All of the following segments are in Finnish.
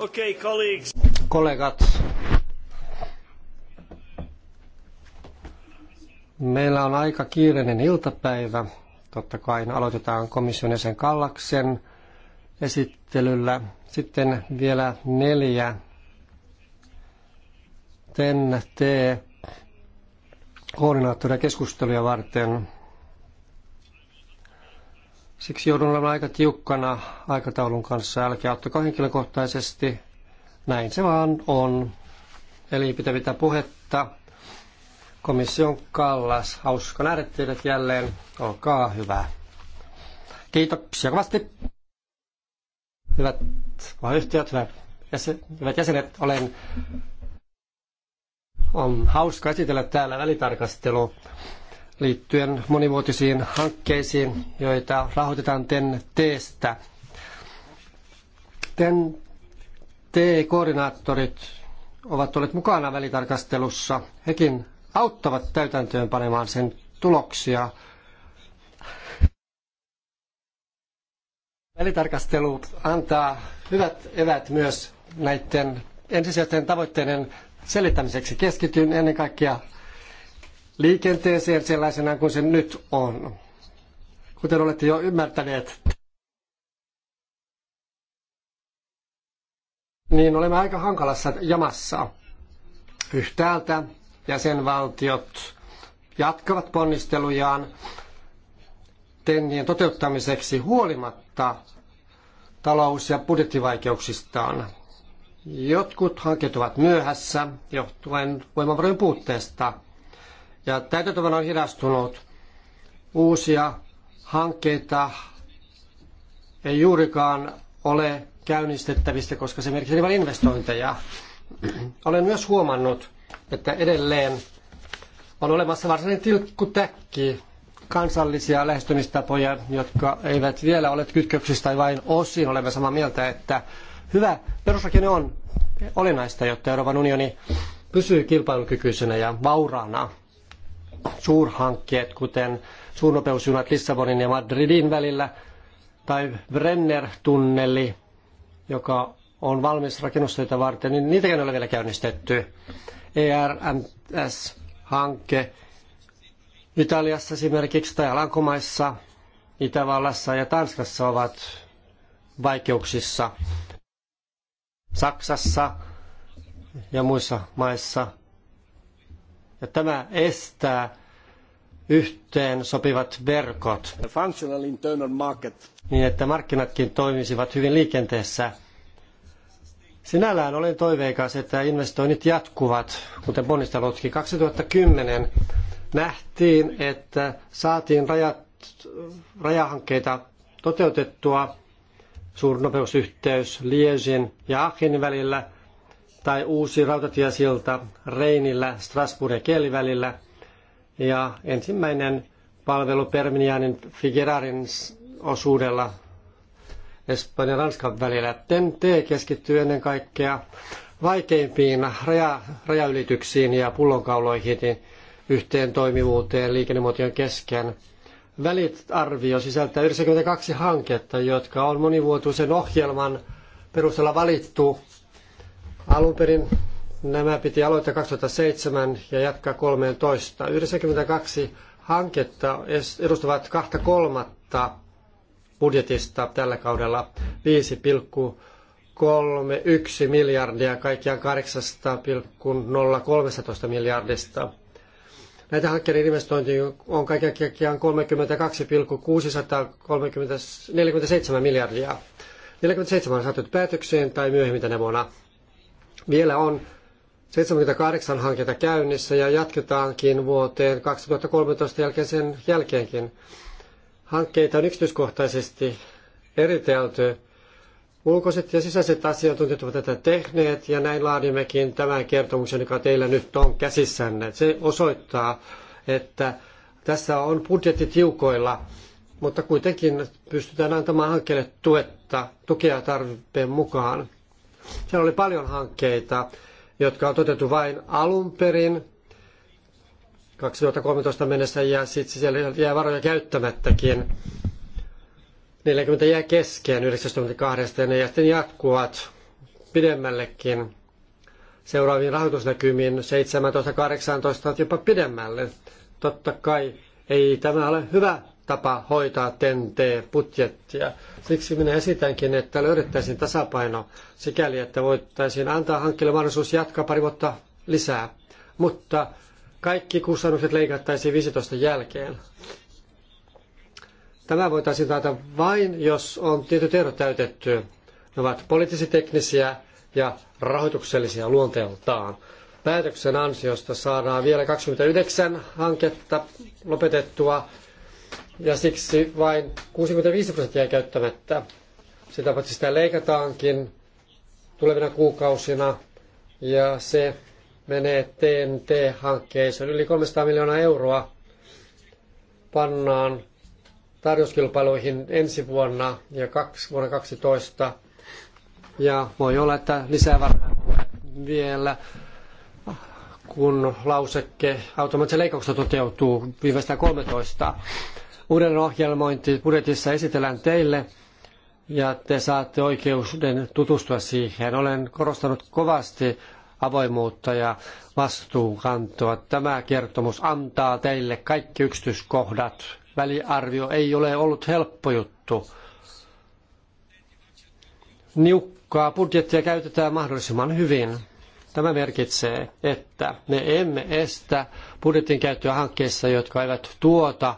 Okay, colleagues. Kollegat, meillä on aika kiireinen iltapäivä. Totta kai aloitetaan komission jäsen Kallaksen esittelyllä. Sitten vielä neljä TEN-T koordinaattoria keskusteluja varten Siksi joudun olemaan aika tiukkana aikataulun kanssa. Älkää ottakaa henkilökohtaisesti. Näin se vaan on. Eli pitävitä puhetta. Komission kallas. Hauska nähdä teidät jälleen. Olkaa hyvä. Kiitoksia kovasti. Hyvät puheenjohtajat, hyvät, jäsen, hyvät jäsenet, olen on hauska esitellä täällä välitarkastelu liittyen monivuotisiin hankkeisiin, joita rahoitetaan TEN-T:stä. TEN-T-koordinaattorit ovat olleet mukana välitarkastelussa. Hekin auttavat täytäntöön panemaan sen tuloksia. Välitarkastelu antaa hyvät evät myös näiden ensisijaisten tavoitteiden selittämiseksi. Keskityn ennen kaikkea liikenteeseen sellaisena kuin se nyt on. Kuten olette jo ymmärtäneet, niin olemme aika hankalassa jamassa. Yhtäältä jäsenvaltiot jatkavat ponnistelujaan tennien toteuttamiseksi huolimatta talous- ja budjettivaikeuksistaan. Jotkut hankkeet ovat myöhässä johtuen voimavarojen puutteesta – ja täytäntöön on hidastunut. Uusia hankkeita ei juurikaan ole käynnistettävistä, koska se merkitsee vain investointeja. Olen myös huomannut, että edelleen on olemassa varsinainen tilkkutäkki kansallisia lähestymistapoja, jotka eivät vielä ole kytköksistä tai vain osin olemme samaa mieltä, että hyvä perusrakenne on olennaista, jotta Euroopan unioni pysyy kilpailukykyisenä ja vauraana suurhankkeet, kuten suurnopeusjunat Lissabonin ja Madridin välillä, tai Brenner-tunneli, joka on valmis rakennustöitä varten, niin niitäkään ei ole vielä käynnistetty. ERMS-hanke Italiassa esimerkiksi tai Alankomaissa, Itävallassa ja Tanskassa ovat vaikeuksissa. Saksassa ja muissa maissa ja tämä estää yhteen sopivat verkot. Functional internal market. Niin, että markkinatkin toimisivat hyvin liikenteessä. Sinällään olen toiveikas, että investoinnit jatkuvat, kuten ponnistelutkin. 2010 nähtiin, että saatiin rajat, rajahankkeita toteutettua, suurnopeusyhteys Liesin ja Aachenin välillä – tai uusi rautatiesilta Reinillä, Strasbourg ja Kiel välillä. Ja ensimmäinen palvelu Permianin Figerarin osuudella Espanjan ja Ranskan välillä. TEN-T keskittyy ennen kaikkea vaikeimpiin raja, rajaylityksiin ja pullonkauloihin niin yhteen toimivuuteen liikennemuotojen kesken. Välitarvio sisältää 92 hanketta, jotka on monivuotuisen ohjelman perusteella valittu Alun perin nämä piti aloittaa 2007 ja jatkaa 13. 92 hanketta edustavat kahta kolmatta budjetista tällä kaudella 5,31 miljardia kaikkiaan 8,013 miljardista. Näitä hankkeiden investointi on kaiken kaikkiaan 32,647 miljardia. 47 on saatu päätökseen tai myöhemmin tänä vuonna. Vielä on 78 hanketta käynnissä ja jatketaankin vuoteen 2013 jälkeen sen jälkeenkin. Hankkeita on yksityiskohtaisesti eritelty. Ulkoiset ja sisäiset asiantuntijat ovat tätä tehneet ja näin laadimmekin tämän kertomuksen, joka teillä nyt on käsissänne. Se osoittaa, että tässä on budjetti tiukoilla, mutta kuitenkin pystytään antamaan hankkeelle tuetta, tukea tarpeen mukaan. Siellä oli paljon hankkeita, jotka on toteutettu vain alun perin 2013 mennessä ja sitten siellä jää varoja käyttämättäkin. 40 jää kesken 92 ja ne ja sitten jatkuvat pidemmällekin seuraaviin rahoitusnäkymiin 17, 18 jopa pidemmälle. Totta kai ei tämä ole hyvä tapa hoitaa TEN-T-budjettia. Siksi minä esitänkin, että löydettäisiin tasapaino sikäli, että voitaisiin antaa hankkeelle mahdollisuus jatkaa pari vuotta lisää, mutta kaikki kustannukset leikattaisiin 15 jälkeen. Tämä voitaisiin taata vain, jos on tietyt ehdot täytetty. Ne ovat poliittisiteknisiä ja rahoituksellisia luonteeltaan. Päätöksen ansiosta saadaan vielä 29 hanketta lopetettua ja siksi vain 65 prosenttia käyttämättä. Sitä paitsi sitä leikataankin tulevina kuukausina ja se menee TNT-hankkeeseen. Yli 300 miljoonaa euroa pannaan tarjouskilpailuihin ensi vuonna ja kaksi, vuonna 2012. Ja voi olla, että lisää varmaan vielä, kun lausekke automaattisen leikkauksesta toteutuu viimeistään 13. Uuden ohjelmointi budjetissa esitellään teille ja te saatte oikeuden tutustua siihen. Olen korostanut kovasti avoimuutta ja vastuunkantoa. Tämä kertomus antaa teille kaikki yksityiskohdat. Väliarvio ei ole ollut helppo juttu. Niukkaa budjettia käytetään mahdollisimman hyvin. Tämä merkitsee, että me emme estä budjetin käyttöä hankkeissa, jotka eivät tuota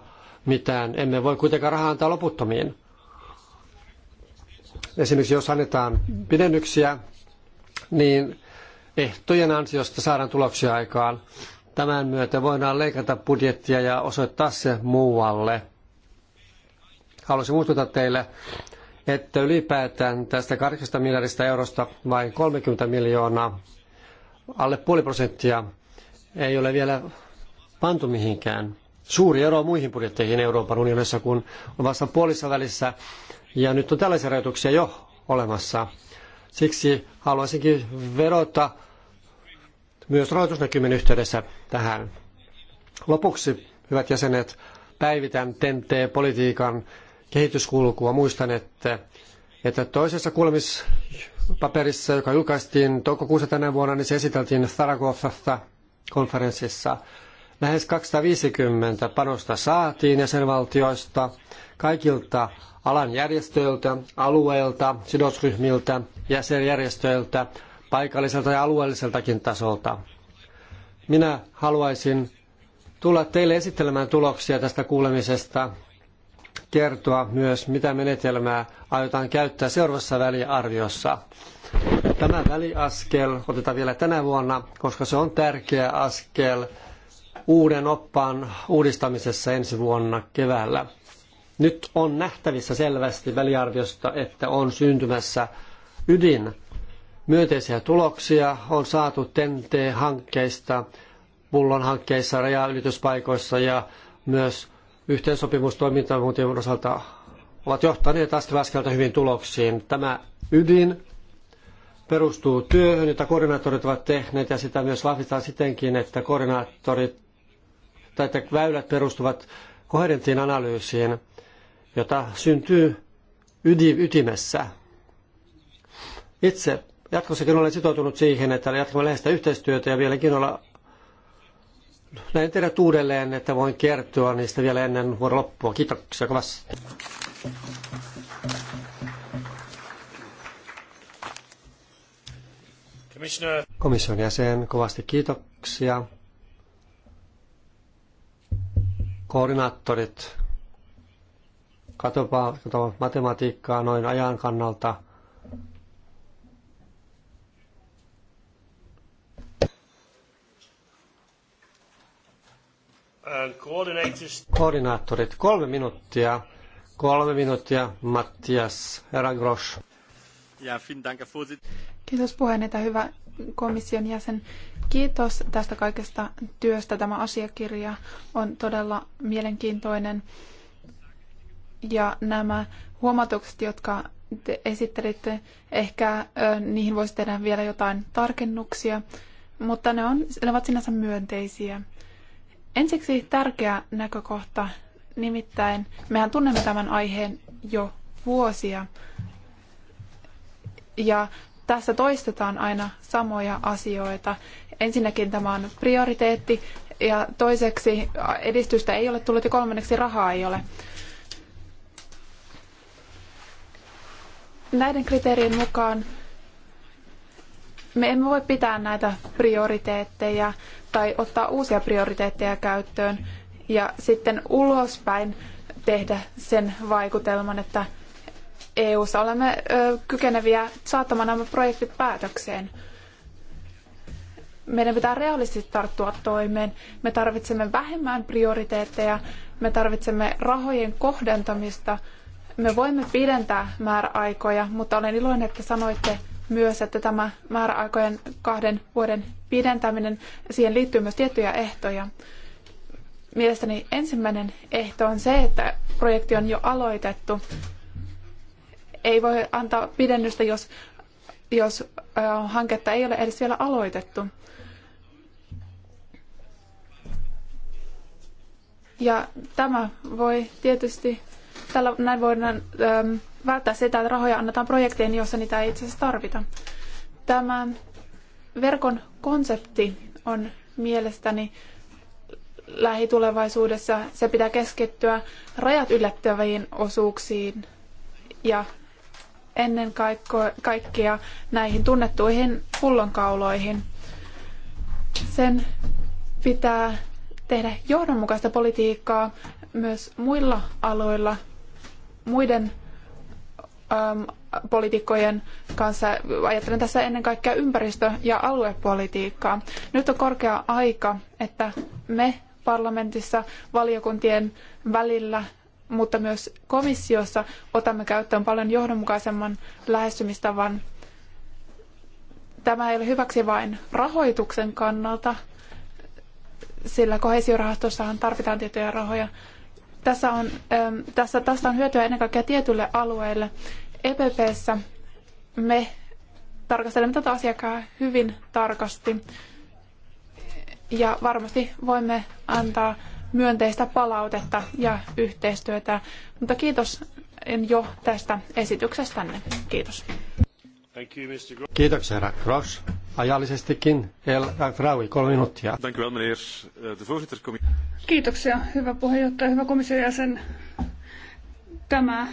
mitään. Emme voi kuitenkaan rahaa antaa loputtomiin. Esimerkiksi jos annetaan pidennyksiä, niin ehtojen ansiosta saadaan tuloksia aikaan. Tämän myötä voidaan leikata budjettia ja osoittaa se muualle. Haluaisin muistuttaa teille, että ylipäätään tästä 8 miljardista eurosta vain 30 miljoonaa, alle puoli prosenttia, ei ole vielä pantu mihinkään suuri ero muihin budjetteihin Euroopan unionissa, kun on vasta puolissa välissä. Ja nyt on tällaisia rajoituksia jo olemassa. Siksi haluaisinkin verota myös rahoitusnäkymien yhteydessä tähän. Lopuksi, hyvät jäsenet, päivitän TEN-T-politiikan kehityskulkua. Muistan, että, että toisessa kuulemispaperissa, joka julkaistiin toukokuussa tänä vuonna, niin se esiteltiin Zaragoza konferenssissa – Lähes 250 panosta saatiin jäsenvaltioista, kaikilta alan järjestöiltä, alueilta, sidosryhmiltä, jäsenjärjestöiltä, paikalliselta ja alueelliseltakin tasolta. Minä haluaisin tulla teille esittelemään tuloksia tästä kuulemisesta, kertoa myös, mitä menetelmää aiotaan käyttää seuraavassa väliarviossa. Tämä väliaskel otetaan vielä tänä vuonna, koska se on tärkeä askel uuden oppaan uudistamisessa ensi vuonna keväällä. Nyt on nähtävissä selvästi väliarviosta, että on syntymässä ydin. Myönteisiä tuloksia on saatu TEN-T-hankkeista, pullon hankkeissa, rajaylityspaikoissa ja myös yhteensopimustoimintamuuteen osalta ovat johtaneet askelaskelta hyvin tuloksiin. Tämä ydin perustuu työhön, jota koordinaattorit ovat tehneet ja sitä myös vahvistetaan sitenkin, että koordinaattorit tai että väylät perustuvat koherenttiin analyysiin, jota syntyy ytimessä. Itse jatkossakin olen sitoutunut siihen, että jatkamme läheistä yhteistyötä ja vieläkin olla näin teidät uudelleen, että voin kertoa niistä vielä ennen vuoden loppua. Kiitoksia kovasti. Komission jäsen, kovasti kiitoksia. koordinaattorit, katsopa, tuota matematiikkaa noin ajan kannalta. Koordinaattorit, kolme minuuttia. Kolme minuuttia, Mattias, herra Grosch. Kiitos puheenjohtaja. Hyvä komission jäsen. Kiitos tästä kaikesta työstä. Tämä asiakirja on todella mielenkiintoinen. Ja nämä huomautukset, jotka te esittelitte, ehkä niihin voisi tehdä vielä jotain tarkennuksia, mutta ne, on, ne ovat sinänsä myönteisiä. Ensiksi tärkeä näkökohta, nimittäin mehän tunnemme tämän aiheen jo vuosia. Ja tässä toistetaan aina samoja asioita. Ensinnäkin tämä on prioriteetti ja toiseksi edistystä ei ole tullut ja kolmanneksi rahaa ei ole. Näiden kriteerien mukaan me emme voi pitää näitä prioriteetteja tai ottaa uusia prioriteetteja käyttöön ja sitten ulospäin tehdä sen vaikutelman, että EU-ssa olemme kykeneviä saattamaan nämä projektit päätökseen. Meidän pitää realistisesti tarttua toimeen. Me tarvitsemme vähemmän prioriteetteja, me tarvitsemme rahojen kohdentamista. Me voimme pidentää määräaikoja, mutta olen iloinen, että sanoitte myös, että tämä määräaikojen kahden vuoden pidentäminen, siihen liittyy myös tiettyjä ehtoja. Mielestäni ensimmäinen ehto on se, että projekti on jo aloitettu ei voi antaa pidennystä, jos, jos hanketta ei ole edes vielä aloitettu. Ja tämä voi tietysti, tällä, näin voidaan välttää sitä, että rahoja annetaan projekteihin, joissa niitä ei itse asiassa tarvita. Tämä verkon konsepti on mielestäni lähitulevaisuudessa, se pitää keskittyä rajat ylittäviin osuuksiin ja ennen kaikkea näihin tunnettuihin pullonkauloihin. Sen pitää tehdä johdonmukaista politiikkaa myös muilla aloilla, muiden äm, poliitikkojen kanssa. Ajattelen tässä ennen kaikkea ympäristö- ja aluepolitiikkaa. Nyt on korkea aika, että me parlamentissa valiokuntien välillä mutta myös komissiossa otamme käyttöön paljon johdonmukaisemman lähestymistavan. Tämä ei ole hyväksi vain rahoituksen kannalta, sillä kohesiorahastossahan tarvitaan tiettyjä rahoja. Tässä on, ähm, tässä, tästä on hyötyä ennen kaikkea tietyille alueille. EPPssä me tarkastelemme tätä asiakkaa hyvin tarkasti ja varmasti voimme antaa myönteistä palautetta ja yhteistyötä. Mutta kiitos jo tästä esityksestänne. Kiitos. Kiitoksia, herra Gross. Ajallisestikin, El Raui, kolme minuuttia. Eh, Kiitoksia, hyvä puheenjohtaja, hyvä komission jäsen. Tämä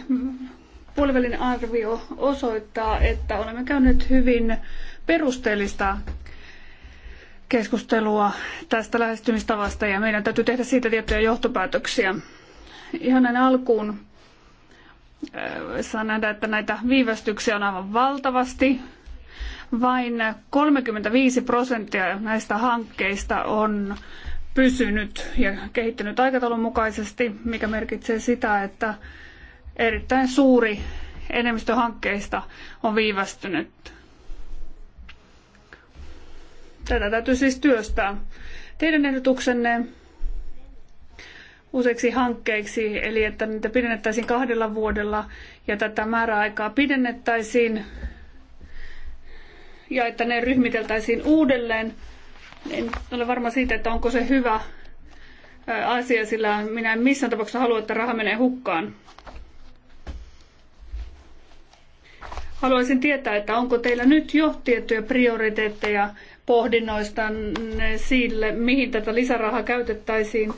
puolivälin arvio osoittaa, että olemme käyneet hyvin perusteellista keskustelua tästä lähestymistavasta ja meidän täytyy tehdä siitä tiettyjä johtopäätöksiä. Ihan näin alkuun äh, saa nähdä, että näitä viivästyksiä on aivan valtavasti. Vain 35 prosenttia näistä hankkeista on pysynyt ja kehittynyt aikataulun mukaisesti, mikä merkitsee sitä, että erittäin suuri enemmistö hankkeista on viivästynyt Tätä täytyy siis työstää. Teidän ehdotuksenne useiksi hankkeiksi, eli että niitä pidennettäisiin kahdella vuodella ja tätä määräaikaa pidennettäisiin ja että ne ryhmiteltäisiin uudelleen. Niin en ole varma siitä, että onko se hyvä asia, sillä minä en missään tapauksessa halua, että raha menee hukkaan. Haluaisin tietää, että onko teillä nyt jo tiettyjä prioriteetteja pohdinnoistaan sille, mihin tätä lisärahaa käytettäisiin.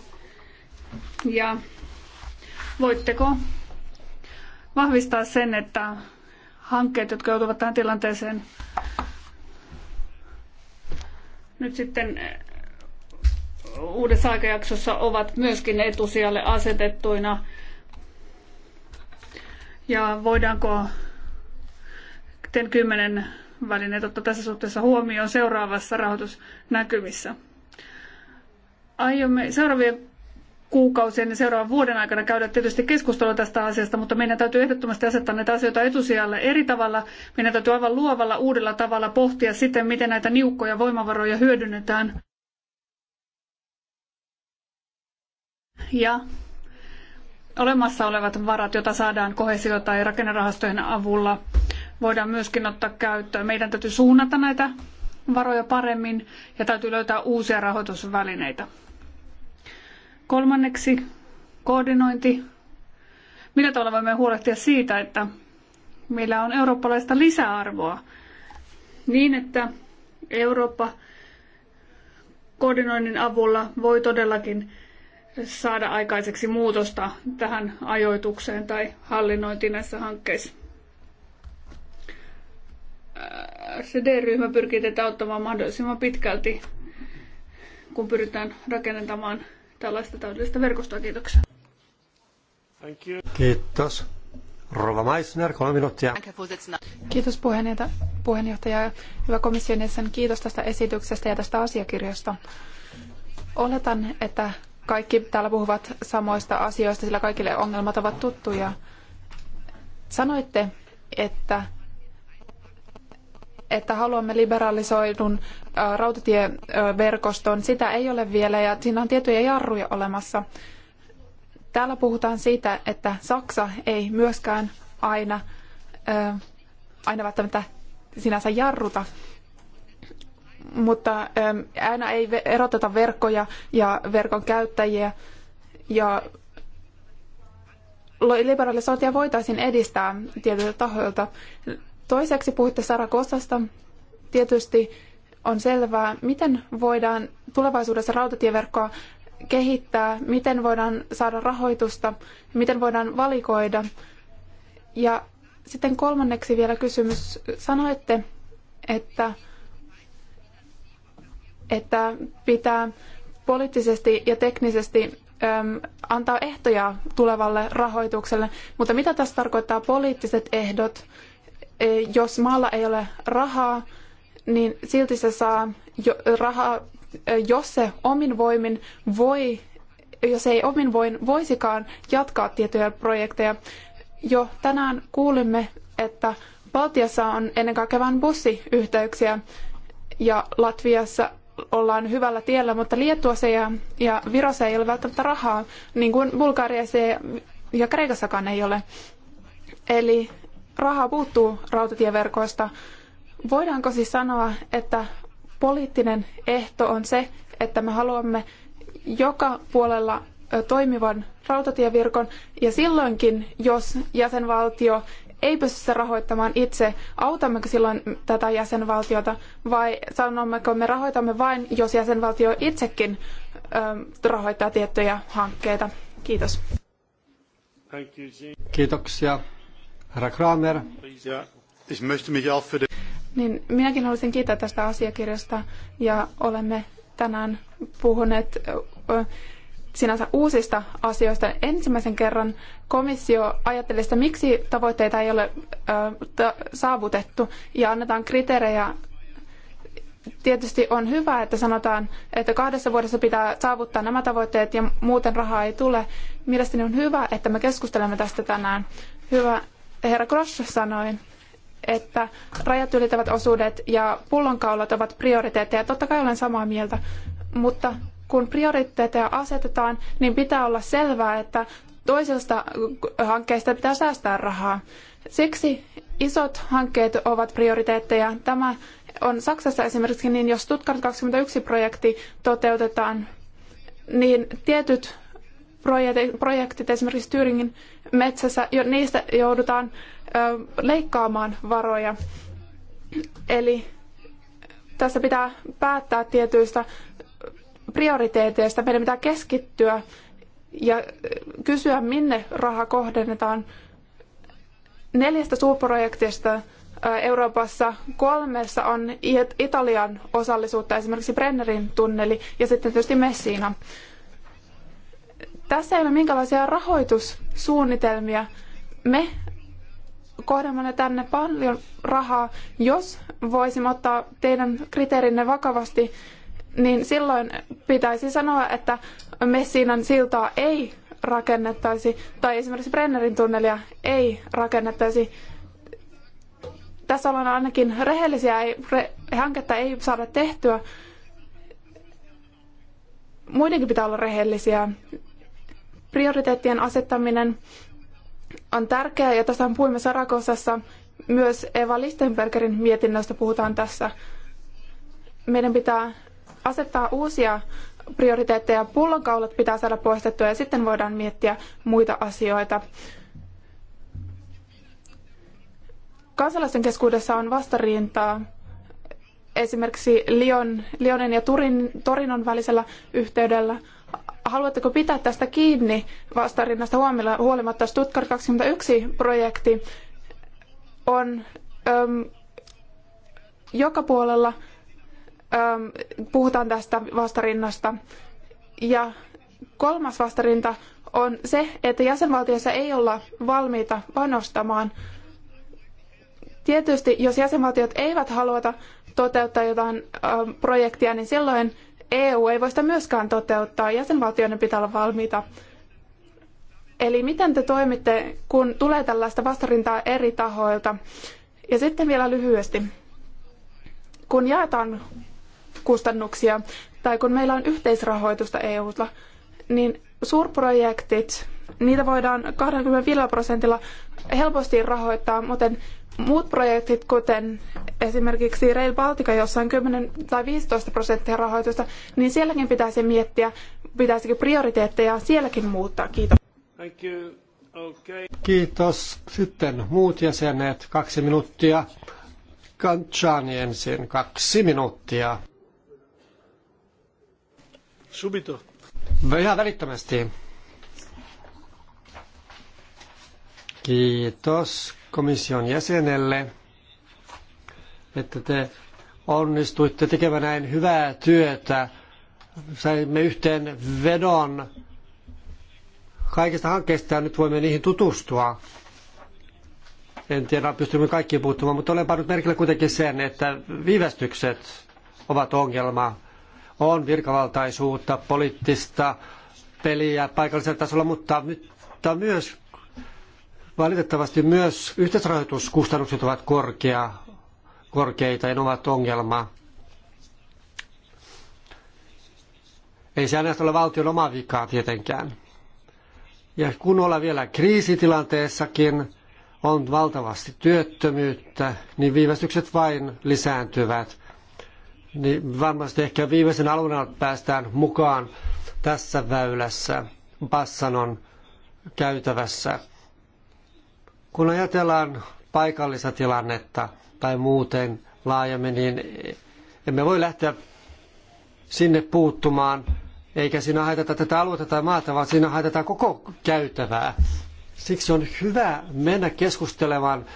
Ja voitteko vahvistaa sen, että hankkeet, jotka joutuvat tähän tilanteeseen, nyt sitten eh, uudessa aikajaksossa ovat myöskin etusijalle asetettuina. Ja voidaanko TEN 10 välineet ottaa tässä suhteessa huomioon seuraavassa rahoitusnäkymissä. Aiomme seuraavien kuukausien ja seuraavan vuoden aikana käydä tietysti keskustelua tästä asiasta, mutta meidän täytyy ehdottomasti asettaa näitä asioita etusijalle eri tavalla. Meidän täytyy aivan luovalla uudella tavalla pohtia sitten, miten näitä niukkoja voimavaroja hyödynnetään. Ja olemassa olevat varat, joita saadaan kohesio- tai rakennerahastojen avulla, voidaan myöskin ottaa käyttöön. Meidän täytyy suunnata näitä varoja paremmin ja täytyy löytää uusia rahoitusvälineitä. Kolmanneksi koordinointi. Millä tavalla voimme huolehtia siitä, että meillä on eurooppalaista lisäarvoa niin, että Eurooppa koordinoinnin avulla voi todellakin saada aikaiseksi muutosta tähän ajoitukseen tai hallinnointiin näissä hankkeissa d ryhmä pyrkii tätä auttamaan mahdollisimman pitkälti, kun pyritään rakentamaan tällaista täydellistä verkostoa. Kiitoksia. Kiitos. Rova Meissner, kolme minuuttia. Kiitos puheenjohtaja, puheenjohtaja. Hyvä komission jäsen, kiitos tästä esityksestä ja tästä asiakirjasta. Oletan, että kaikki täällä puhuvat samoista asioista, sillä kaikille ongelmat ovat tuttuja. Sanoitte, että että haluamme liberalisoidun rautatieverkoston. Sitä ei ole vielä ja siinä on tiettyjä jarruja olemassa. Täällä puhutaan siitä, että Saksa ei myöskään aina, aina välttämättä sinänsä jarruta, mutta aina ei eroteta verkkoja ja verkon käyttäjiä ja liberalisointia voitaisiin edistää tietyiltä tahoilta. Toiseksi puhuitte Sarakosasta. Tietysti on selvää, miten voidaan tulevaisuudessa rautatieverkkoa kehittää, miten voidaan saada rahoitusta, miten voidaan valikoida. Ja sitten kolmanneksi vielä kysymys. Sanoitte, että, että pitää poliittisesti ja teknisesti äm, antaa ehtoja tulevalle rahoitukselle, mutta mitä tässä tarkoittaa poliittiset ehdot? jos maalla ei ole rahaa, niin silti se saa jo, rahaa, jos se omin voimin voi, jos ei omin voin voisikaan jatkaa tiettyjä projekteja. Jo tänään kuulimme, että Baltiassa on ennen kaikkea vain bussiyhteyksiä ja Latviassa ollaan hyvällä tiellä, mutta Liettuassa ja, ja Virossa ei ole välttämättä rahaa, niin kuin Bulgariassa ja, ja Kreikassakaan ei ole. Eli rahaa puuttuu rautatieverkoista. Voidaanko siis sanoa, että poliittinen ehto on se, että me haluamme joka puolella toimivan rautatievirkon ja silloinkin, jos jäsenvaltio ei pysty sitä rahoittamaan itse, autammeko silloin tätä jäsenvaltiota vai sanommeko me rahoitamme vain, jos jäsenvaltio itsekin rahoittaa tiettyjä hankkeita? Kiitos. Kiitoksia. Herra Kramer. Niin, minäkin haluaisin kiittää tästä asiakirjasta ja olemme tänään puhuneet sinänsä uusista asioista. Ensimmäisen kerran komissio ajatteli sitä, miksi tavoitteita ei ole saavutettu ja annetaan kriteerejä. Tietysti on hyvä, että sanotaan, että kahdessa vuodessa pitää saavuttaa nämä tavoitteet ja muuten rahaa ei tule. Mielestäni on hyvä, että me keskustelemme tästä tänään. Hyvä, herra Grosch sanoi, että rajat ylittävät osuudet ja pullonkaulat ovat prioriteetteja. Totta kai olen samaa mieltä, mutta kun prioriteetteja asetetaan, niin pitää olla selvää, että toisesta hankkeesta pitää säästää rahaa. Siksi isot hankkeet ovat prioriteetteja. Tämä on Saksassa esimerkiksi, niin jos Stuttgart 21-projekti toteutetaan, niin tietyt projektit esimerkiksi Tyringin metsässä, jo, niistä joudutaan leikkaamaan varoja. Eli tässä pitää päättää tietyistä prioriteeteista. Meidän pitää keskittyä ja kysyä, minne raha kohdennetaan. Neljästä suurprojektista Euroopassa kolmessa on Italian osallisuutta, esimerkiksi Brennerin tunneli ja sitten tietysti Messina. Tässä ei ole minkälaisia rahoitussuunnitelmia. Me kohdemme tänne paljon rahaa. Jos voisimme ottaa teidän kriteerinne vakavasti, niin silloin pitäisi sanoa, että Messinan siltaa ei rakennettaisi, tai esimerkiksi Brennerin tunnelia ei rakennettaisi. Tässä ollaan ainakin rehellisiä, ei, re, hanketta ei saada tehtyä. Muidenkin pitää olla rehellisiä prioriteettien asettaminen on tärkeää ja tästä puhuimme Sarakosassa. Myös Eva Lichtenbergerin mietinnöstä puhutaan tässä. Meidän pitää asettaa uusia prioriteetteja, pullonkaulat pitää saada poistettua ja sitten voidaan miettiä muita asioita. Kansalaisten keskuudessa on vastarintaa esimerkiksi Lyon, Lyonin ja Turin, Torinon välisellä yhteydellä haluatteko pitää tästä kiinni vastarinnasta huolimatta? Stuttgart 21-projekti on ähm, joka puolella ähm, puhutaan tästä vastarinnasta. Ja kolmas vastarinta on se, että jäsenvaltioissa ei olla valmiita panostamaan. Tietysti, jos jäsenvaltiot eivät halua toteuttaa jotain äm, projektia, niin silloin EU ei voi sitä myöskään toteuttaa. Jäsenvaltioiden pitää olla valmiita. Eli miten te toimitte, kun tulee tällaista vastarintaa eri tahoilta? Ja sitten vielä lyhyesti. Kun jaetaan kustannuksia tai kun meillä on yhteisrahoitusta EUlla, niin suurprojektit, niitä voidaan 25 prosentilla helposti rahoittaa, muuten muut projektit, kuten esimerkiksi Rail Baltica, jossa on 10 tai 15 prosenttia rahoitusta, niin sielläkin pitäisi miettiä, pitäisikö prioriteetteja sielläkin muuttaa. Kiitos. Okay. Kiitos. Sitten muut jäsenet, kaksi minuuttia. Kanchani ensin, kaksi minuuttia. Subito. Ihan välittömästi. Kiitos komission jäsenelle, että te onnistuitte tekemään näin hyvää työtä. Saimme yhteen vedon kaikista hankkeista ja nyt voimme niihin tutustua. En tiedä, pystymme kaikkiin puuttumaan, mutta olen pannut merkille kuitenkin sen, että viivästykset ovat ongelma. On virkavaltaisuutta, poliittista peliä paikallisella tasolla, mutta, mutta myös Valitettavasti myös yhteisrahoituskustannukset ovat korkea, korkeita ja ne ovat ongelma. Ei se aina ole valtion oma vikaa tietenkään. Ja kun ollaan vielä kriisitilanteessakin, on valtavasti työttömyyttä, niin viivästykset vain lisääntyvät. Niin varmasti ehkä viimeisen alueena päästään mukaan tässä väylässä, bassanon käytävässä. Kun ajatellaan paikallista tilannetta tai muuten laajemmin, niin emme voi lähteä sinne puuttumaan, eikä siinä haitata tätä aluetta tai maata, vaan siinä haitataan koko käytävää. Siksi on hyvä mennä keskustelemaan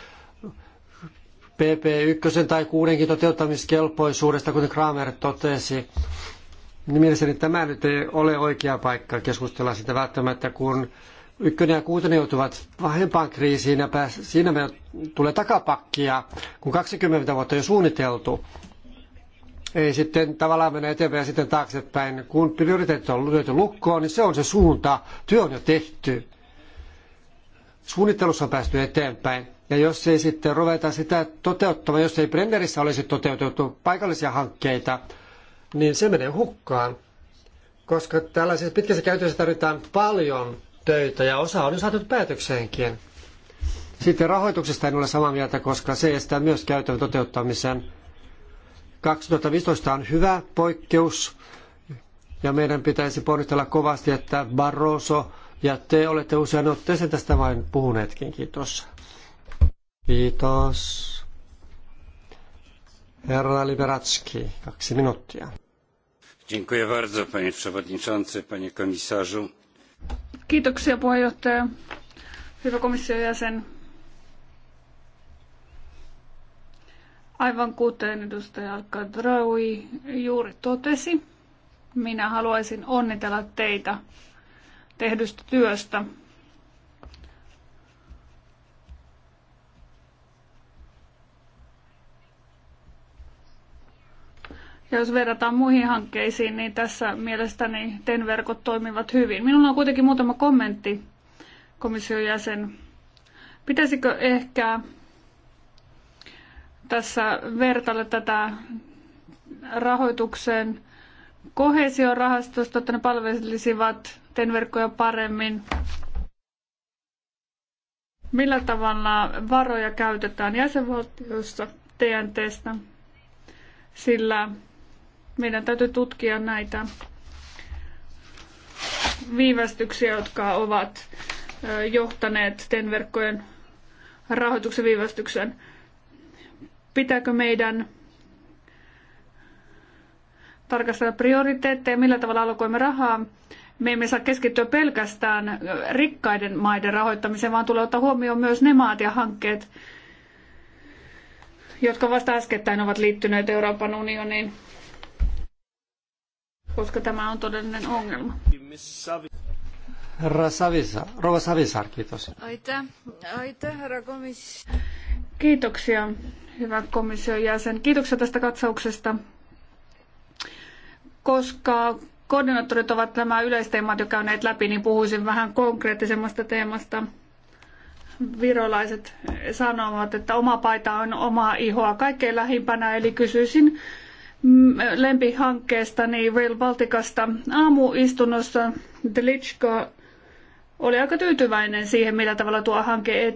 PP1 tai 6 toteuttamiskelpoisuudesta, kuten Kramer totesi. Niin mielestäni tämä nyt ei ole oikea paikka keskustella sitä välttämättä, kun ykkönen ja kuutonen joutuvat pahempaan kriisiin ja pääs, siinä me tulee takapakkia, kun 20 vuotta on jo suunniteltu. Ei sitten tavallaan mennä eteenpäin ja sitten taaksepäin. Kun prioriteetit on lyöty lukkoon, niin se on se suunta. Työ on jo tehty. Suunnittelussa on päästy eteenpäin. Ja jos ei sitten ruveta sitä toteuttamaan, jos ei Brennerissä olisi toteutettu paikallisia hankkeita, niin se menee hukkaan. Koska tällaisessa pitkässä käytössä tarvitaan paljon töitä ja osa on jo saatu päätökseenkin. Sitten rahoituksesta en ole samaa mieltä, koska se estää myös käytön toteuttamisen. 2015 on hyvä poikkeus ja meidän pitäisi ponnistella kovasti, että Barroso ja te olette usein otteeseen tästä vain puhuneetkin. Kiitos. Kiitos. Herra Liberatski, kaksi minuuttia. Dziękuję bardzo, panie przewodniczący, panie komisarzu. Kiitoksia puheenjohtaja. Hyvä komission jäsen. Aivan kuten edustaja Alcadraui juuri totesi, minä haluaisin onnitella teitä tehdystä työstä jos verrataan muihin hankkeisiin, niin tässä mielestäni TEN-verkot toimivat hyvin. Minulla on kuitenkin muutama kommentti, komission jäsen. Pitäisikö ehkä tässä vertailla tätä rahoitukseen kohesiorahastosta, että ne palvelisivat TEN-verkkoja paremmin? Millä tavalla varoja käytetään jäsenvaltiossa TNTstä? Sillä meidän täytyy tutkia näitä viivästyksiä, jotka ovat johtaneet TEN-verkkojen rahoituksen viivästykseen. Pitääkö meidän tarkastella prioriteetteja, millä tavalla alkoimme rahaa. Me emme saa keskittyä pelkästään rikkaiden maiden rahoittamiseen, vaan tulee ottaa huomioon myös ne maat ja hankkeet, jotka vasta äskettäin ovat liittyneet Euroopan unioniin koska tämä on todellinen ongelma. Herra Savisa, kiitos. Aita, aita, herra Kiitoksia, hyvä komission jäsen. Kiitoksia tästä katsauksesta, koska koordinaattorit ovat nämä yleisteemat jo käyneet läpi, niin puhuisin vähän konkreettisemmasta teemasta. Virolaiset sanovat, että oma paita on omaa ihoa kaikkein lähimpänä, eli kysyisin Mm, lempihankkeestani niin Rail Balticasta aamuistunnossa Delitschko oli aika tyytyväinen siihen, millä tavalla tuo hanke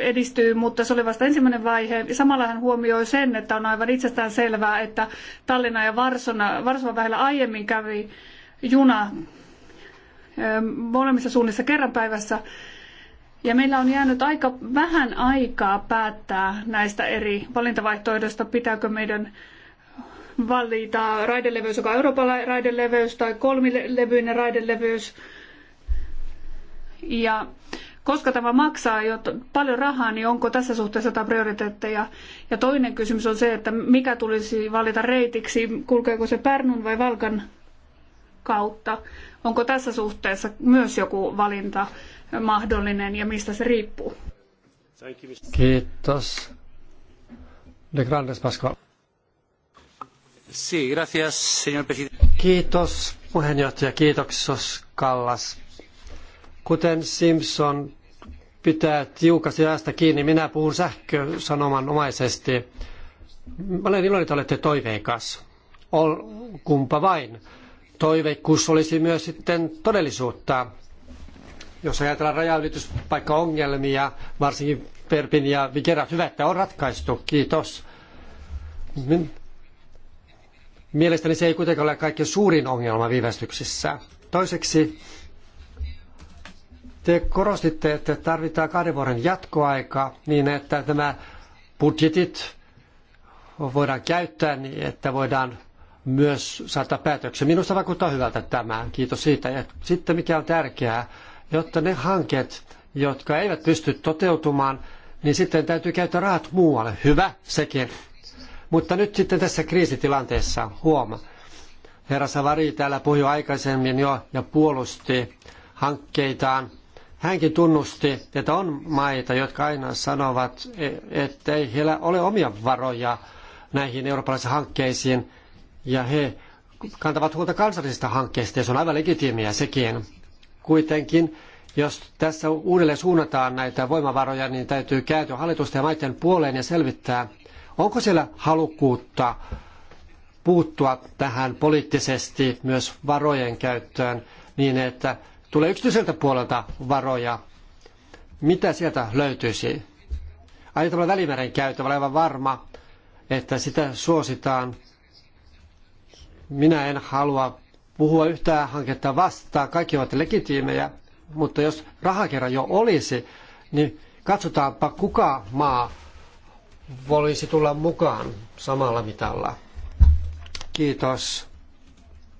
edistyy, mutta se oli vasta ensimmäinen vaihe. Samalla hän huomioi sen, että on aivan itsestään selvää, että Tallinna ja Varsona, Varsovan vähillä aiemmin kävi juna ähm, molemmissa suunnissa kerran päivässä. Ja meillä on jäänyt aika vähän aikaa päättää näistä eri valintavaihtoehdoista, pitääkö meidän valita raideleveys, joka on Euroopan raideleveys tai kolmilevyinen raideleveys. Ja koska tämä maksaa jo paljon rahaa, niin onko tässä suhteessa jotain prioriteetteja? Ja toinen kysymys on se, että mikä tulisi valita reitiksi, kulkeeko se Pärnun vai Valkan kautta? Onko tässä suhteessa myös joku valinta mahdollinen ja mistä se riippuu? Kiitos. De Grandes Pascual. Kiitos puheenjohtaja, kiitos Kallas. Kuten Simpson pitää tiukasti ajasta kiinni, minä puhun sähkösanomanomaisesti. Olen iloinen, että olette toiveikas. Ol, kumpa vain. Toiveikkuus olisi myös sitten todellisuutta. Jos ajatellaan rajaylityspaikkaongelmia, varsinkin Perpin ja Vigera, hyvä, että on ratkaistu. Kiitos. Mielestäni se ei kuitenkaan ole kaikkein suurin ongelma viivästyksissä. Toiseksi te korostitte, että tarvitaan kahden vuoden jatkoaika niin, että nämä budjetit voidaan käyttää niin, että voidaan myös saattaa päätöksen. Minusta vaikuttaa hyvältä tämä. Kiitos siitä. Ja sitten mikä on tärkeää, jotta ne hankkeet, jotka eivät pysty toteutumaan, niin sitten täytyy käyttää rahat muualle. Hyvä, sekin. Mutta nyt sitten tässä kriisitilanteessa huoma. Herra Savari täällä puhui aikaisemmin jo ja puolusti hankkeitaan. Hänkin tunnusti, että on maita, jotka aina sanovat, että ei heillä ole omia varoja näihin eurooppalaisiin hankkeisiin. Ja he kantavat huolta kansallisista hankkeista ja se on aivan legitiimiä sekin. Kuitenkin, jos tässä uudelleen suunnataan näitä voimavaroja, niin täytyy kääntyä hallitusten ja maiden puoleen ja selvittää, Onko siellä halukkuutta puuttua tähän poliittisesti myös varojen käyttöön niin, että tulee yksityiseltä puolelta varoja? Mitä sieltä löytyisi? Ajatellaan välimeren käyttöä, olen aivan varma, että sitä suositaan. Minä en halua puhua yhtään hanketta vastaan, kaikki ovat legitiimejä, mutta jos raha kerran jo olisi, niin katsotaanpa kuka maa voisi tulla mukaan samalla mitalla. Kiitos.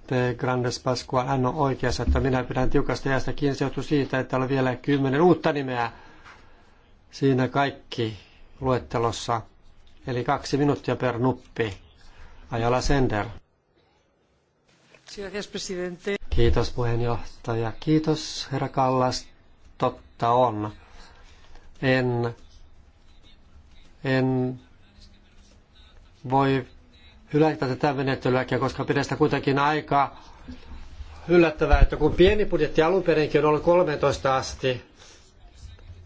Te Grandes Pasqua, hän on oikeassa, että minä pidän tiukasta jäästä kiinni. Se johtuu siitä, että on vielä kymmenen uutta nimeä siinä kaikki luettelossa. Eli kaksi minuuttia per nuppi. Ajala Sender. Kiitos puheenjohtaja. Kiitos herra Kallas. Totta on. En en voi hylätä tätä menettelyäkin, koska pidän sitä kuitenkin aika yllättävää, että kun pieni budjetti alun perinkin on ollut 13 asti,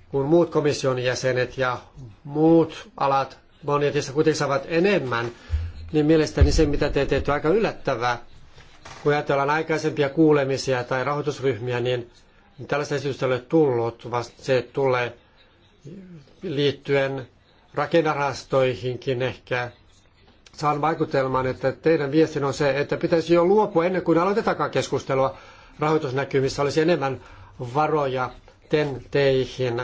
kun muut komission jäsenet ja muut alat budjetissa kuitenkin saavat enemmän, niin mielestäni se, mitä te teette, on aika yllättävää. Kun ajatellaan aikaisempia kuulemisia tai rahoitusryhmiä, niin tällaista esitystä ei ole tullut, vaan se tulee liittyen rakennerahastoihinkin ehkä saan vaikutelman, että teidän viestin on se, että pitäisi jo luopua ennen kuin aloitetaan keskustelua rahoitusnäkymissä olisi enemmän varoja teihin.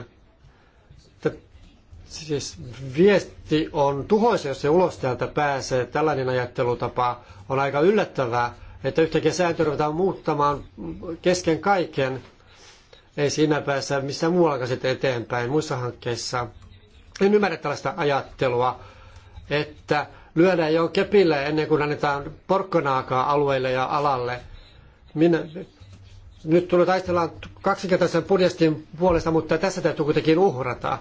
Siis viesti on tuhoisa, jos se ulos täältä pääsee. Tällainen ajattelutapa on aika yllättävää, että yhtäkkiä sääntöä ruvetaan muuttamaan kesken kaiken. Ei siinä päässä missään muuallakaan sitten eteenpäin muissa hankkeissa. En ymmärrä tällaista ajattelua, että lyödään jo kepillä ennen kuin annetaan porkkanaakaan alueelle ja alalle. Minä, nyt tulee taistellaan kaksinkertaisen budjetin puolesta, mutta tässä täytyy kuitenkin uhrata.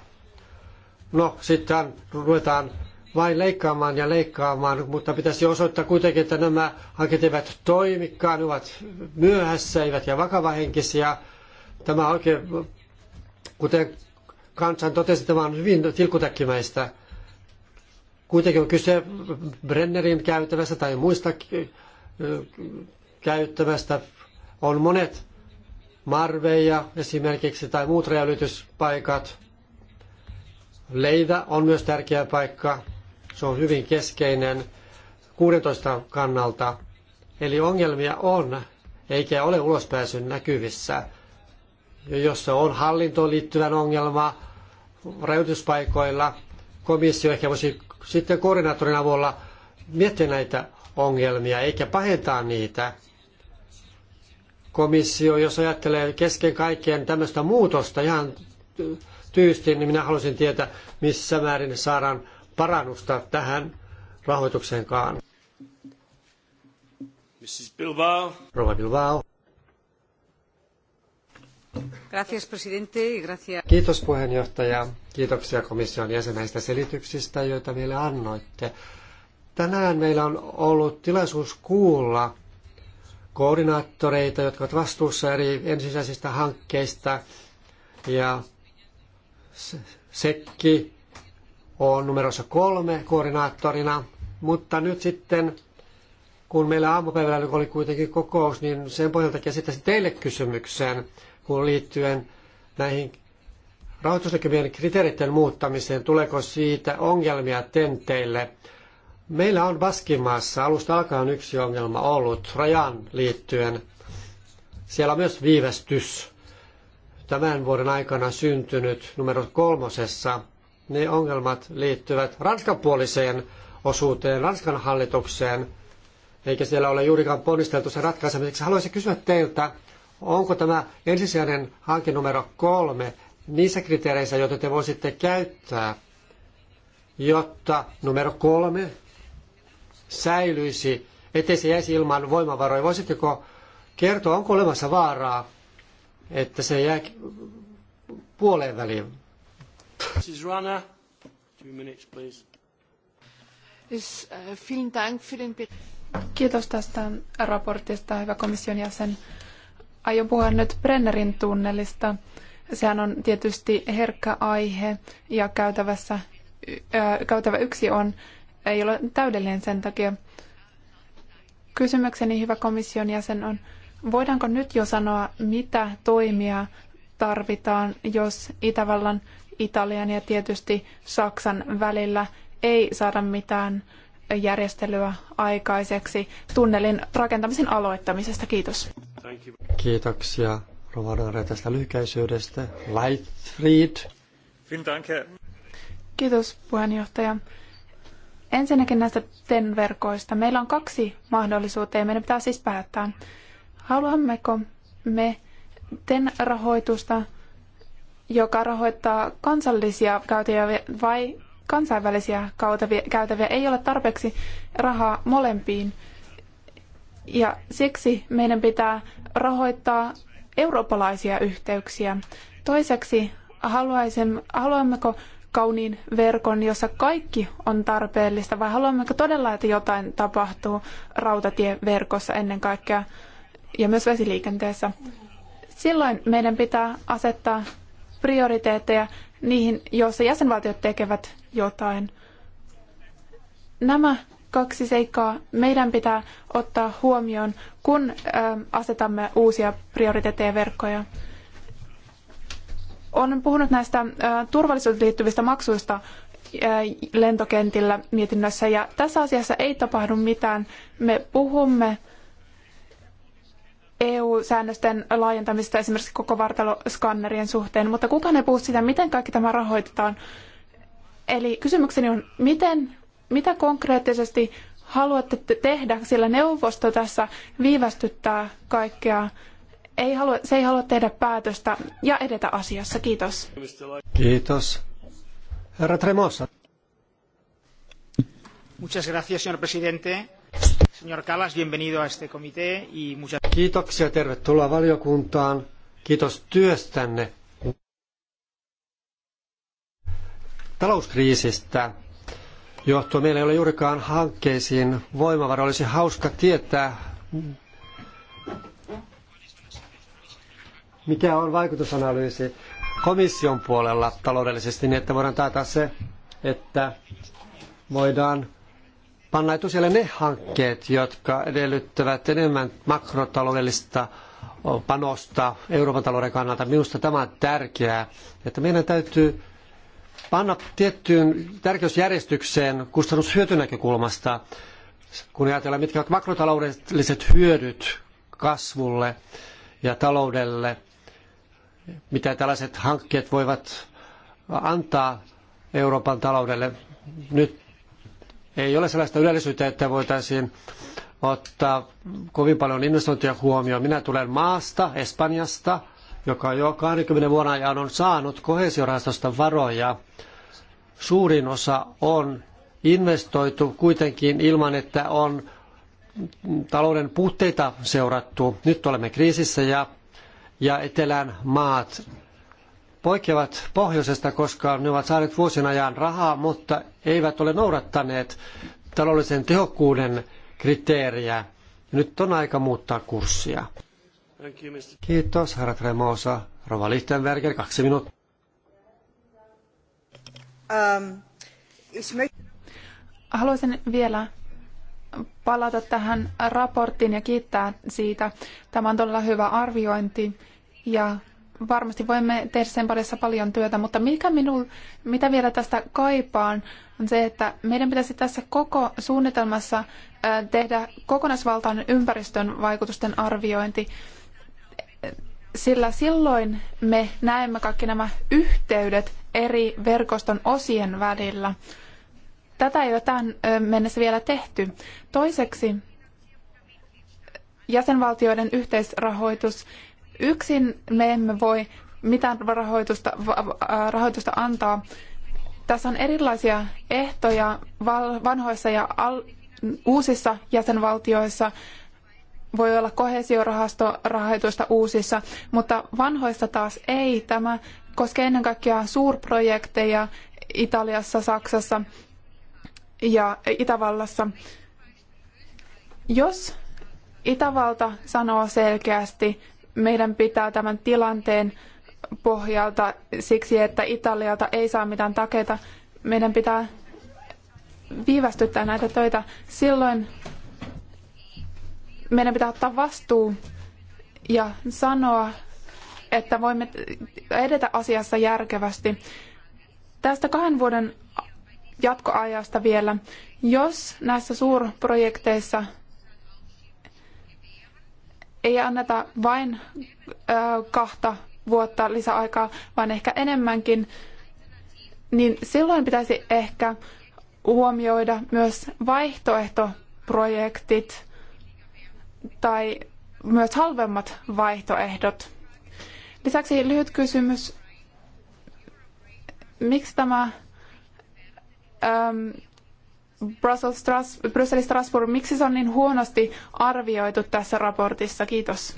No, sitten ruvetaan vain leikkaamaan ja leikkaamaan, mutta pitäisi osoittaa kuitenkin, että nämä hankkeet eivät toimikaan, ovat myöhässä, eivät ja vakavahenkisiä. Tämä oikein, kuten kansan totesi, että tämä on hyvin tilkutäkkimäistä. Kuitenkin on kyse Brennerin käytävästä tai muista äh, käyttävästä. On monet marveja esimerkiksi tai muut räjäytyspaikat. Leida on myös tärkeä paikka. Se on hyvin keskeinen 16 kannalta. Eli ongelmia on, eikä ole ulospääsyn näkyvissä. jos se on hallintoon liittyvän ongelma, rajoituspaikoilla. Komissio ehkä voisi sitten koordinaattorin avulla miettiä näitä ongelmia eikä pahentaa niitä. Komissio, jos ajattelee kesken kaikkien tämmöistä muutosta ihan tyysti, niin minä haluaisin tietää, missä määrin saadaan parannusta tähän rahoitukseenkaan. Mrs. Bilbao. Rova Bilbao. Kiitos puheenjohtaja. Kiitoksia komission jäsenäistä selityksistä, joita meille annoitte. Tänään meillä on ollut tilaisuus kuulla koordinaattoreita, jotka ovat vastuussa eri ensisijaisista hankkeista. Ja Sekki on numerossa kolme koordinaattorina, mutta nyt sitten kun meillä aamupäivällä oli kuitenkin kokous, niin sen pohjalta käsittäisin teille kysymyksen – kun liittyen näihin rahoitusnäkymien kriteereiden muuttamiseen, tuleeko siitä ongelmia tenteille? Meillä on Baskimaassa alusta alkaen yksi ongelma ollut rajan liittyen. Siellä on myös viivästys tämän vuoden aikana syntynyt numero kolmosessa. Ne ongelmat liittyvät ranskanpuoliseen osuuteen, Ranskan hallitukseen, eikä siellä ole juurikaan ponnisteltu sen ratkaisemiseksi. Haluaisin kysyä teiltä, onko tämä ensisijainen hanke numero kolme niissä kriteereissä, joita te voisitte käyttää, jotta numero kolme säilyisi, ettei se jäisi ilman voimavaroja. Voisitteko kertoa, onko olemassa vaaraa, että se jää puoleen väliin? Mrs. Rana, two minutes, please. Uh, Kiitos tästä raportista, hyvä komission jäsen aion puhua nyt Brennerin tunnelista. Sehän on tietysti herkkä aihe ja käytävässä, käytävä yksi on, ei ole täydellinen sen takia. Kysymykseni, hyvä komission jäsen, on, voidaanko nyt jo sanoa, mitä toimia tarvitaan, jos Itävallan, Italian ja tietysti Saksan välillä ei saada mitään järjestelyä aikaiseksi tunnelin rakentamisen aloittamisesta. Kiitos. Kiitoksia Romanare tästä lyhykäisyydestä. Lightfried. Kiitos puheenjohtaja. Ensinnäkin näistä TEN-verkoista. Meillä on kaksi mahdollisuutta ja meidän pitää siis päättää. Haluammeko me TEN-rahoitusta, joka rahoittaa kansallisia käytäjiä vai kansainvälisiä käytäviä, ei ole tarpeeksi rahaa molempiin. Ja siksi meidän pitää rahoittaa eurooppalaisia yhteyksiä. Toiseksi, haluaisin, haluammeko kauniin verkon, jossa kaikki on tarpeellista, vai haluammeko todella, että jotain tapahtuu rautatieverkossa ennen kaikkea ja myös vesiliikenteessä? Silloin meidän pitää asettaa prioriteetteja niihin, joissa jäsenvaltiot tekevät jotain. Nämä kaksi seikkaa meidän pitää ottaa huomioon, kun ähm, asetamme uusia prioriteetteja verkkoja. Olen puhunut näistä äh, turvallisuuteen liittyvistä maksuista äh, lentokentillä mietinnössä ja tässä asiassa ei tapahdu mitään. Me puhumme EU-säännösten laajentamista esimerkiksi koko vartaloskannerien suhteen, mutta kukaan ei puhu siitä, miten kaikki tämä rahoitetaan. Eli kysymykseni on, miten, mitä konkreettisesti haluatte tehdä, sillä neuvosto tässä viivästyttää kaikkea. Ei halua, se ei halua tehdä päätöstä ja edetä asiassa. Kiitos. Kiitos. Herra Tremosa. Muchas gracias, señor presidente. Señor Calas, bienvenido a este comité y muchas... Kiitoksia, tervetuloa valiokuntaan. Kiitos työstänne. Talouskriisistä johtuen meillä ei ole juurikaan hankkeisiin voimavaroja. Olisi hauska tietää, mikä on vaikutusanalyysi komission puolella taloudellisesti, niin että voidaan taata se, että voidaan panna etusijalle ne hankkeet, jotka edellyttävät enemmän makrotaloudellista panosta Euroopan talouden kannalta. Minusta tämä on tärkeää, että meidän täytyy panna tiettyyn tärkeysjärjestykseen kustannushyötynäkökulmasta, kun ajatellaan, mitkä ovat makrotaloudelliset hyödyt kasvulle ja taloudelle, mitä tällaiset hankkeet voivat antaa Euroopan taloudelle. Nyt ei ole sellaista ylellisyyttä, että voitaisiin ottaa kovin paljon investointia huomioon. Minä tulen maasta, Espanjasta, joka jo 20 vuoden ajan on saanut kohesiorahastosta varoja. Suurin osa on investoitu kuitenkin ilman, että on talouden puutteita seurattu. Nyt olemme kriisissä ja, ja etelän maat poikkeavat pohjoisesta, koska ne ovat saaneet vuosien ajan rahaa, mutta eivät ole noudattaneet taloudellisen tehokkuuden kriteeriä. Nyt on aika muuttaa kurssia. Kiitos, herra Tremosa. Rova Lichtenberger, kaksi minuuttia. Ähm, Haluaisin vielä palata tähän raporttiin ja kiittää siitä. Tämä on todella hyvä arviointi ja varmasti voimme tehdä sen parissa paljon työtä, mutta mikä minun, mitä vielä tästä kaipaan, on se, että meidän pitäisi tässä koko suunnitelmassa tehdä kokonaisvaltainen ympäristön vaikutusten arviointi, sillä silloin me näemme kaikki nämä yhteydet eri verkoston osien välillä. Tätä ei ole tähän mennessä vielä tehty. Toiseksi jäsenvaltioiden yhteisrahoitus Yksin me emme voi mitään rahoitusta, rahoitusta antaa. Tässä on erilaisia ehtoja vanhoissa ja uusissa jäsenvaltioissa. Voi olla rahoitusta uusissa, mutta vanhoissa taas ei. Tämä koskee ennen kaikkea suurprojekteja Italiassa, Saksassa ja Itävallassa. Jos Itävalta sanoo selkeästi, meidän pitää tämän tilanteen pohjalta siksi, että Italialta ei saa mitään takeita. Meidän pitää viivästyttää näitä töitä. Silloin meidän pitää ottaa vastuu ja sanoa, että voimme edetä asiassa järkevästi. Tästä kahden vuoden jatkoajasta vielä. Jos näissä suurprojekteissa ei anneta vain kahta vuotta lisäaikaa, vaan ehkä enemmänkin, niin silloin pitäisi ehkä huomioida myös vaihtoehtoprojektit tai myös halvemmat vaihtoehdot. Lisäksi lyhyt kysymys. Miksi tämä Brussels, Stras, Bryssel, Strasbourg, miksi se on niin huonosti arvioitu tässä raportissa? Kiitos.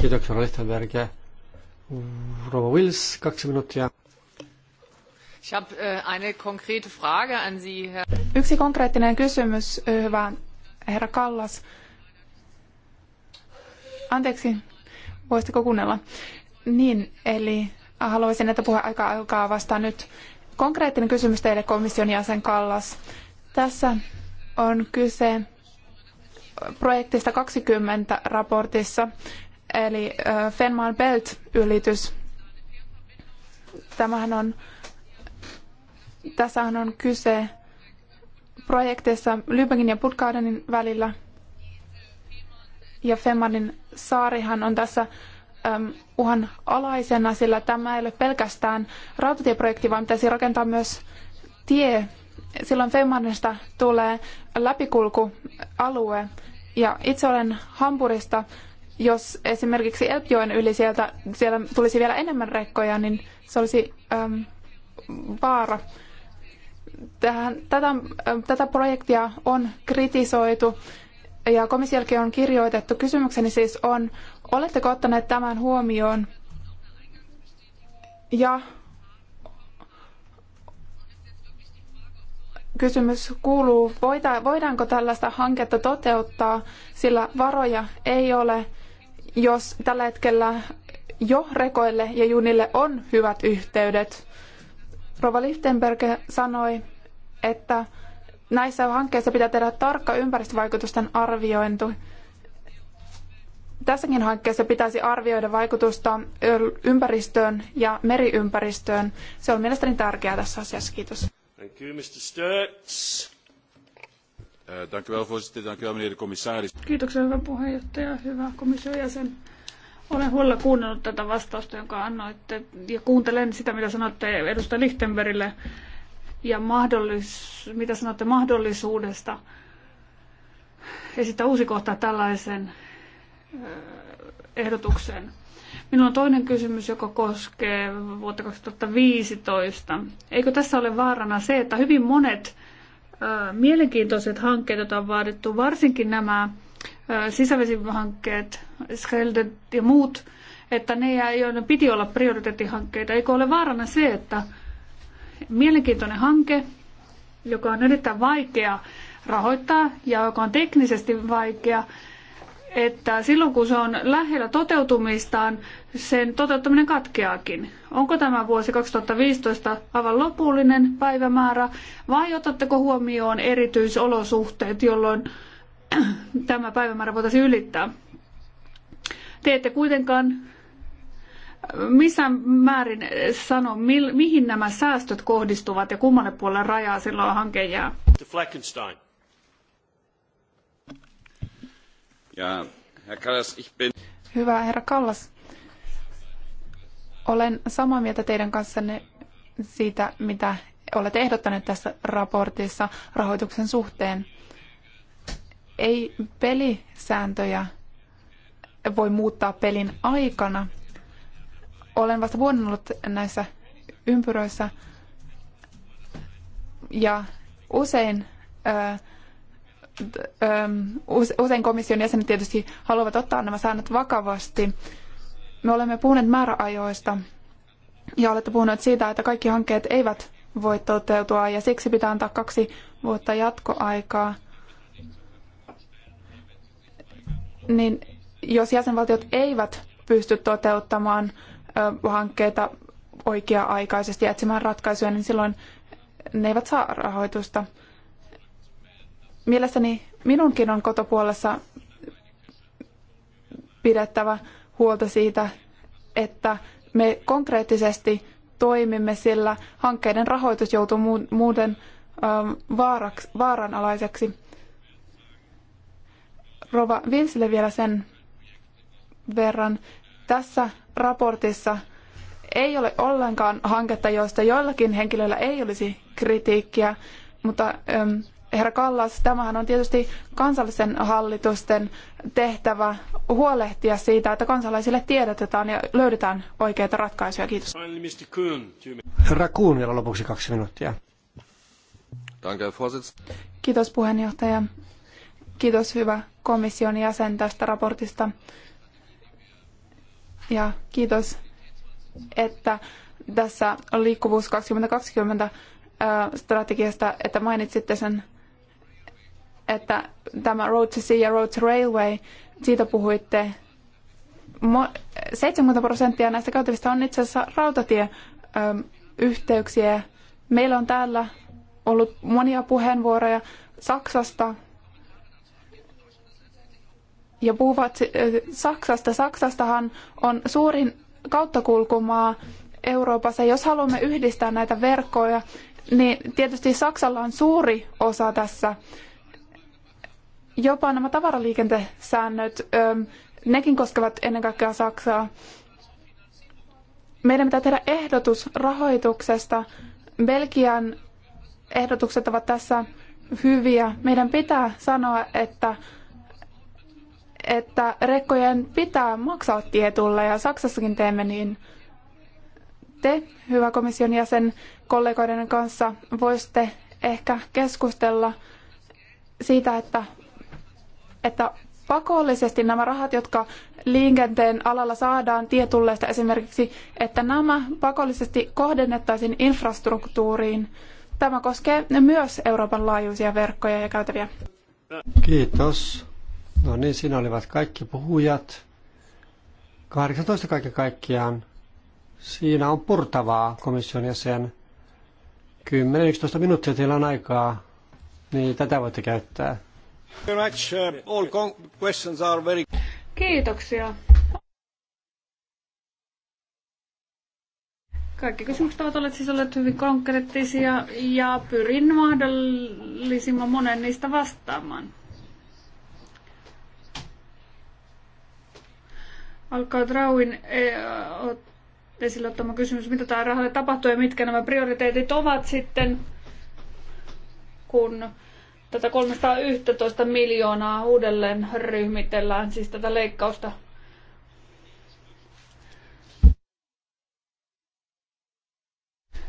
Kiitoksia, Lichtenberg. Rova Wills, kaksi minuuttia. Äh, Yksi konkreettinen kysymys, äh, hyvä herra Kallas. Anteeksi, voisitteko kuunnella? Niin, eli Haluaisin, että aika alkaa vasta nyt. Konkreettinen kysymys teille komission jäsen Kallas. Tässä on kyse projektista 20 raportissa, eli Fenman Belt-ylitys. Tämähän on, tässähän on kyse projekteissa Lübeckin ja Puttgardenin välillä. Ja Femmanin saarihan on tässä Ähm, uhan alaisena, sillä tämä ei ole pelkästään rautatieprojekti, vaan pitäisi rakentaa myös tie. Silloin Fehmarnista tulee läpikulkualue. Ja itse olen Hampurista. Jos esimerkiksi Elpjoen yli sieltä, siellä tulisi vielä enemmän rekkoja, niin se olisi äm, vaara. Tähän, tätä, ähm, tätä projektia on kritisoitu ja komissiolkin on kirjoitettu. Kysymykseni siis on, Oletteko ottaneet tämän huomioon? Ja kysymys kuuluu, voidaanko tällaista hanketta toteuttaa, sillä varoja ei ole, jos tällä hetkellä jo rekoille ja junille on hyvät yhteydet. Rova Lichtenberg sanoi, että näissä hankkeissa pitää tehdä tarkka ympäristövaikutusten arviointi Tässäkin hankkeessa pitäisi arvioida vaikutusta ympäristöön ja meriympäristöön. Se on mielestäni tärkeää tässä asiassa. Kiitos. Thank you, Mr. Sturts. Uh, Kiitoksia, hyvä puheenjohtaja, hyvä komission jäsen. Olen huolella kuunnellut tätä vastausta, jonka annoitte, ja kuuntelen sitä, mitä sanotte edustaja Lichtenbergille, ja mahdollis- mitä sanotte mahdollisuudesta esittää uusi kohta tällaisen Äh, ehdotukseen. Minulla on toinen kysymys, joka koskee vuotta 2015. Eikö tässä ole vaarana se, että hyvin monet äh, mielenkiintoiset hankkeet, joita on vaadittu, varsinkin nämä äh, sisävesihankkeet, Scheldet ja muut, että ne, joiden piti olla prioriteettihankkeita, eikö ole vaarana se, että mielenkiintoinen hanke, joka on erittäin vaikea rahoittaa ja joka on teknisesti vaikea, että silloin kun se on lähellä toteutumistaan, sen toteuttaminen katkeakin. Onko tämä vuosi 2015 aivan lopullinen päivämäärä vai otatteko huomioon erityisolosuhteet, jolloin tämä päivämäärä voitaisiin ylittää? Te ette kuitenkaan missä määrin sano, mihin nämä säästöt kohdistuvat ja kummalle puolelle rajaa silloin hanke jää? Kallas, Hyvä herra Kallas. Olen samaa mieltä teidän kanssanne siitä, mitä olette ehdottaneet tässä raportissa rahoituksen suhteen. Ei pelisääntöjä voi muuttaa pelin aikana. Olen vasta vuoden ollut näissä ympyröissä ja usein äh, Ähm, usein komission jäsenet tietysti haluavat ottaa nämä säännöt vakavasti. Me olemme puhuneet määräajoista ja olette puhuneet siitä, että kaikki hankkeet eivät voi toteutua ja siksi pitää antaa kaksi vuotta jatkoaikaa. Niin jos jäsenvaltiot eivät pysty toteuttamaan hankkeita oikea-aikaisesti ja etsimään ratkaisuja, niin silloin ne eivät saa rahoitusta mielestäni minunkin on kotopuolessa pidettävä huolta siitä, että me konkreettisesti toimimme, sillä hankkeiden rahoitus joutuu muuten ähm, vaaraksi, vaaranalaiseksi. Rova Vilsille vielä sen verran. Tässä raportissa ei ole ollenkaan hanketta, joista joillakin henkilöillä ei olisi kritiikkiä, mutta ähm, herra Kallas, tämähän on tietysti kansallisen hallitusten tehtävä huolehtia siitä, että kansalaisille tiedotetaan ja löydetään oikeita ratkaisuja. Kiitos. Herra Kuhn vielä lopuksi kaksi minuuttia. Kiitos puheenjohtaja. Kiitos hyvä komission jäsen tästä raportista. Ja kiitos, että tässä liikkuvuus 2020 strategiasta, että mainitsitte sen että tämä Road to Sea ja Road to Railway, siitä puhuitte. 70 prosenttia näistä käytävistä on itse asiassa rautatieyhteyksiä. Ähm, Meillä on täällä ollut monia puheenvuoroja Saksasta, ja puhuvat äh, Saksasta. Saksastahan on suurin kauttakulkumaa Euroopassa. Jos haluamme yhdistää näitä verkkoja, niin tietysti Saksalla on suuri osa tässä jopa nämä tavaraliikentesäännöt, nekin koskevat ennen kaikkea Saksaa. Meidän pitää tehdä ehdotus rahoituksesta. Belgian ehdotukset ovat tässä hyviä. Meidän pitää sanoa, että, että rekkojen pitää maksaa tietulle ja Saksassakin teemme niin. Te, hyvä komission jäsen, kollegoiden kanssa voisitte ehkä keskustella siitä, että että pakollisesti nämä rahat, jotka liikenteen alalla saadaan tietulleista esimerkiksi, että nämä pakollisesti kohdennettaisiin infrastruktuuriin. Tämä koskee myös Euroopan laajuisia verkkoja ja käytäviä. Kiitos. No niin, siinä olivat kaikki puhujat. 18 kaiken kaikkiaan. Siinä on purtavaa komission jäsen. 10-11 minuuttia teillä on aikaa, niin tätä voitte käyttää. Uh, Kiitoksia. Kaikki kysymykset ovat olleet siis olleet hyvin konkreettisia ja pyrin mahdollisimman monen niistä vastaamaan. Alkaa Drauin e, esille ottama kysymys, mitä tämä rahalle tapahtuu ja mitkä nämä prioriteetit ovat sitten, kun tätä 311 miljoonaa uudelleen ryhmitellään, siis tätä leikkausta.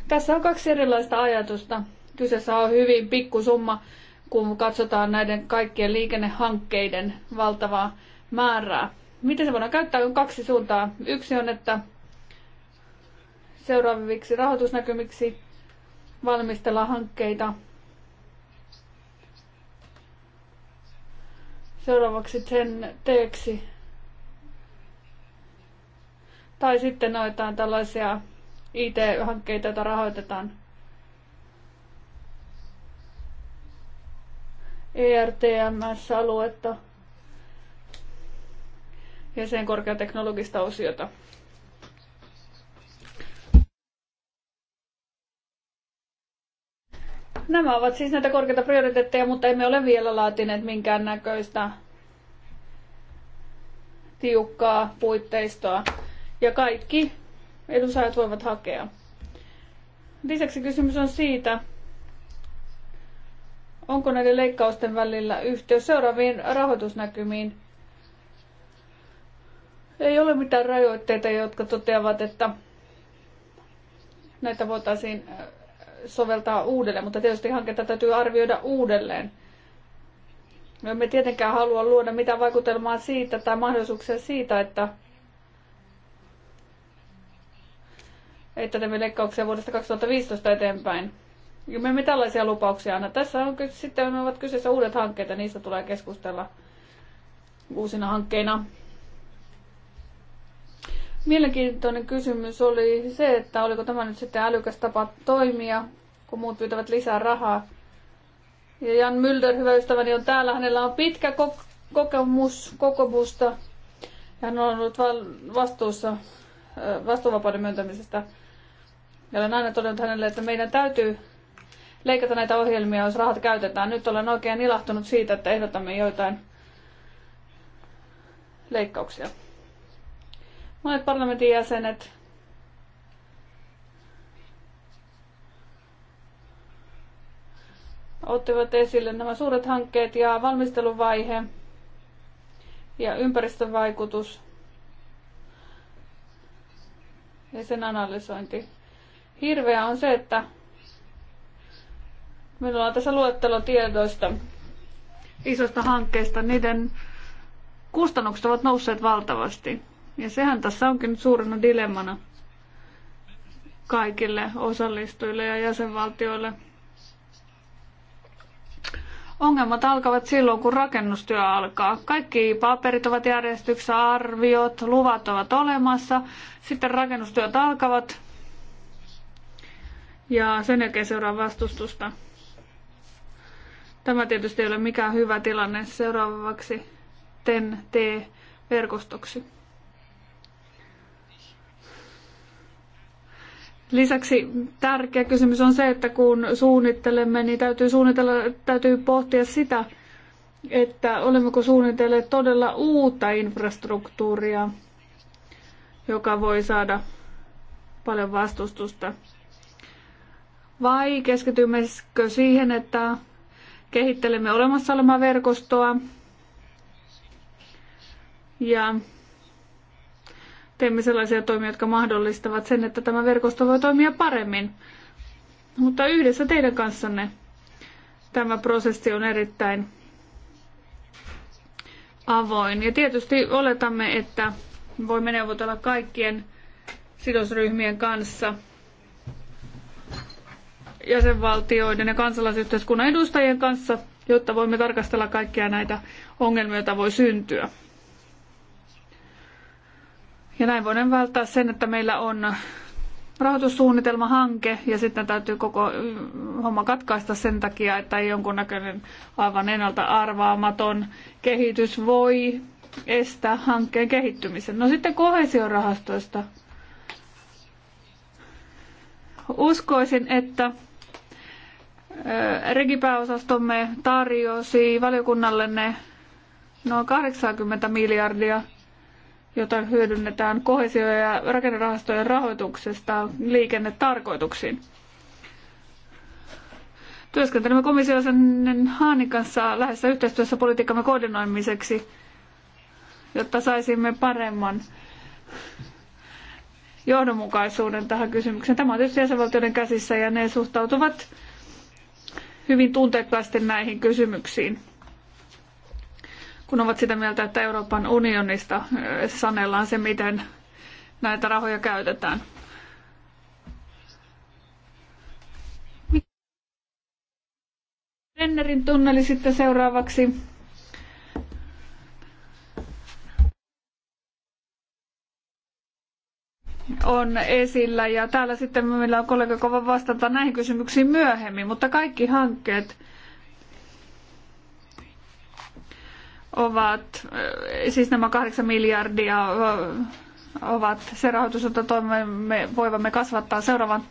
Tässä on kaksi erilaista ajatusta. Kyseessä on hyvin pikkusumma, kun katsotaan näiden kaikkien liikennehankkeiden valtavaa määrää. Miten se voidaan käyttää? On kaksi suuntaa. Yksi on, että seuraaviksi rahoitusnäkymiksi valmistella hankkeita, seuraavaksi sen teeksi. Tai sitten noitaan tällaisia IT-hankkeita, joita rahoitetaan. ERTMS-aluetta ja sen korkeateknologista osiota. Nämä ovat siis näitä korkeita prioriteetteja, mutta emme ole vielä laatineet minkäännäköistä tiukkaa puitteistoa. Ja kaikki edusajat voivat hakea. Lisäksi kysymys on siitä, onko näiden leikkausten välillä yhteys seuraaviin rahoitusnäkymiin. Ei ole mitään rajoitteita, jotka toteavat, että näitä voitaisiin soveltaa uudelleen, mutta tietysti hanketta täytyy arvioida uudelleen. No, me emme tietenkään halua luoda mitään vaikutelmaa siitä tai mahdollisuuksia siitä, että, että teemme leikkauksia vuodesta 2015 eteenpäin. Ja me emme tällaisia lupauksia anna. Tässä on sitten ovat kyseessä uudet hankkeet ja niistä tulee keskustella uusina hankkeina. Mielenkiintoinen kysymys oli se, että oliko tämä nyt sitten älykäs tapa toimia, kun muut pyytävät lisää rahaa. Ja Jan Mylder, hyvä ystäväni, on täällä. Hänellä on pitkä kok- kokemus kokemusta. Hän on ollut vastuussa vastuuvapauden myöntämisestä. Ja olen aina todennut hänelle, että meidän täytyy leikata näitä ohjelmia, jos rahat käytetään. Nyt olen oikein ilahtunut siitä, että ehdotamme joitain leikkauksia. Monet parlamentin jäsenet ottivat esille nämä suuret hankkeet ja valmisteluvaihe ja ympäristövaikutus ja sen analysointi. Hirveä on se, että minulla on tässä luettelo tiedoista, isoista hankkeista. Niiden kustannukset ovat nousseet valtavasti. Ja sehän tässä onkin nyt suurena dilemmana kaikille osallistujille ja jäsenvaltioille. Ongelmat alkavat silloin, kun rakennustyö alkaa. Kaikki paperit ovat järjestyksessä, arviot, luvat ovat olemassa. Sitten rakennustyöt alkavat ja sen jälkeen seuraa vastustusta. Tämä tietysti ei ole mikään hyvä tilanne seuraavaksi TEN-T-verkostoksi. Lisäksi tärkeä kysymys on se, että kun suunnittelemme, niin täytyy, suunnitella, täytyy pohtia sitä, että olemmeko suunnitelleet todella uutta infrastruktuuria, joka voi saada paljon vastustusta. Vai keskitymmekö siihen, että kehittelemme olemassa olevaa verkostoa ja teemme sellaisia toimia, jotka mahdollistavat sen, että tämä verkosto voi toimia paremmin. Mutta yhdessä teidän kanssanne tämä prosessi on erittäin avoin. Ja tietysti oletamme, että voimme neuvotella kaikkien sidosryhmien kanssa jäsenvaltioiden ja kansalaisyhteiskunnan edustajien kanssa, jotta voimme tarkastella kaikkia näitä ongelmia, joita voi syntyä. Ja näin voidaan välttää sen, että meillä on rahoitussuunnitelma, hanke ja sitten täytyy koko mm, homma katkaista sen takia, että ei jonkunnäköinen aivan ennalta arvaamaton kehitys voi estää hankkeen kehittymisen. No sitten kohesiorahastoista. Uskoisin, että regipääosastomme tarjosi valiokunnallenne noin 80 miljardia – jota hyödynnetään kohesio- ja rakennerahastojen rahoituksesta liikennetarkoituksiin. Työskentelemme komissiolaisen Haanin kanssa lähes yhteistyössä politiikkamme koordinoimiseksi, jotta saisimme paremman johdonmukaisuuden tähän kysymykseen. Tämä on tietysti jäsenvaltioiden käsissä ja ne suhtautuvat hyvin tunteikkaasti näihin kysymyksiin kun ovat sitä mieltä, että Euroopan unionista sanellaan se, miten näitä rahoja käytetään. Brennerin tunneli sitten seuraavaksi. on esillä ja täällä sitten meillä on kollega kova vastata näihin kysymyksiin myöhemmin, mutta kaikki hankkeet ovat, eh, siis nämä kahdeksan miljardia eh, ovat se rahoitus, jota toimme voivamme kasvattaa seuraavan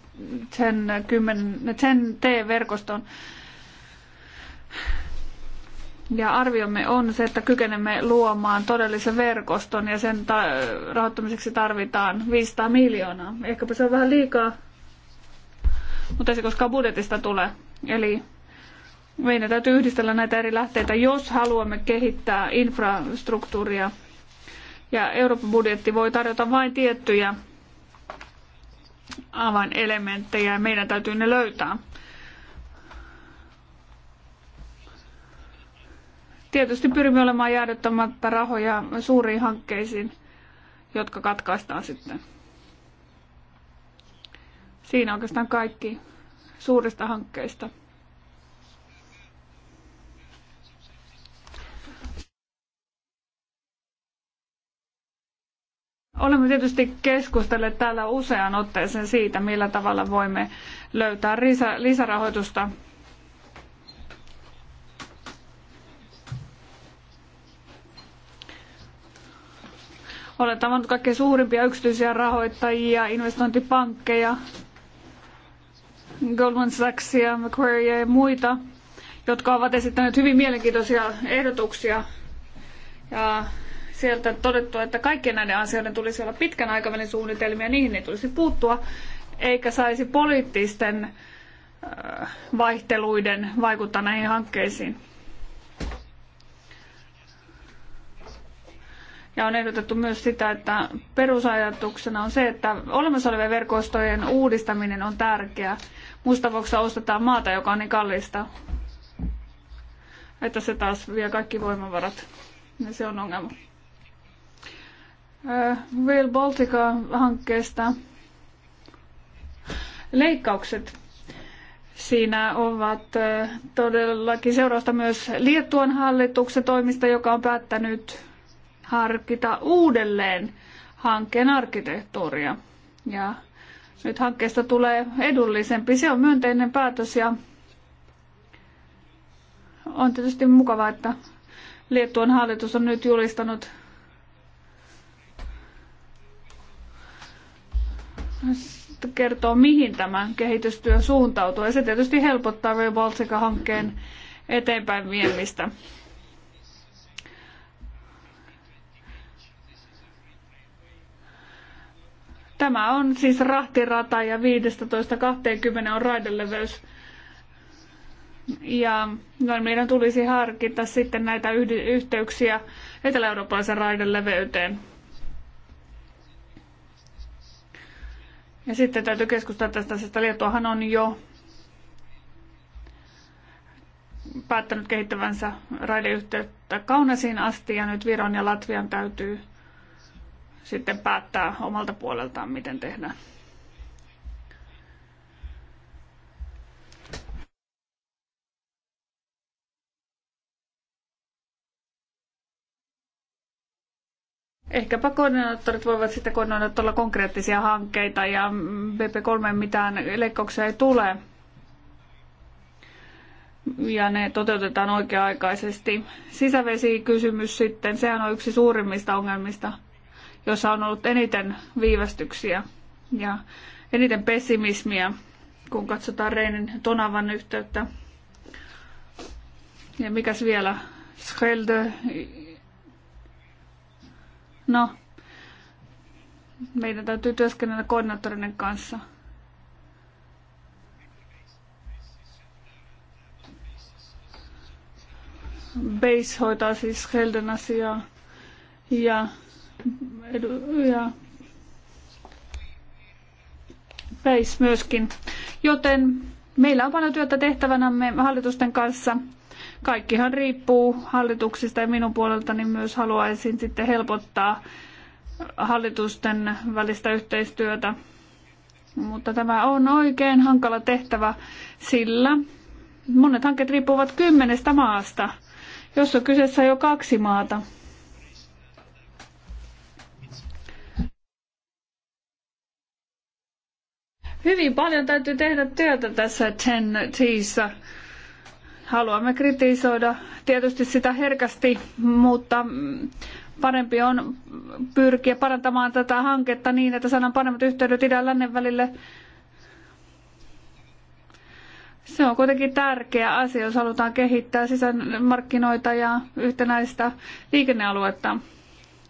sen, kymmen, sen T-verkoston. Ja arviomme on se, että kykenemme luomaan todellisen verkoston ja sen ta- rahoittamiseksi tarvitaan 500 miljoonaa. Ehkäpä se on vähän liikaa, mutta ei se koskaan budjetista tule. Eli meidän täytyy yhdistellä näitä eri lähteitä, jos haluamme kehittää infrastruktuuria. Ja Euroopan budjetti voi tarjota vain tiettyjä avainelementtejä ja meidän täytyy ne löytää. Tietysti pyrimme olemaan jäädyttämättä rahoja suuriin hankkeisiin, jotka katkaistaan sitten. Siinä oikeastaan kaikki suurista hankkeista. Olemme tietysti keskustelleet täällä useaan otteeseen siitä, millä tavalla voimme löytää lisärahoitusta Olen tavannut kaikkein suurimpia yksityisiä rahoittajia, investointipankkeja, Goldman Sachsia, Macquarie ja muita, jotka ovat esittäneet hyvin mielenkiintoisia ehdotuksia. Ja sieltä todettu, että kaikkien näiden asioiden tulisi olla pitkän aikavälin suunnitelmia, niihin ei tulisi puuttua, eikä saisi poliittisten äh, vaihteluiden vaikuttaa näihin hankkeisiin. Ja on ehdotettu myös sitä, että perusajatuksena on se, että olemassa olevien verkostojen uudistaminen on tärkeää. Mustavoksa ostetaan maata, joka on niin kallista, että se taas vie kaikki voimavarat. Ja se on ongelma. Äh, Real Baltica-hankkeesta. Leikkaukset siinä ovat äh, todellakin seurausta myös Liettuan hallituksen toimista, joka on päättänyt harkita uudelleen hankkeen arkkitehtuuria. Ja nyt hankkeesta tulee edullisempi. Se on myönteinen päätös ja on tietysti mukavaa, että Liettuan hallitus on nyt julistanut kertoo, mihin tämä kehitystyö suuntautuu. Ja se tietysti helpottaa Baltica hankkeen eteenpäin viemistä. Tämä on siis rahtirata ja 15-20 on raideleveys. Ja no, meidän tulisi harkita sitten näitä yhteyksiä etelä-eurooppalaisen raiden leveyteen. Ja sitten täytyy keskustella tästä asiasta. Liettuahan on jo päättänyt kehittävänsä raideyhteyttä Kaunasiin asti ja nyt Viron ja Latvian täytyy sitten päättää omalta puoleltaan, miten tehdään. Ehkäpä koordinaattorit voivat sitten koordinoida tuolla konkreettisia hankkeita ja BP3 mitään leikkauksia ei tule. Ja ne toteutetaan oikea-aikaisesti. Sisävesikysymys sitten, sehän on yksi suurimmista ongelmista, jossa on ollut eniten viivästyksiä ja eniten pessimismiä, kun katsotaan Reinin Tonavan yhteyttä. Ja mikäs vielä? Schelde No, meidän täytyy työskennellä koordinaattorinen kanssa. Base hoitaa siis Helden asiaa ja, edu, ja Base myöskin. Joten meillä on paljon työtä tehtävänämme hallitusten kanssa Kaikkihan riippuu hallituksista ja minun puoleltani niin myös haluaisin sitten helpottaa hallitusten välistä yhteistyötä. Mutta tämä on oikein hankala tehtävä, sillä monet hankkeet riippuvat kymmenestä maasta, jos on kyseessä jo kaksi maata. Hyvin paljon täytyy tehdä työtä tässä Ten Tissä Haluamme kritisoida tietysti sitä herkästi, mutta parempi on pyrkiä parantamaan tätä hanketta niin, että saadaan paremmat yhteydet idän ja lännen välille. Se on kuitenkin tärkeä asia, jos halutaan kehittää sisämarkkinoita ja yhtenäistä liikennealuetta.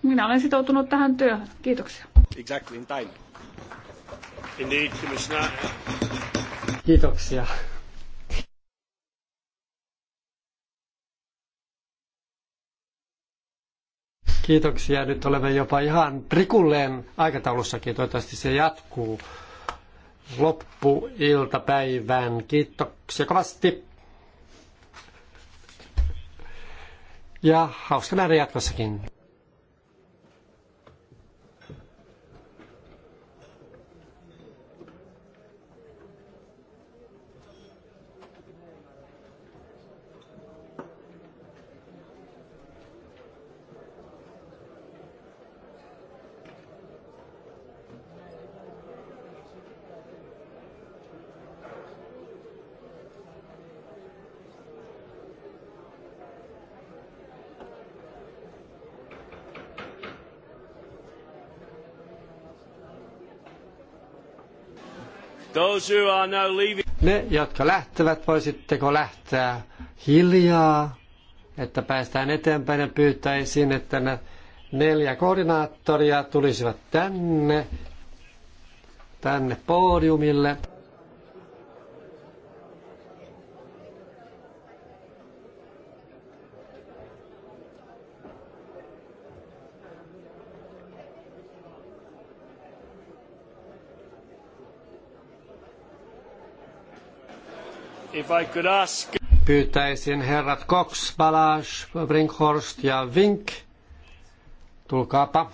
Minä olen sitoutunut tähän työhön. Kiitoksia. Exactly in time. Indeed, Kiitoksia. Kiitoksia. Nyt olemme jopa ihan prikulleen aikataulussakin. Toivottavasti se jatkuu loppuiltapäivän. Kiitoksia kovasti. Ja hauska nähdä jatkossakin. Ne, jotka lähtevät, voisitteko lähteä hiljaa, että päästään eteenpäin ja pyytäisin, että ne neljä koordinaattoria tulisivat tänne, tänne podiumille. Pyytäisin herrat Cox, Balash, Brinkhorst ja Vink. Tulkaapa.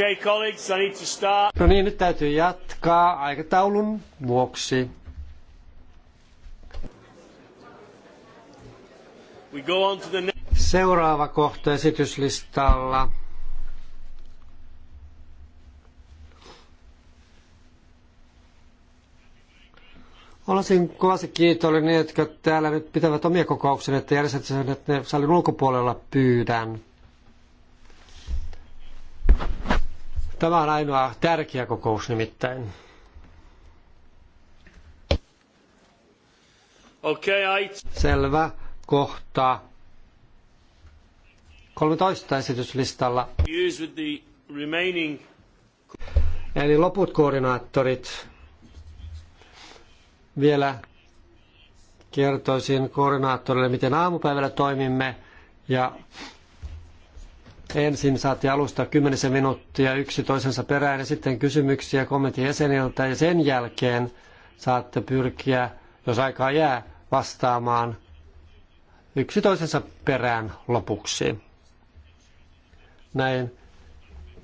Okay, colleagues, I need to start. No niin, nyt täytyy jatkaa aikataulun vuoksi. We go on to the next. Seuraava kohta esityslistalla. Olisin kovasti kiitollinen, että täällä nyt pitävät omia kokouksia, että järjestetään, että ne salin ulkopuolella pyydän. Tämä on ainoa tärkeä kokous nimittäin. Okay, I... Selvä kohta. 13 esityslistalla. Remaining... Eli loput koordinaattorit. Vielä kertoisin koordinaattorille, miten aamupäivällä toimimme ja Ensin saatiin alusta 10 minuuttia yksi toisensa perään ja sitten kysymyksiä kommentin jäseniltä ja sen jälkeen saatte pyrkiä, jos aikaa jää, vastaamaan yksi toisensa perään lopuksi. Näin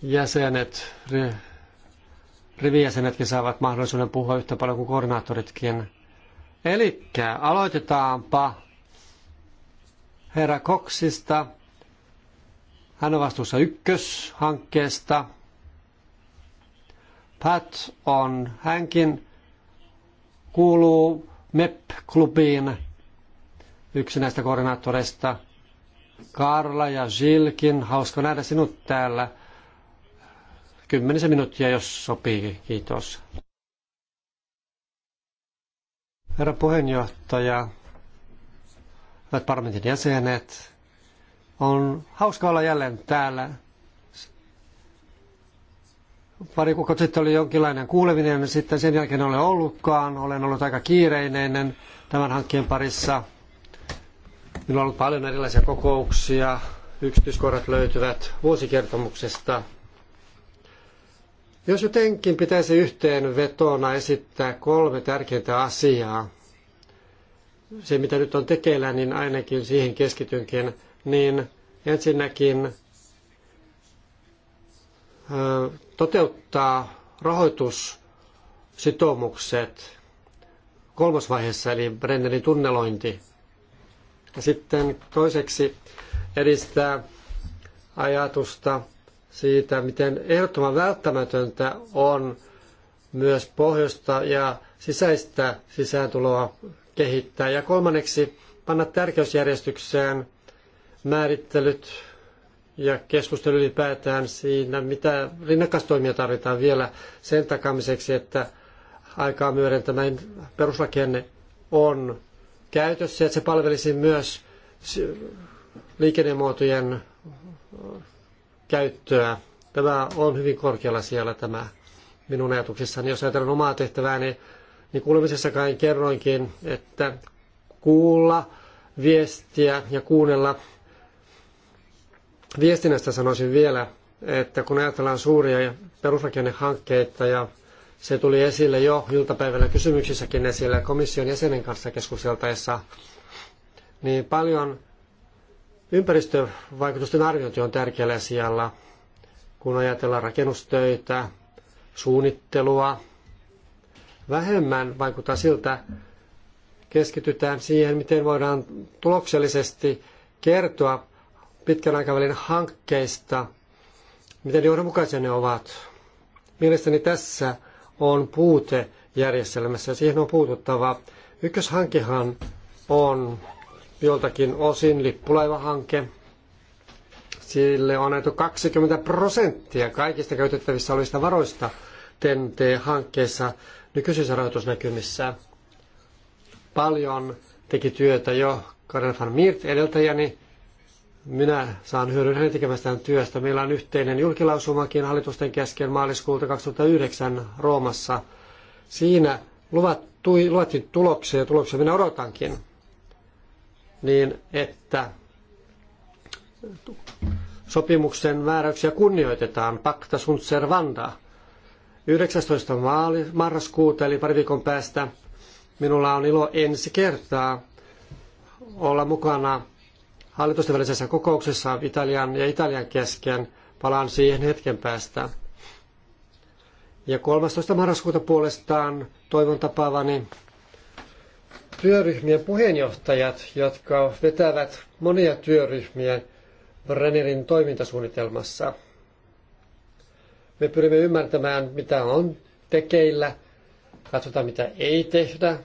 jäsenet, rivijäsenetkin saavat mahdollisuuden puhua yhtä paljon kuin koordinaattoritkin. Eli aloitetaanpa herra Koksista hän on vastuussa ykköshankkeesta. Pat on, hänkin kuuluu MEP-klubiin, yksi näistä koordinaattoreista. Karla ja Jilkin, hauska nähdä sinut täällä. Kymmenisen minuuttia, jos sopii. Kiitos. Herra puheenjohtaja, hyvät parlamentin jäsenet, on hauska olla jälleen täällä. Pari kuukautta sitten oli jonkinlainen kuuleminen, sitten sen jälkeen olen ollutkaan. Olen ollut aika kiireinen tämän hankkeen parissa. Minulla on ollut paljon erilaisia kokouksia. Yksityiskohdat löytyvät vuosikertomuksesta. Jos jotenkin pitäisi yhteen vetona esittää kolme tärkeintä asiaa, se mitä nyt on tekeillä, niin ainakin siihen keskitynkin niin ensinnäkin toteuttaa rahoitussitoumukset kolmosvaiheessa, eli Brennerin tunnelointi. Ja sitten toiseksi edistää ajatusta siitä, miten ehdottoman välttämätöntä on myös pohjoista ja sisäistä sisääntuloa kehittää. Ja kolmanneksi panna tärkeysjärjestykseen määrittelyt ja keskustelu ylipäätään siinä, mitä rinnakkaistoimia tarvitaan vielä sen takamiseksi, että aikaa myöden tämä peruslakienne on käytössä, että se palvelisi myös liikennemuotojen käyttöä. Tämä on hyvin korkealla siellä tämä minun ajatuksissani. Jos ajatellaan omaa tehtävääni, niin kuulemisessa kai kerroinkin, että kuulla, viestiä ja kuunnella Viestinnästä sanoisin vielä, että kun ajatellaan suuria perusrakennehankkeita ja se tuli esille jo iltapäivällä kysymyksissäkin esille komission jäsenen kanssa keskusteltaessa, niin paljon ympäristövaikutusten arviointi on tärkeällä sijalla, kun ajatellaan rakennustöitä, suunnittelua. Vähemmän vaikuttaa siltä, keskitytään siihen, miten voidaan tuloksellisesti kertoa pitkän aikavälin hankkeista, miten johdonmukaisia ne ovat. Mielestäni tässä on puute järjestelmässä ja siihen on puututtava. Ykköshankehan on joltakin osin lippulaivahanke. Sille on annettu 20 prosenttia kaikista käytettävissä olevista varoista TNT-hankkeessa nykyisissä rahoitusnäkymissä. Paljon teki työtä jo Karel van Miert edeltäjäni minä saan hyödyn hänen tekemästään työstä. Meillä on yhteinen julkilausumakin hallitusten kesken maaliskuulta 2009 Roomassa. Siinä luvattui, luvattiin tuloksia ja tuloksia minä odotankin, niin että sopimuksen määräyksiä kunnioitetaan, pacta sunt servanda. 19. Maali, marraskuuta eli pari viikon päästä minulla on ilo ensi kertaa olla mukana hallitusten välisessä kokouksessa Italian ja Italian kesken. Palaan siihen hetken päästä. Ja 13. marraskuuta puolestaan toivon tapaavani työryhmien puheenjohtajat, jotka vetävät monia työryhmiä Brennerin toimintasuunnitelmassa. Me pyrimme ymmärtämään, mitä on tekeillä, katsotaan mitä ei tehdä,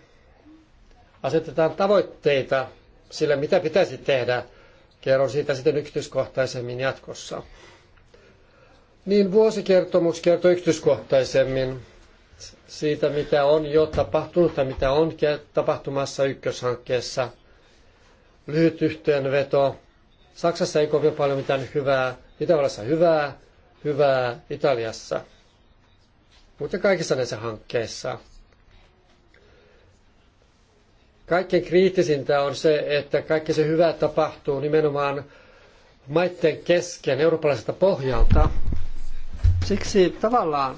asetetaan tavoitteita sille, mitä pitäisi tehdä Kerron siitä sitten yksityiskohtaisemmin jatkossa. Niin vuosikertomus kertoo yksityiskohtaisemmin siitä, mitä on jo tapahtunut tai mitä on tapahtumassa ykköshankkeessa. Lyhyt yhteenveto. Saksassa ei kovin paljon mitään hyvää, Itävallassa hyvää, hyvää Italiassa. Mutta kaikissa näissä hankkeissa Kaikkein kriittisintä on se, että kaikki se hyvä tapahtuu nimenomaan maiden kesken eurooppalaiselta pohjalta. Siksi tavallaan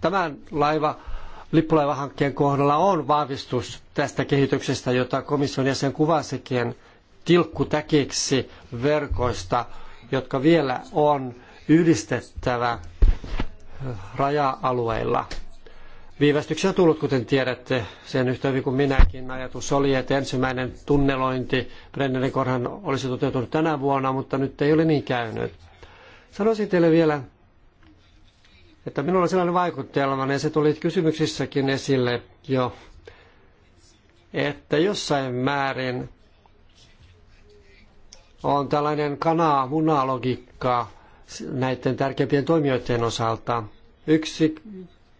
tämän laiva lippulaivahankkeen kohdalla on vahvistus tästä kehityksestä, jota komission jäsen kuvasikin tilkkutäkiksi verkoista, jotka vielä on yhdistettävä raja-alueilla. Viivästyksiä on tullut, kuten tiedätte, sen yhtä hyvin kuin minäkin. Ajatus oli, että ensimmäinen tunnelointi Brennerin korhan olisi toteutunut tänä vuonna, mutta nyt ei ole niin käynyt. Sanoisin teille vielä, että minulla on sellainen vaikutelma, ja se tuli kysymyksissäkin esille jo, että jossain määrin on tällainen kanaa-munalogiikka näiden tärkeimpien toimijoiden osalta. Yksi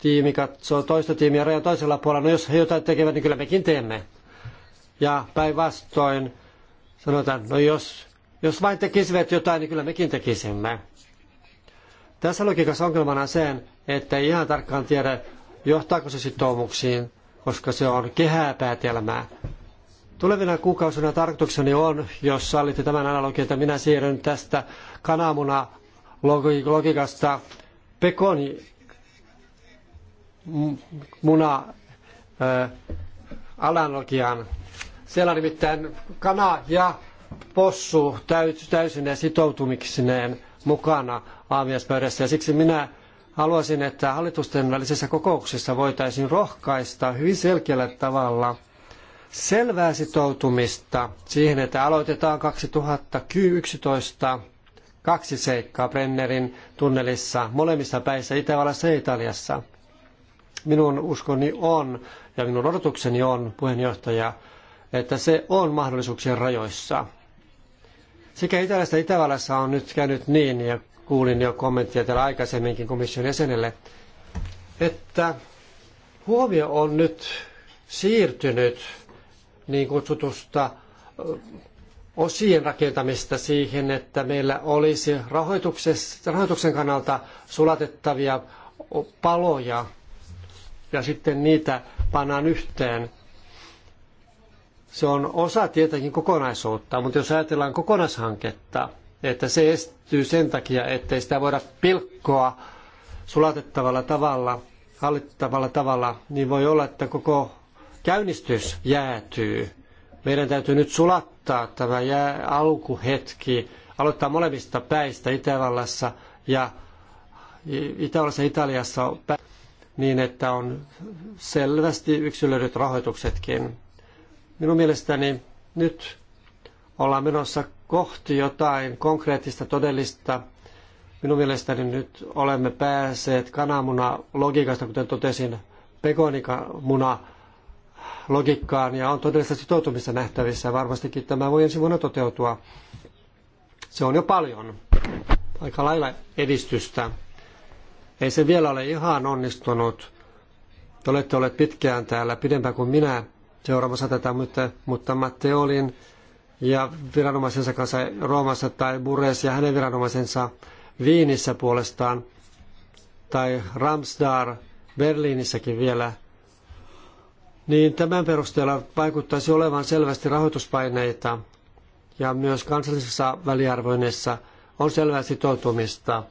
tiimi katsoo toista tiimiä rajan toisella puolella. No jos he jotain tekevät, niin kyllä mekin teemme. Ja päinvastoin sanotaan, no jos, jos vain tekisivät jotain, niin kyllä mekin tekisimme. Tässä logiikassa ongelmana sen, että ei ihan tarkkaan tiedä, johtaako se sitoumuksiin, koska se on kehää päätelmää. Tulevina kuukausina tarkoitukseni on, jos sallitte tämän analogian, että minä siirryn tästä kanamuna logiikasta pekoni muna analogian. Siellä nimittäin kana ja possu täysin sitoutumiksineen mukana aamiaispöydässä ja siksi minä haluaisin, että hallitusten välisissä kokouksissa voitaisiin rohkaista hyvin selkeällä tavalla selvää sitoutumista siihen, että aloitetaan 2011 kaksi seikkaa Brennerin tunnelissa molemmissa päissä Itävallassa ja Italiassa – Minun uskoni on, ja minun odotukseni on, puheenjohtaja, että se on mahdollisuuksien rajoissa. Sekä Itälässä että Itävallassa on nyt käynyt niin, ja kuulin jo kommenttia täällä aikaisemminkin komission jäsenelle, että huomio on nyt siirtynyt niin kutsutusta osien rakentamista siihen, että meillä olisi rahoituksen kannalta sulatettavia paloja ja sitten niitä pannaan yhteen. Se on osa tietenkin kokonaisuutta, mutta jos ajatellaan kokonaishanketta, että se estyy sen takia, ettei sitä voida pilkkoa sulatettavalla tavalla, hallittavalla tavalla, niin voi olla, että koko käynnistys jäätyy. Meidän täytyy nyt sulattaa tämä jää alkuhetki, aloittaa molemmista päistä Itävallassa ja Itävallassa Italiassa niin, että on selvästi yksilöidyt rahoituksetkin. Minun mielestäni nyt ollaan menossa kohti jotain konkreettista, todellista. Minun mielestäni nyt olemme päässeet kananmuna logiikasta, kuten totesin, pekonikamuna logiikkaan ja on todellista sitoutumista nähtävissä. Varmastikin tämä voi ensi vuonna toteutua. Se on jo paljon, aika lailla edistystä. Ei se vielä ole ihan onnistunut. Te olette olleet pitkään täällä, pidempään kuin minä seuraamassa tätä, mutta, mutta Matti olin ja viranomaisensa kanssa Roomassa tai Bures ja hänen viranomaisensa Viinissä puolestaan tai Ramsdar Berliinissäkin vielä, niin tämän perusteella vaikuttaisi olevan selvästi rahoituspaineita ja myös kansallisessa väliarvoinnissa on selvää sitoutumista –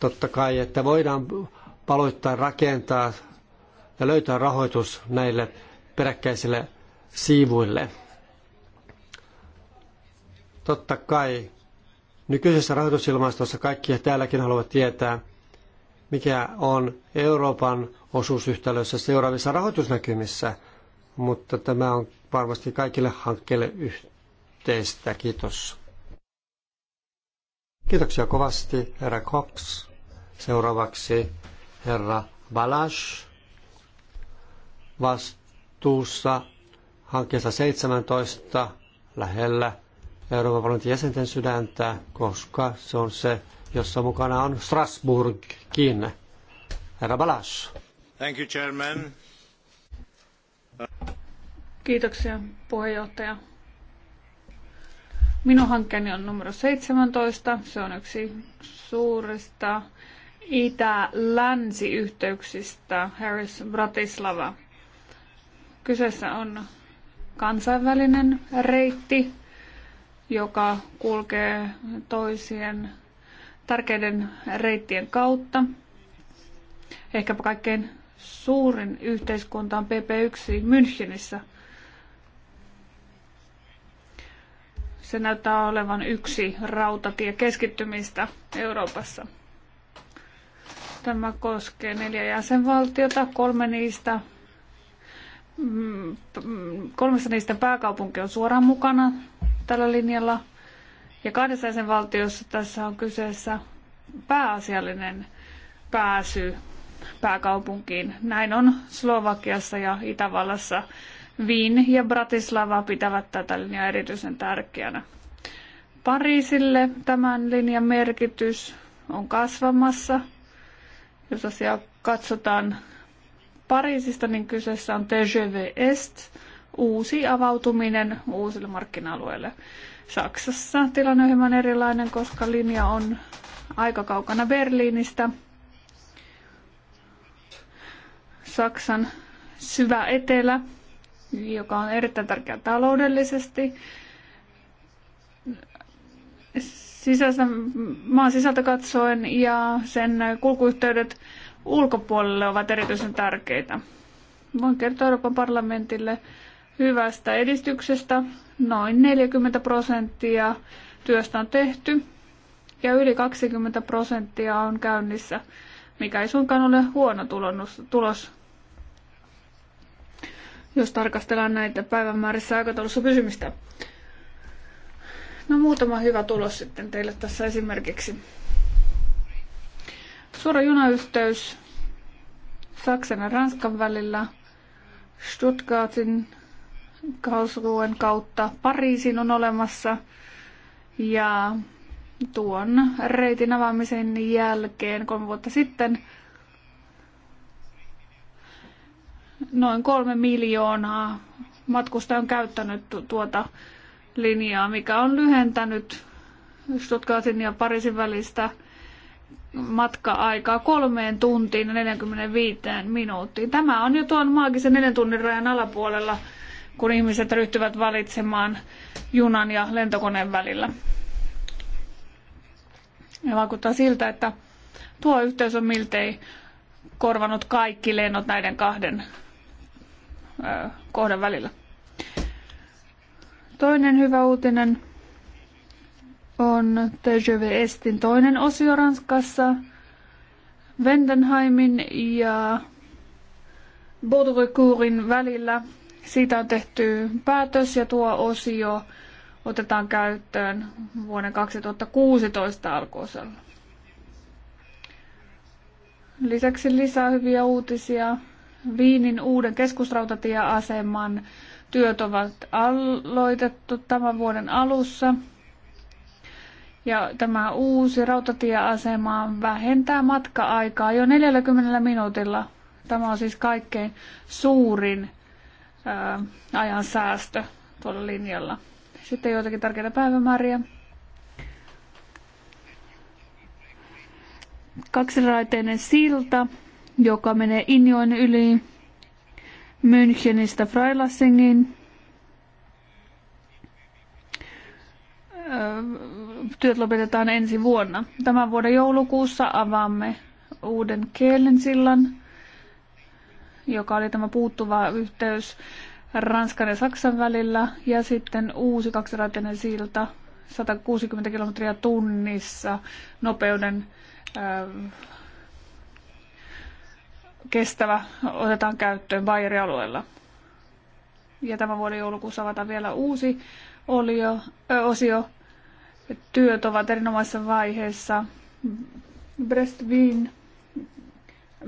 totta kai, että voidaan paloittaa, rakentaa ja löytää rahoitus näille peräkkäisille siivuille. Totta kai nykyisessä rahoitusilmastossa kaikki täälläkin haluavat tietää, mikä on Euroopan osuusyhtälössä seuraavissa rahoitusnäkymissä, mutta tämä on varmasti kaikille hankkeille yhteistä. Kiitos. Kiitoksia kovasti, herra Cox. Seuraavaksi herra Balash vastuussa hankkeessa 17 lähellä Euroopan parlamentin jäsenten sydäntä, koska se on se, jossa mukana on Strasbourgkin. Herra Balas. Thank you, chairman. Kiitoksia, puheenjohtaja. Minun hankkeeni on numero 17. Se on yksi suurista itä-länsi-yhteyksistä Harris-Bratislava. Kyseessä on kansainvälinen reitti, joka kulkee toisien tärkeiden reittien kautta. Ehkäpä kaikkein suurin yhteiskunta on PP1 Münchenissä. Se näyttää olevan yksi rautatiekeskittymistä Euroopassa. Tämä koskee neljä jäsenvaltiota, kolme niistä, mm, kolmessa niistä pääkaupunki on suoraan mukana tällä linjalla. Ja kahdessa jäsenvaltiossa tässä on kyseessä pääasiallinen pääsy pääkaupunkiin. Näin on Slovakiassa ja Itävallassa. Viin ja Bratislava pitävät tätä linjaa erityisen tärkeänä. Pariisille tämän linjan merkitys on kasvamassa jos asiaa katsotaan Pariisista, niin kyseessä on TGV Est, uusi avautuminen uusille markkina-alueille. Saksassa tilanne on hieman erilainen, koska linja on aika kaukana Berliinistä. Saksan syvä etelä, joka on erittäin tärkeä taloudellisesti sisäistä, maan sisältä katsoen ja sen kulkuyhteydet ulkopuolelle ovat erityisen tärkeitä. Voin kertoa Euroopan parlamentille hyvästä edistyksestä. Noin 40 prosenttia työstä on tehty ja yli 20 prosenttia on käynnissä, mikä ei suinkaan ole huono tulos. Jos tarkastellaan näitä päivämäärissä aikataulussa pysymistä. No muutama hyvä tulos sitten teille tässä esimerkiksi. Suora junayhteys Saksan ja Ranskan välillä, Stuttgartin, Karlsruhen kautta Pariisin on olemassa ja tuon reitin avaamisen jälkeen kolme vuotta sitten noin kolme miljoonaa matkustaja on käyttänyt tuota linjaa, mikä on lyhentänyt Stuttgartin ja Pariisin välistä matka-aikaa kolmeen tuntiin ja 45 minuuttiin. Tämä on jo tuon maagisen neljän tunnin rajan alapuolella, kun ihmiset ryhtyvät valitsemaan junan ja lentokoneen välillä. Ja vaikuttaa siltä, että tuo yhteys on miltei korvanut kaikki lennot näiden kahden kohdan välillä. Toinen hyvä uutinen on TGV Estin toinen osio Ranskassa. Vendenheimin ja Baudricourtin välillä. Siitä on tehty päätös ja tuo osio otetaan käyttöön vuoden 2016 alkuosalla. Lisäksi lisää hyviä uutisia. Viinin uuden keskusrautatieaseman Työt ovat aloitettu tämän vuoden alussa. Ja tämä uusi rautatieasema vähentää matka-aikaa jo 40 minuutilla. Tämä on siis kaikkein suurin ää, ajan säästö tuolla linjalla. Sitten joitakin tärkeitä päivämääriä. Kaksiraiteinen silta, joka menee Injoen yli Münchenistä Freilassingin. Työt lopetetaan ensi vuonna. Tämän vuoden joulukuussa avaamme uuden Kielensillan, joka oli tämä puuttuva yhteys Ranskan ja Saksan välillä, ja sitten uusi kaksiraiteinen silta 160 kilometriä tunnissa nopeuden äh, kestävä otetaan käyttöön Bayer-alueella. Ja tämän vuoden joulukuussa avataan vielä uusi olio, ö, osio. Työt ovat erinomaisessa vaiheessa. Brestvin,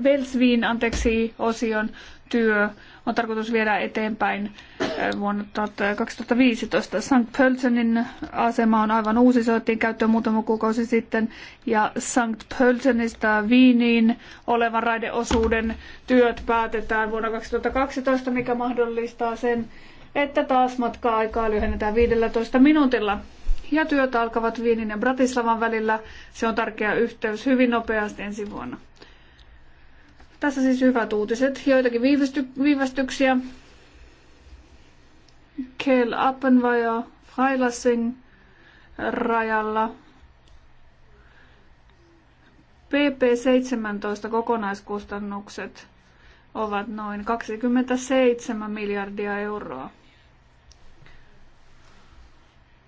Velsvin, anteeksi, osion työ on tarkoitus viedä eteenpäin eh, vuonna 2015. Sankt Pölsenin asema on aivan uusi, se otettiin käyttöön muutama kuukausi sitten, ja Sankt Pölsenistä Viiniin olevan raideosuuden työt päätetään vuonna 2012, mikä mahdollistaa sen, että taas matka-aikaa lyhennetään 15 minuutilla. Ja työt alkavat Viinin ja Bratislavan välillä. Se on tärkeä yhteys hyvin nopeasti ensi vuonna. Tässä siis hyvät uutiset. Joitakin viivästy- viivästyksiä. Kel Appenvaja Freilassin rajalla. PP17 kokonaiskustannukset ovat noin 27 miljardia euroa.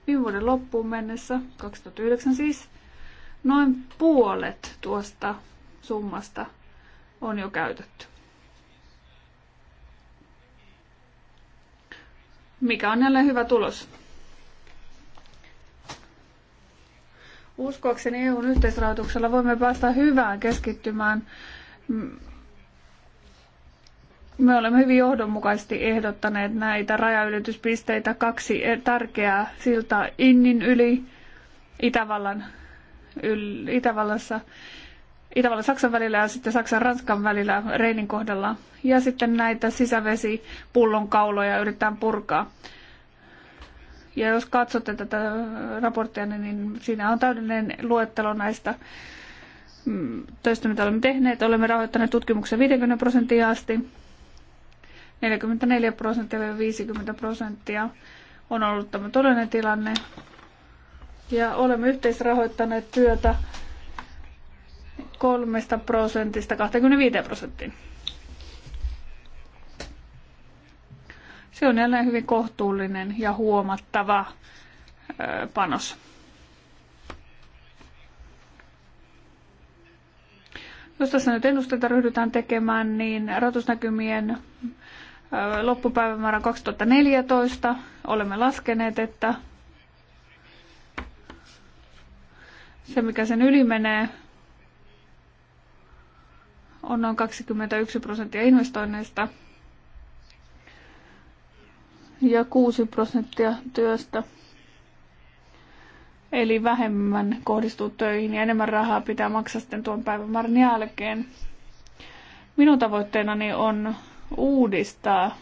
Viime vuoden loppuun mennessä, 2009 siis, noin puolet tuosta summasta on jo käytetty. Mikä on jälleen hyvä tulos? Uskoakseni EUn yhteisrahoituksella voimme päästä hyvään keskittymään. Me olemme hyvin johdonmukaisesti ehdottaneet näitä rajaylityspisteitä, kaksi tärkeää siltaa Innin yli Itävallan, yl, Itävallassa Itävallan Saksan välillä ja sitten Saksan Ranskan välillä Reinin kohdalla. Ja sitten näitä sisävesipullonkauloja yritetään purkaa. Ja jos katsotte tätä raporttia, niin, niin siinä on täydellinen luettelo näistä mm, töistä, mitä olemme tehneet. Olemme rahoittaneet tutkimuksen 50 prosenttia asti. 44 prosenttia ja 50 prosenttia on ollut tämä todellinen tilanne. Ja olemme yhteisrahoittaneet työtä kolmesta prosentista 25 prosenttiin. Se on jälleen hyvin kohtuullinen ja huomattava panos. Jos tässä nyt ennusteita ryhdytään tekemään, niin rahoitusnäkymien loppupäivämäärä 2014 olemme laskeneet, että se mikä sen yli menee on noin 21 prosenttia investoinneista ja 6 prosenttia työstä. Eli vähemmän kohdistuu töihin ja enemmän rahaa pitää maksaa sitten tuon päivämäärän jälkeen. Minun tavoitteenani on uudistaa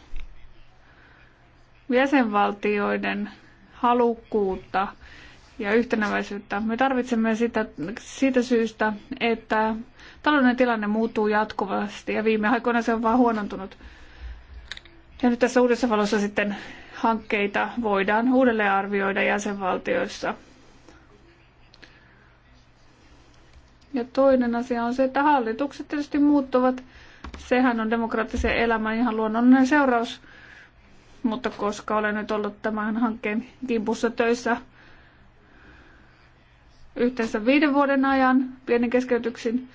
jäsenvaltioiden halukkuutta ja yhtenäväisyyttä. Me tarvitsemme sitä siitä syystä, että taloudellinen tilanne muuttuu jatkuvasti ja viime aikoina se on vaan huonontunut. Ja nyt tässä uudessa valossa sitten hankkeita voidaan uudelleen arvioida jäsenvaltioissa. Ja toinen asia on se, että hallitukset tietysti muuttuvat. Sehän on demokraattisen elämän ihan luonnollinen seuraus. Mutta koska olen nyt ollut tämän hankkeen kimpussa töissä yhteensä viiden vuoden ajan pienen keskeytyksin,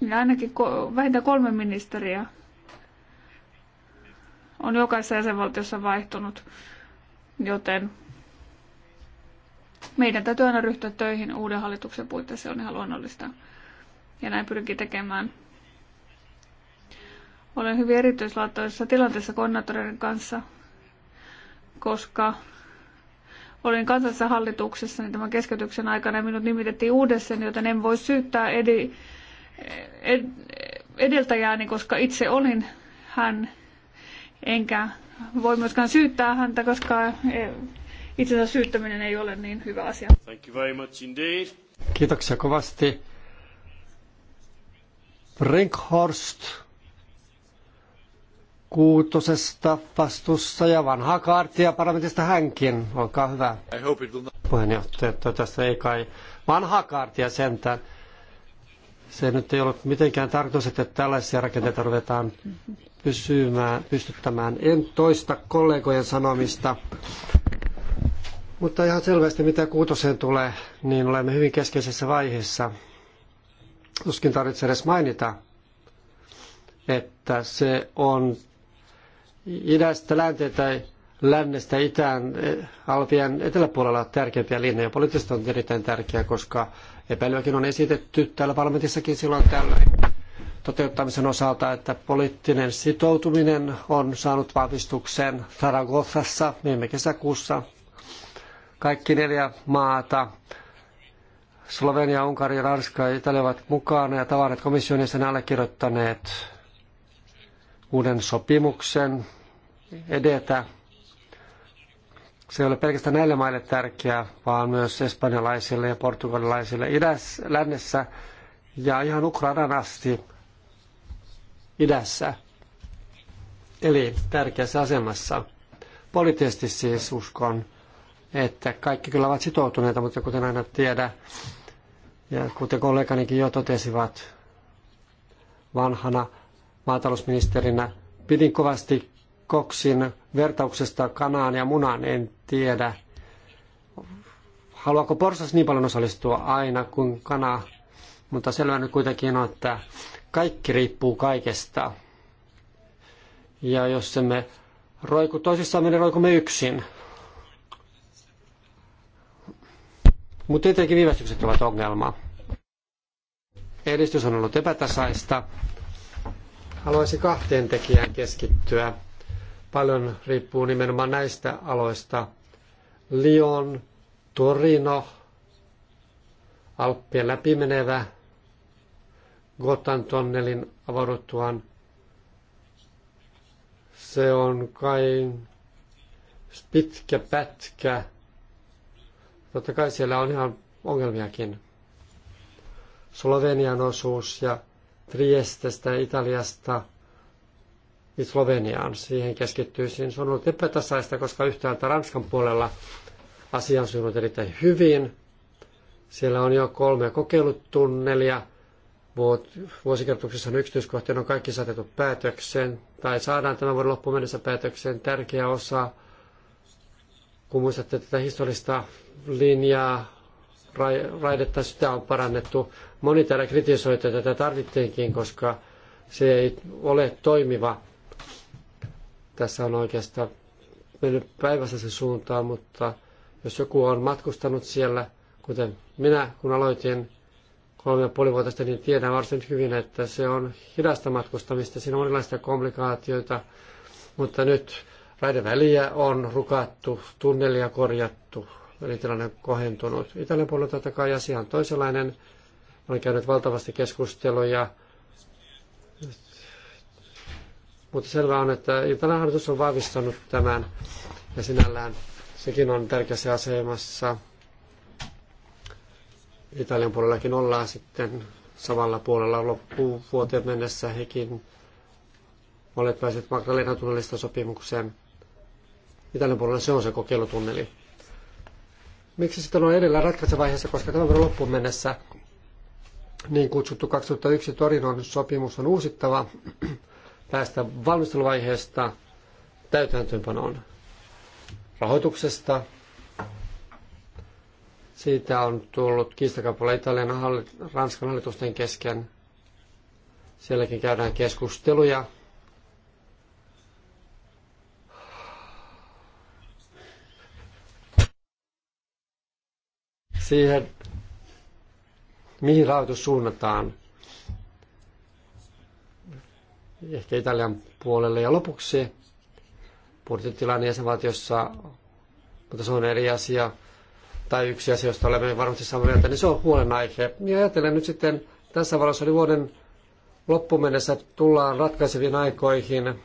niin ainakin vähintään kolme ministeriä on jokaisessa jäsenvaltiossa vaihtunut, joten meidän täytyy aina ryhtyä töihin uuden hallituksen puitteissa, se on ihan luonnollista. Ja näin pyrkii tekemään. Olen hyvin erityislaatuisessa tilanteessa koordinaattoreiden kanssa, koska olin kansallisessa hallituksessa niin tämän keskeytyksen aikana ja minut nimitettiin uudestaan, joten en voi syyttää edi, edeltäjääni, koska itse olin hän, enkä voi myöskään syyttää häntä, koska e, itsensä syyttäminen ei ole niin hyvä asia. Thank you very much indeed. Kiitoksia kovasti. Brinkhorst kuutosesta vastuussa ja vanhaa kaartia parlamentista hänkin. Olkaa hyvä. I hope it will not... Puheenjohtaja, tästä ei kai vanhaa kaartia sentään. Se nyt ei ole mitenkään tarkoitus, että tällaisia rakenteita ruvetaan pysymään, pystyttämään. En toista kollegojen sanomista, mutta ihan selvästi mitä kuutoseen tulee, niin olemme hyvin keskeisessä vaiheessa. Tuskin tarvitsee edes mainita, että se on idästä länteen tai lännestä itään eh, Alpien eteläpuolella tärkeimpiä linjoja. Poliittisesti on erittäin tärkeää, koska Epäilyäkin on esitetty täällä parlamentissakin silloin tällöin toteuttamisen osalta, että poliittinen sitoutuminen on saanut vahvistuksen Zaragozassa viime kesäkuussa. Kaikki neljä maata, Slovenia, Unkari, Ranska ja Italia ovat mukana ja tavarat komission sen allekirjoittaneet uuden sopimuksen edetä se ei ole pelkästään näille maille tärkeää, vaan myös espanjalaisille ja portugalilaisille idässä, lännessä ja ihan Ukrainan asti idässä. Eli tärkeässä asemassa. Poliittisesti siis uskon, että kaikki kyllä ovat sitoutuneita, mutta kuten aina tiedä, ja kuten kolleganikin jo totesivat vanhana maatalousministerinä, pidin kovasti Koksin vertauksesta kanaan ja munaan en tiedä. Haluaako porsas niin paljon osallistua aina kuin kana? Mutta selvä nyt kuitenkin on, että kaikki riippuu kaikesta. Ja jos emme roiku toisissaan, niin roikumme yksin. Mutta tietenkin viivästykset ovat ongelma. Edistys on ollut epätasaista. Haluaisin kahteen tekijään keskittyä. Paljon riippuu nimenomaan näistä aloista. Lyon, Torino, Alppien läpimenevä, Gotan tonnelin avauduttuaan. Se on kai pitkä pätkä. Totta kai siellä on ihan ongelmiakin. Slovenian osuus ja Triestestä, Italiasta Sloveniaan. Siihen keskittyisin. Se on ollut epätasaista, koska yhtäältä Ranskan puolella asia on sujunut erittäin hyvin. Siellä on jo kolme kokeilutunnelia. Vuosikertuksessa on yksityiskohtia, on kaikki saatettu päätökseen, tai saadaan tämän vuoden loppuun mennessä päätökseen tärkeä osa. Kun muistatte tätä historiallista linjaa, raidetta, sitä on parannettu. Moni täällä kritisoi, että tätä tarvittiinkin, koska se ei ole toimiva tässä on oikeastaan mennyt päivässä se suuntaan, mutta jos joku on matkustanut siellä, kuten minä, kun aloitin kolme ja puoli vuotta niin tiedän varsin hyvin, että se on hidasta matkustamista. Siinä on erilaisia komplikaatioita, mutta nyt väliä on rukattu, tunnelia korjattu, eli tilanne on kohentunut. Italian puolella totta kai asia on toisenlainen. Olen käynyt valtavasti keskusteluja mutta selvää on, että Italian hallitus on vahvistanut tämän ja sinällään sekin on tärkeässä asemassa. Italian puolellakin ollaan sitten samalla puolella loppuvuoteen mennessä hekin olet pääset Magdalena tunnelista sopimukseen. Italian puolella se on se kokeilutunneli. Miksi sitten on edellä ratkaisevaiheessa, koska tämän vuoden loppuun mennessä niin kutsuttu 2001 Torinon sopimus on uusittava päästä valmisteluvaiheesta täytäntöönpanoon rahoituksesta. Siitä on tullut kiistakaupalla Italian ja Ranskan hallitusten kesken. Sielläkin käydään keskusteluja. Siihen, mihin rahoitus suunnataan ehkä Italian puolelle. Ja lopuksi budjettitilanne jäsenvaltiossa, mutta se on eri asia, tai yksi asia, josta olemme varmasti samaa mieltä, niin se on huolenaihe. Ja ajattelen nyt sitten tässä valossa, oli niin vuoden loppumennessä tullaan ratkaiseviin aikoihin. 2013-2014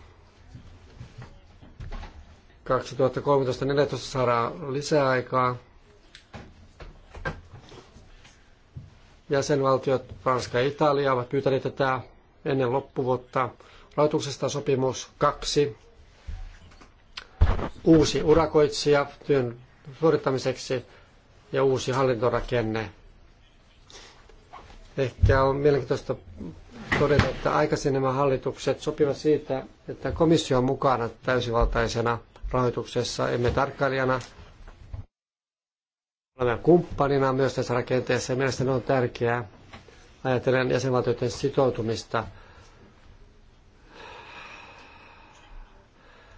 saadaan lisäaikaa. Jäsenvaltiot, Ranska ja Italia ovat pyytäneet tätä ennen loppuvuotta. Rahoituksesta sopimus kaksi. Uusi urakoitsija työn suorittamiseksi ja uusi hallintorakenne. Ehkä on mielenkiintoista todeta, että aikaisin nämä hallitukset sopivat siitä, että komissio on mukana täysivaltaisena rahoituksessa, emme tarkkailijana, olemme kumppanina myös tässä rakenteessa ja mielestäni on tärkeää, ajatellen jäsenvaltioiden sitoutumista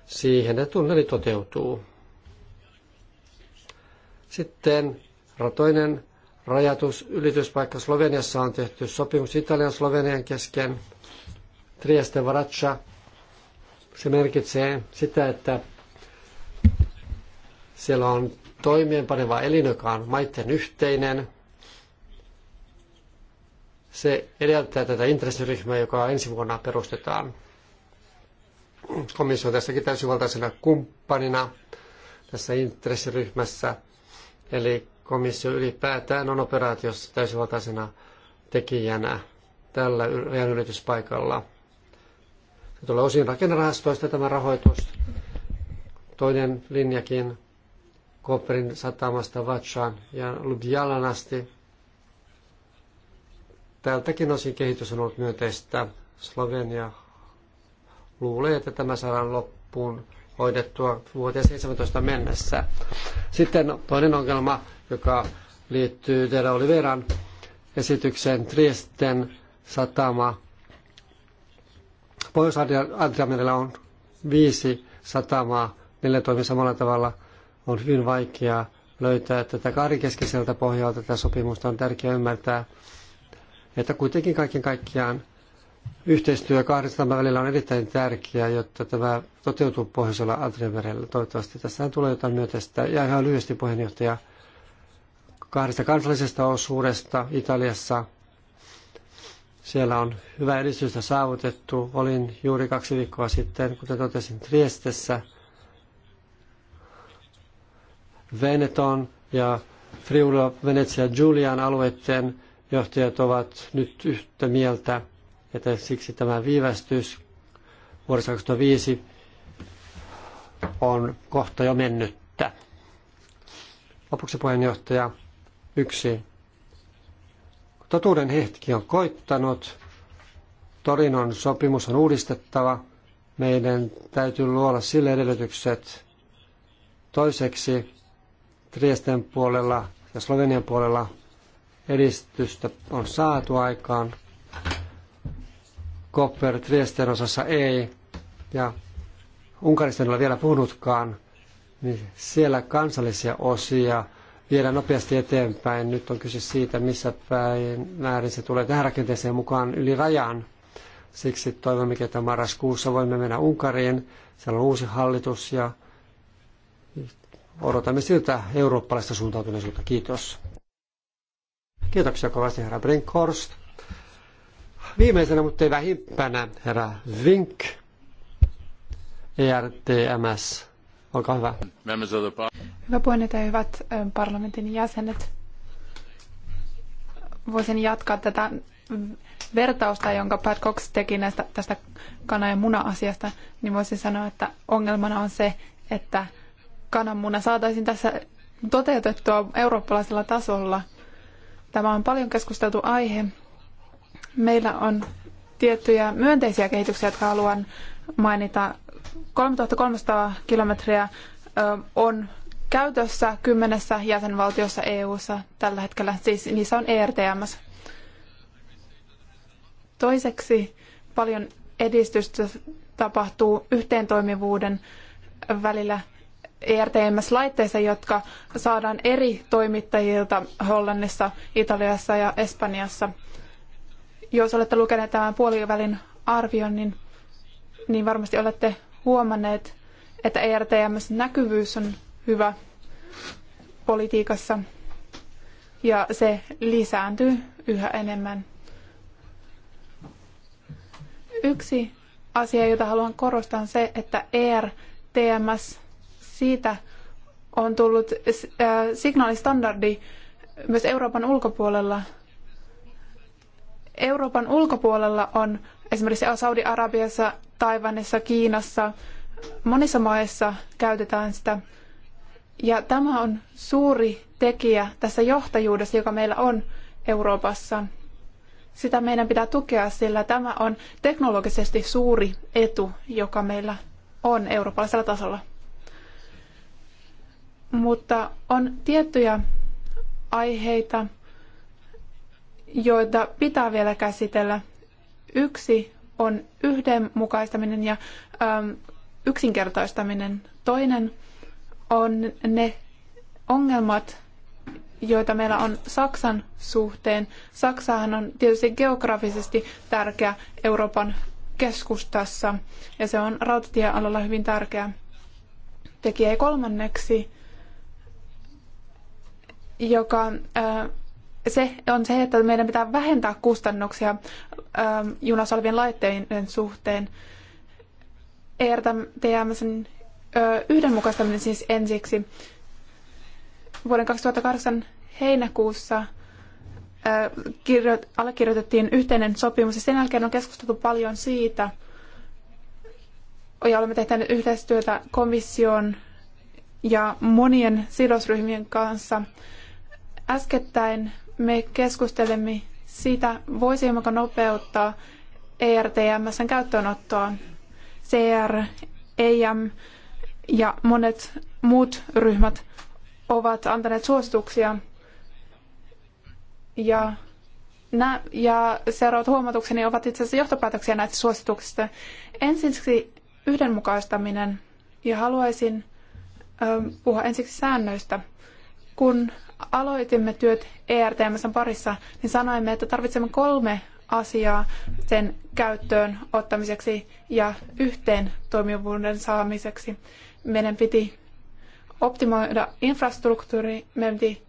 siihen, että tunneli toteutuu. Sitten ratoinen rajatus ylityspaikka Sloveniassa on tehty sopimus Italian Slovenian kesken. Trieste Varatsa. Se merkitsee sitä, että siellä on toimienpaneva elin, joka on maiden yhteinen. Se edeltää tätä intressiryhmää, joka ensi vuonna perustetaan. Komissio on tässäkin täysivaltaisena kumppanina tässä intressiryhmässä. Eli komissio ylipäätään on operaatiossa täysivaltaisena tekijänä tällä yrityspaikalla. Se tulee osin rakennerahastoista tämä rahoitus. Toinen linjakin Kooperin satamasta Vatsaan ja Ludjalan asti Tältäkin osin kehitys on ollut myönteistä. Slovenia luulee, että tämä saadaan loppuun hoidettua vuoteen 17 mennessä. Sitten toinen ongelma, joka liittyy Tera Oliveran esitykseen Triesten satama. pohjois adriamerellä on viisi satamaa, niille toimii samalla tavalla. On hyvin vaikea löytää tätä kahdenkeskiseltä pohjalta. Tätä sopimusta on tärkeää ymmärtää, että kuitenkin kaiken kaikkiaan yhteistyö kahdesta välillä on erittäin tärkeää, jotta tämä toteutuu pohjoisella Adrianverellä. Toivottavasti tässä tulee jotain myönteistä. Ja ihan lyhyesti puheenjohtaja kahdesta kansallisesta osuudesta Italiassa. Siellä on hyvä edistystä saavutettu. Olin juuri kaksi viikkoa sitten, kuten totesin, Triestessä, Veneton ja Friulo Venezia Julian alueiden johtajat ovat nyt yhtä mieltä, että siksi tämä viivästys vuodessa 2005 on kohta jo mennyttä. Lopuksi puheenjohtaja yksi. Totuuden hetki on koittanut. Torinon sopimus on uudistettava. Meidän täytyy luoda sille edellytykset. Toiseksi Triesten puolella ja Slovenian puolella edistystä on saatu aikaan. Kopper Triesten osassa ei, ja Unkarista en ole vielä puhunutkaan, niin siellä kansallisia osia viedään nopeasti eteenpäin. Nyt on kyse siitä, missä päin määrin se tulee tähän rakenteeseen mukaan yli rajan. Siksi toivomme, että marraskuussa voimme mennä Unkariin. Siellä on uusi hallitus ja odotamme siltä eurooppalaista suuntautuneisuutta. Kiitos. Kiitoksia kovasti herra Brinkhorst. Viimeisenä, mutta ei vähimpänä, herra Vink, ERTMS. Olkaa hyvä. Hyvä puheenjohtaja, hyvät parlamentin jäsenet. Voisin jatkaa tätä vertausta, jonka Pat Cox teki näistä, tästä kana- ja muna-asiasta, niin voisin sanoa, että ongelmana on se, että kananmuna saataisiin tässä toteutettua eurooppalaisella tasolla – Tämä on paljon keskusteltu aihe. Meillä on tiettyjä myönteisiä kehityksiä, jotka haluan mainita. 3300 kilometriä on käytössä kymmenessä jäsenvaltiossa EU-ssa tällä hetkellä, siis niissä on ERTMS. Toiseksi paljon edistystä tapahtuu yhteentoimivuuden välillä ERTMS-laitteissa, jotka saadaan eri toimittajilta Hollannissa, Italiassa ja Espanjassa. Jos olette lukeneet tämän puolivälin arvion, niin, niin varmasti olette huomanneet, että ERTMS-näkyvyys on hyvä politiikassa ja se lisääntyy yhä enemmän. Yksi asia, jota haluan korostaa, on se, että ERTMS siitä on tullut äh, signaalistandardi myös Euroopan ulkopuolella. Euroopan ulkopuolella on esimerkiksi Saudi-Arabiassa, Taivanissa, Kiinassa, monissa maissa käytetään sitä. Ja tämä on suuri tekijä tässä johtajuudessa, joka meillä on Euroopassa. Sitä meidän pitää tukea, sillä tämä on teknologisesti suuri etu, joka meillä on eurooppalaisella tasolla. Mutta on tiettyjä aiheita, joita pitää vielä käsitellä. Yksi on yhdenmukaistaminen ja ö, ähm, yksinkertaistaminen. Toinen on ne ongelmat, joita meillä on Saksan suhteen. Saksahan on tietysti geografisesti tärkeä Euroopan keskustassa ja se on rautatiealalla hyvin tärkeä tekijä. Ja kolmanneksi joka se on se, että meidän pitää vähentää kustannuksia junassa olevien laitteiden suhteen. ERTMSn yhdenmukaistaminen siis ensiksi. Vuoden 2008 heinäkuussa allekirjoitettiin yhteinen sopimus ja sen jälkeen on keskusteltu paljon siitä, ja olemme tehneet yhteistyötä komission ja monien sidosryhmien kanssa – Äskettäin me keskustelimme siitä, voisimmeko nopeuttaa ERTMSn käyttöönottoa. CR, EM ja monet muut ryhmät ovat antaneet suosituksia ja, nä- ja seuraavat huomautukseni ovat itse asiassa johtopäätöksiä näistä suosituksista. Ensiksi yhdenmukaistaminen ja haluaisin ö, puhua ensiksi säännöistä. Kun aloitimme työt ERTMSn parissa, niin sanoimme, että tarvitsemme kolme asiaa sen käyttöön ottamiseksi ja yhteen toimivuuden saamiseksi. Meidän piti optimoida infrastruktuuri, meidän piti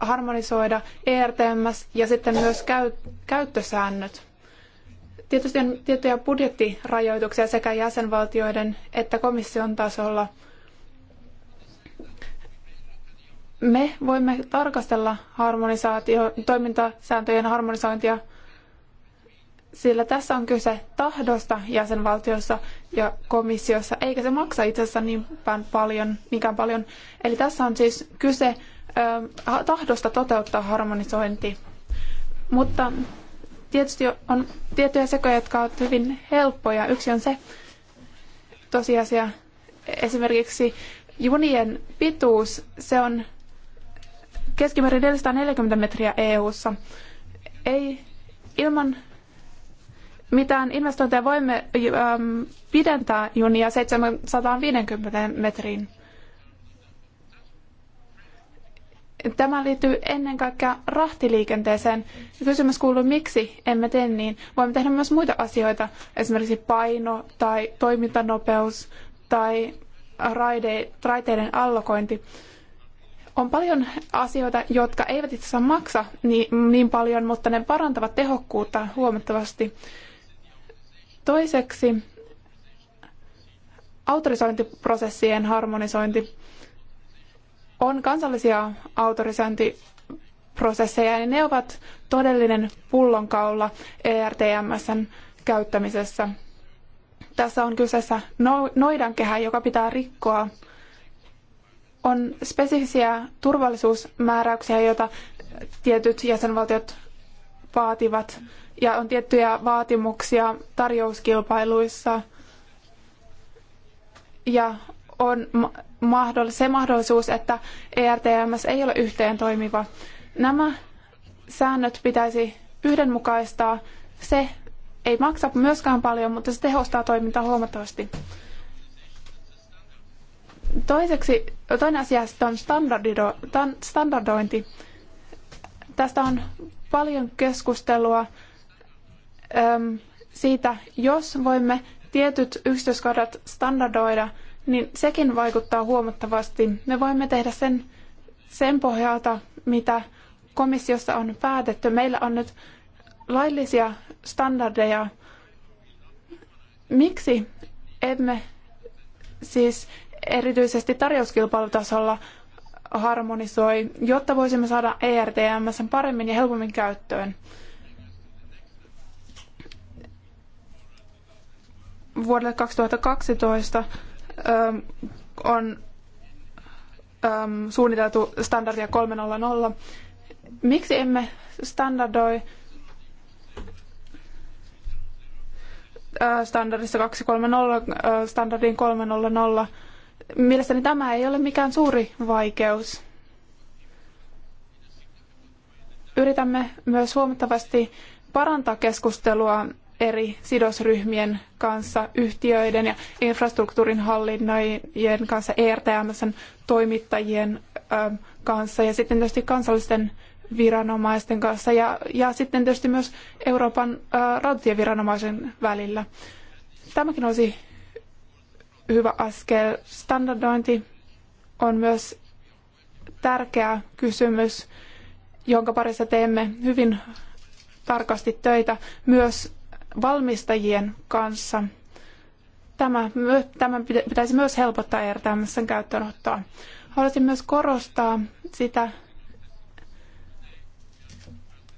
harmonisoida ERTMS ja sitten myös käy, käyttösäännöt. Tietysti on tiettyjä budjettirajoituksia sekä jäsenvaltioiden että komission tasolla – Me voimme tarkastella harmonisaatio, toimintasääntöjen harmonisointia, sillä tässä on kyse tahdosta jäsenvaltiossa ja komissiossa, eikä se maksa itse asiassa niinkään paljon, niinkään paljon. Eli tässä on siis kyse ö, tahdosta toteuttaa harmonisointi. Mutta tietysti on tiettyjä sekoja, jotka ovat hyvin helppoja. Yksi on se tosiasia, esimerkiksi junien pituus, se on keskimäärin 440 metriä EU:ssa. Ei ilman mitään investointeja voimme ähm, pidentää junia 750 metriin. Tämä liittyy ennen kaikkea rahtiliikenteeseen. Kysymys kuuluu, miksi emme tee niin. Voimme tehdä myös muita asioita, esimerkiksi paino tai toimintanopeus tai raide, raiteiden allokointi on paljon asioita, jotka eivät itse asiassa maksa niin, niin paljon, mutta ne parantavat tehokkuutta huomattavasti. Toiseksi autorisointiprosessien harmonisointi. On kansallisia autorisointiprosesseja, ja ne ovat todellinen pullonkaula ERTMSn käyttämisessä. Tässä on kyseessä no, noidankehä, joka pitää rikkoa on spesifisiä turvallisuusmääräyksiä, joita tietyt jäsenvaltiot vaativat, ja on tiettyjä vaatimuksia tarjouskilpailuissa, ja on se mahdollisuus, että ERTMS ei ole yhteen toimiva. Nämä säännöt pitäisi yhdenmukaistaa. Se ei maksa myöskään paljon, mutta se tehostaa toimintaa huomattavasti. Toiseksi, toinen asia on standardointi. Tästä on paljon keskustelua ähm, siitä, jos voimme tietyt yksityiskohdat standardoida, niin sekin vaikuttaa huomattavasti. Me voimme tehdä sen, sen pohjalta, mitä komissiossa on päätetty. Meillä on nyt laillisia standardeja. Miksi emme siis erityisesti tarjouskilpailutasolla harmonisoi, jotta voisimme saada ERTMS paremmin ja helpommin käyttöön. Vuodelle 2012 ähm, on ähm, suunniteltu standardia 3.0. Miksi emme standardoi äh, standardista 2.3.0 äh, standardiin 3.0? mielestäni tämä ei ole mikään suuri vaikeus. Yritämme myös huomattavasti parantaa keskustelua eri sidosryhmien kanssa, yhtiöiden ja infrastruktuurin hallinnoijien kanssa, ERTMSn toimittajien kanssa ja sitten tietysti kansallisten viranomaisten kanssa ja, ja sitten tietysti myös Euroopan äh, rautatieviranomaisen välillä. Tämäkin olisi hyvä askel. Standardointi on myös tärkeä kysymys, jonka parissa teemme hyvin tarkasti töitä myös valmistajien kanssa. Tämä, tämän pitäisi myös helpottaa ERTMSn käyttöönottoa. Haluaisin myös korostaa sitä,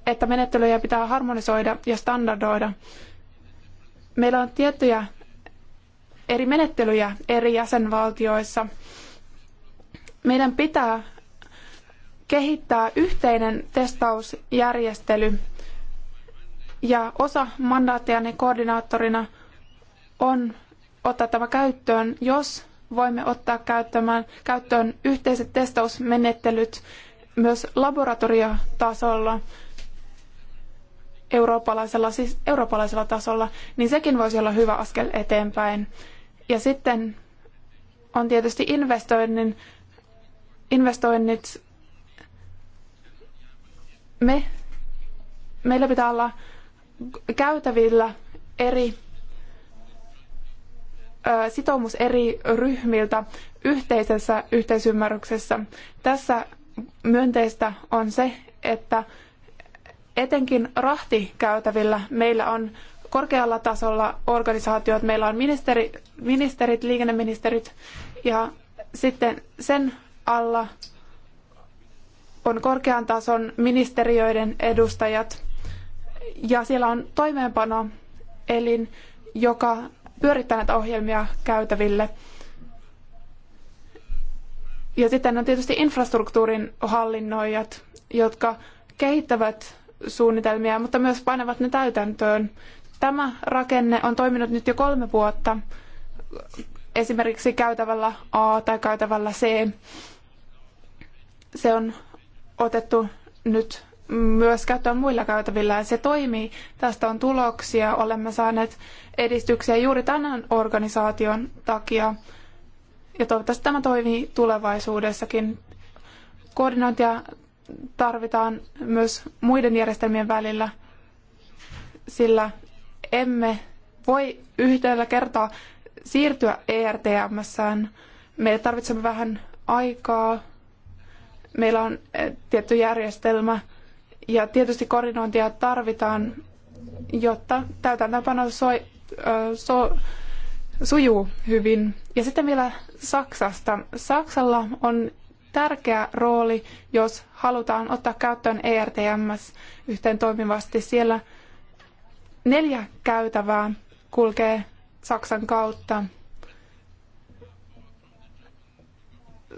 että menettelyjä pitää harmonisoida ja standardoida. Meillä on tiettyjä eri menettelyjä eri jäsenvaltioissa. Meidän pitää kehittää yhteinen testausjärjestely ja osa mandaattiani koordinaattorina on ottaa tämä käyttöön, jos voimme ottaa käyttämään käyttöön yhteiset testausmenettelyt myös laboratoriotasolla, eurooppalaisella, siis eurooppalaisella tasolla, niin sekin voisi olla hyvä askel eteenpäin. Ja sitten on tietysti investoinnin, investoinnit. Me, meillä pitää olla käytävillä eri sitoumus eri ryhmiltä yhteisessä yhteisymmärryksessä. Tässä myönteistä on se, että etenkin rahtikäytävillä meillä on korkealla tasolla organisaatiot. Meillä on ministeri, ministerit, liikenneministerit ja sitten sen alla on korkean tason ministeriöiden edustajat ja siellä on toimeenpano elin, joka pyörittää näitä ohjelmia käytäville. Ja sitten on tietysti infrastruktuurin hallinnoijat, jotka kehittävät suunnitelmia, mutta myös painavat ne täytäntöön. Tämä rakenne on toiminut nyt jo kolme vuotta esimerkiksi käytävällä A tai käytävällä C. Se on otettu nyt myös käyttöön muilla käytävillä ja se toimii. Tästä on tuloksia. Olemme saaneet edistyksiä juuri tämän organisaation takia. Ja toivottavasti tämä toimii tulevaisuudessakin. Koordinointia tarvitaan myös muiden järjestelmien välillä, sillä emme voi yhdellä kertaa siirtyä ERTMSään. Me tarvitsemme vähän aikaa. Meillä on eh, tietty järjestelmä ja tietysti koordinointia tarvitaan, jotta täytäntöönpano soi, so, sujuu hyvin. Ja sitten vielä Saksasta. Saksalla on tärkeä rooli, jos halutaan ottaa käyttöön ERTMS yhteen toimivasti. Siellä Neljä käytävää kulkee Saksan kautta.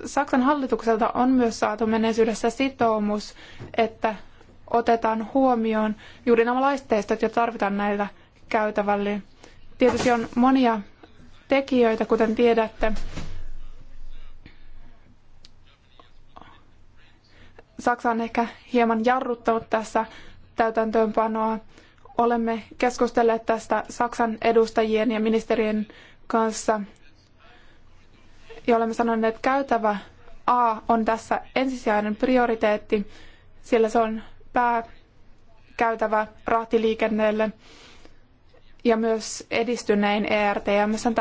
Saksan hallitukselta on myös saatu menneisyydessä sitoumus, että otetaan huomioon juuri nämä laisteistot, joita tarvitaan näillä käytävälle. Tietysti on monia tekijöitä, kuten tiedätte. Saksa on ehkä hieman jarruttanut tässä täytäntöönpanoa Olemme keskustelleet tästä Saksan edustajien ja ministerien kanssa ja olemme sanoneet, että käytävä A on tässä ensisijainen prioriteetti, sillä se on pääkäytävä rahtiliikenteelle ja myös edistynein ERTMS äh,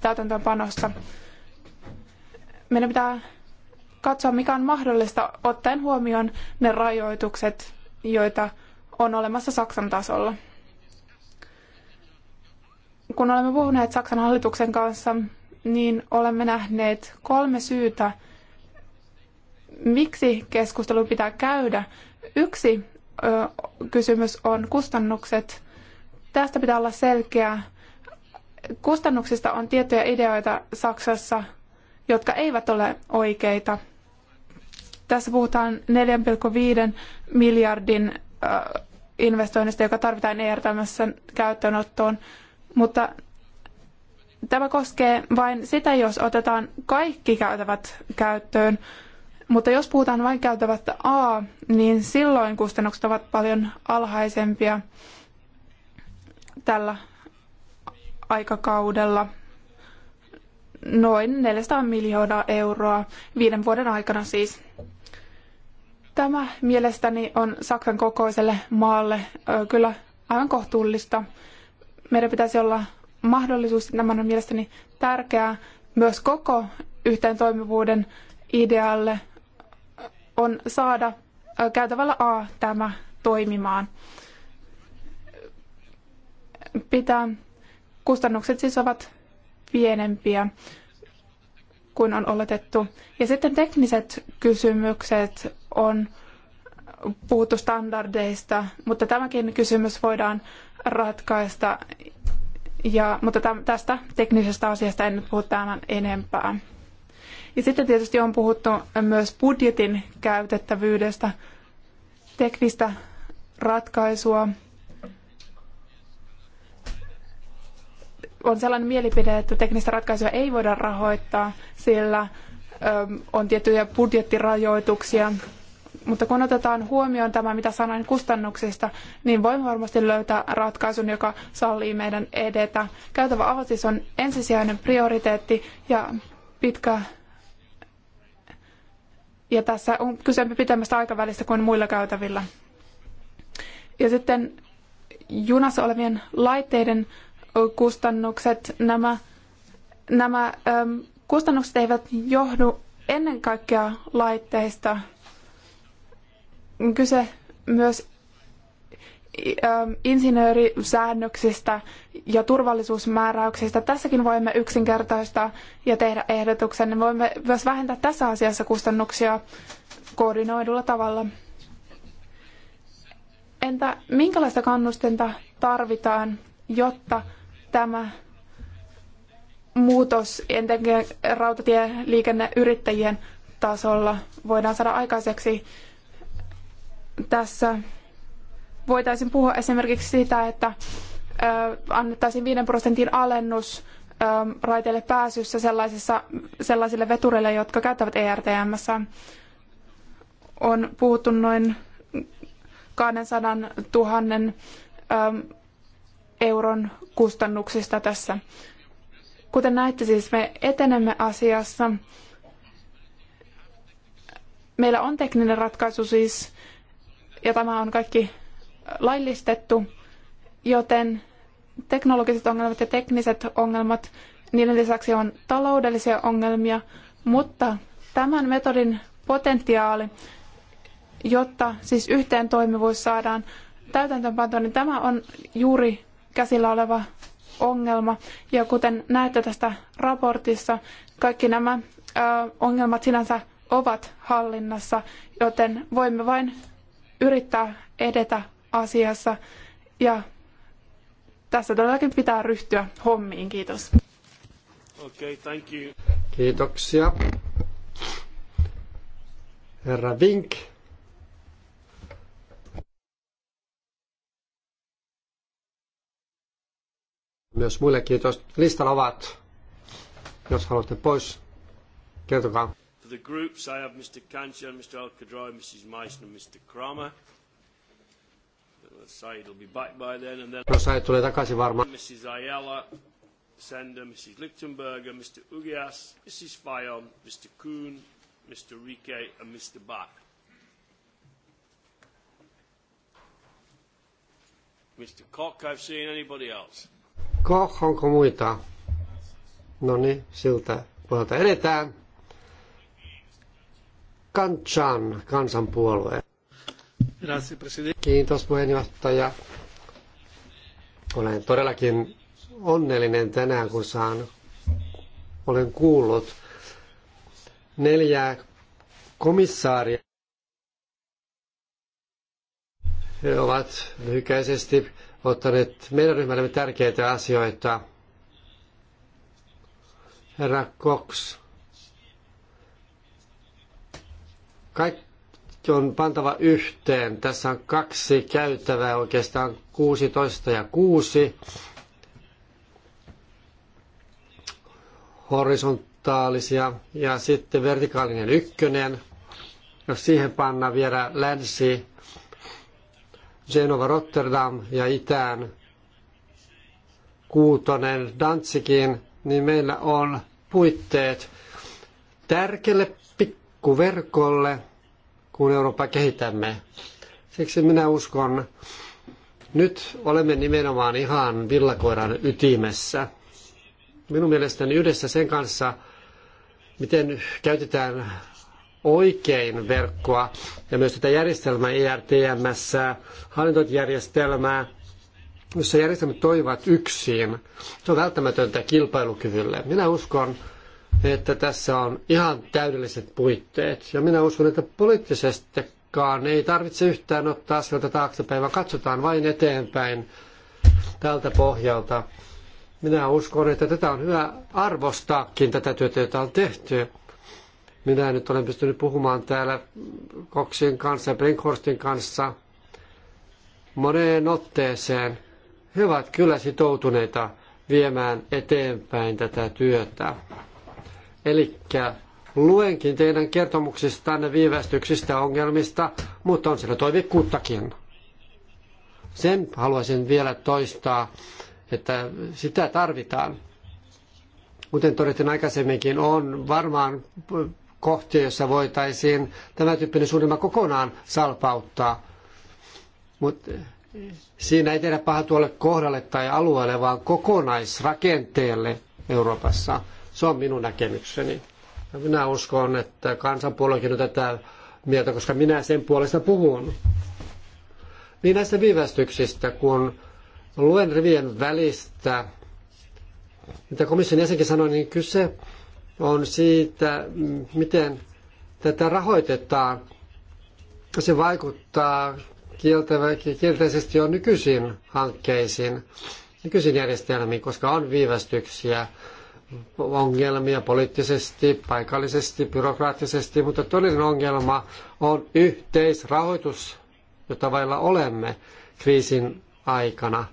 täytäntöönpanossa. Meidän pitää katsoa, mikä on mahdollista ottaen huomioon ne rajoitukset, joita on olemassa Saksan tasolla. Kun olemme puhuneet Saksan hallituksen kanssa, niin olemme nähneet kolme syytä, miksi keskustelu pitää käydä. Yksi ö, kysymys on kustannukset. Tästä pitää olla selkeä. Kustannuksista on tiettyjä ideoita Saksassa, jotka eivät ole oikeita. Tässä puhutaan 4,5 miljardin ö, investoinnista, joka tarvitaan ERTMssä käyttöönottoon, mutta tämä koskee vain sitä, jos otetaan kaikki käytävät käyttöön. Mutta jos puhutaan vain käytävästä A, niin silloin kustannukset ovat paljon alhaisempia tällä aikakaudella noin 400 miljoonaa euroa viiden vuoden aikana siis. Tämä mielestäni on Saksan kokoiselle maalle kyllä aivan kohtuullista. Meidän pitäisi olla mahdollisuus, nämä on mielestäni tärkeää myös koko yhteentoimivuuden idealle on saada käytävällä A tämä toimimaan. Pitää, kustannukset siis ovat pienempiä kuin on oletettu. Ja sitten tekniset kysymykset on puhuttu standardeista, mutta tämäkin kysymys voidaan ratkaista, ja, mutta tästä teknisestä asiasta en nyt puhu tämän enempää. Ja sitten tietysti on puhuttu myös budjetin käytettävyydestä, teknistä ratkaisua. On sellainen mielipide, että teknistä ratkaisua ei voida rahoittaa, sillä on tiettyjä budjettirajoituksia mutta kun otetaan huomioon tämä, mitä sanoin kustannuksista, niin voimme varmasti löytää ratkaisun, joka sallii meidän edetä. Käytävä avot on ensisijainen prioriteetti ja pitkä ja tässä on kyse pitemmästä aikavälistä kuin muilla käytävillä. Ja sitten junassa olevien laitteiden kustannukset, nämä, nämä kustannukset eivät johdu ennen kaikkea laitteista, kyse myös ähm, insinöörisäännöksistä ja turvallisuusmääräyksistä. Tässäkin voimme yksinkertaistaa ja tehdä ehdotuksen. Voimme myös vähentää tässä asiassa kustannuksia koordinoidulla tavalla. Entä minkälaista kannustinta tarvitaan, jotta tämä muutos entenkin rautatieliikenneyrittäjien tasolla voidaan saada aikaiseksi? tässä voitaisiin puhua esimerkiksi sitä, että annettaisiin 5 prosentin alennus raiteille pääsyssä sellaisissa, sellaisille vetureille, jotka käyttävät ERTMS. On puhuttu noin 200 000 euron kustannuksista tässä. Kuten näette siis, me etenemme asiassa. Meillä on tekninen ratkaisu siis ja tämä on kaikki laillistettu, joten teknologiset ongelmat ja tekniset ongelmat, niiden lisäksi on taloudellisia ongelmia, mutta tämän metodin potentiaali, jotta siis yhteen toimivuus saadaan täytäntöönpantoon, niin tämä on juuri käsillä oleva ongelma. Ja kuten näette tästä raportissa, kaikki nämä ongelmat sinänsä ovat hallinnassa, joten voimme vain yrittää edetä asiassa ja tässä todellakin pitää ryhtyä hommiin. Kiitos. Okay, thank you. Kiitoksia. Herra Vink. Myös muille kiitos. Listalla ovat, jos haluatte pois, kertokaa. For the groups, I have Mr. Kanchan, Mr. Al Kadroy, Mrs. Meissner, Mr. Kramer. Said will be back by then, and then tulee takaisin varmaan. Mrs. Ayala, Sender, Mrs. Lichtenberger, Mr. Ugias, Mrs. Fayon, Mr. Kuhn, Mr. Rike, and Mr. Bach. Mr. Koch, I've seen anybody else. Koch, onko muita? No niin, siltä puolelta edetään. Kanchan kansanpuolue. Kiitos puheenjohtaja. Olen todellakin onnellinen tänään, kun saan, olen kuullut neljää komissaaria. He ovat lyhykäisesti ottaneet meidän ryhmällemme tärkeitä asioita. Herra Cox, Kaikki on pantava yhteen. Tässä on kaksi käytävää, oikeastaan 16 ja 6. Horisontaalisia ja sitten vertikaalinen ykkönen. Jos siihen panna vielä länsi, Genova Rotterdam ja itään Kuutonen Dantsikin, niin meillä on puitteet tärkeälle verkolle, kun Eurooppa kehitämme. Siksi minä uskon, nyt olemme nimenomaan ihan villakoiran ytimessä. Minun mielestäni yhdessä sen kanssa, miten käytetään oikein verkkoa ja myös tätä järjestelmää ERTMS, hallintojärjestelmää, jossa järjestelmät toivat yksin. Se on välttämätöntä kilpailukyvylle. Minä uskon, että tässä on ihan täydelliset puitteet. Ja minä uskon, että poliittisestikaan ei tarvitse yhtään ottaa sieltä taaksepäin, vaan katsotaan vain eteenpäin tältä pohjalta. Minä uskon, että tätä on hyvä arvostaakin tätä työtä, jota on tehty. Minä nyt olen pystynyt puhumaan täällä Koksin kanssa ja Brinkhorstin kanssa moneen otteeseen. He ovat kyllä sitoutuneita viemään eteenpäin tätä työtä. Eli luenkin teidän kertomuksistanne viivästyksistä ongelmista, mutta on siellä toivikkuuttakin. Sen haluaisin vielä toistaa, että sitä tarvitaan. Kuten todettiin aikaisemminkin, on varmaan kohtia, jossa voitaisiin tämä tyyppinen suunnitelma kokonaan salpauttaa. Mutta siinä ei tehdä paha tuolle kohdalle tai alueelle, vaan kokonaisrakenteelle Euroopassa – se on minun näkemykseni. Ja minä uskon, että kansanpuolenkin on tätä mieltä, koska minä sen puolesta puhun. Niin näistä viivästyksistä, kun luen rivien välistä, mitä komission jäsenkin sanoi, niin kyse on siitä, miten tätä rahoitetaan. Se vaikuttaa kielteisesti jo nykyisiin hankkeisiin, nykyisiin järjestelmiin, koska on viivästyksiä ongelmia poliittisesti, paikallisesti, byrokraattisesti, mutta todellinen ongelma on yhteisrahoitus, jota vailla olemme kriisin aikana.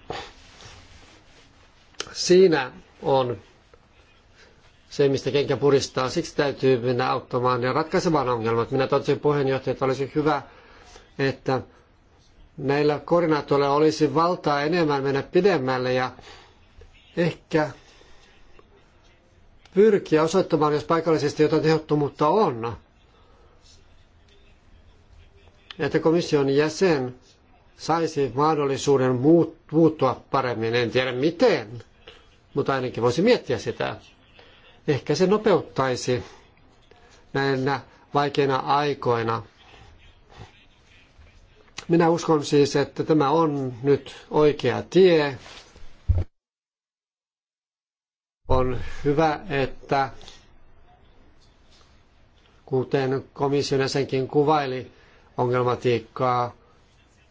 Siinä on se, mistä kenkä puristaa. Siksi täytyy mennä auttamaan ja ratkaisemaan ongelmat. Minä totesin puheenjohtaja, että olisi hyvä, että näillä koordinaattoreilla olisi valtaa enemmän mennä pidemmälle ja ehkä pyrkiä osoittamaan, jos paikallisesti jotain tehottomuutta on, että komission jäsen saisi mahdollisuuden muuttua paremmin. En tiedä miten, mutta ainakin voisi miettiä sitä. Ehkä se nopeuttaisi näinä vaikeina aikoina. Minä uskon siis, että tämä on nyt oikea tie. On hyvä, että kuten komission jäsenkin kuvaili ongelmatiikkaa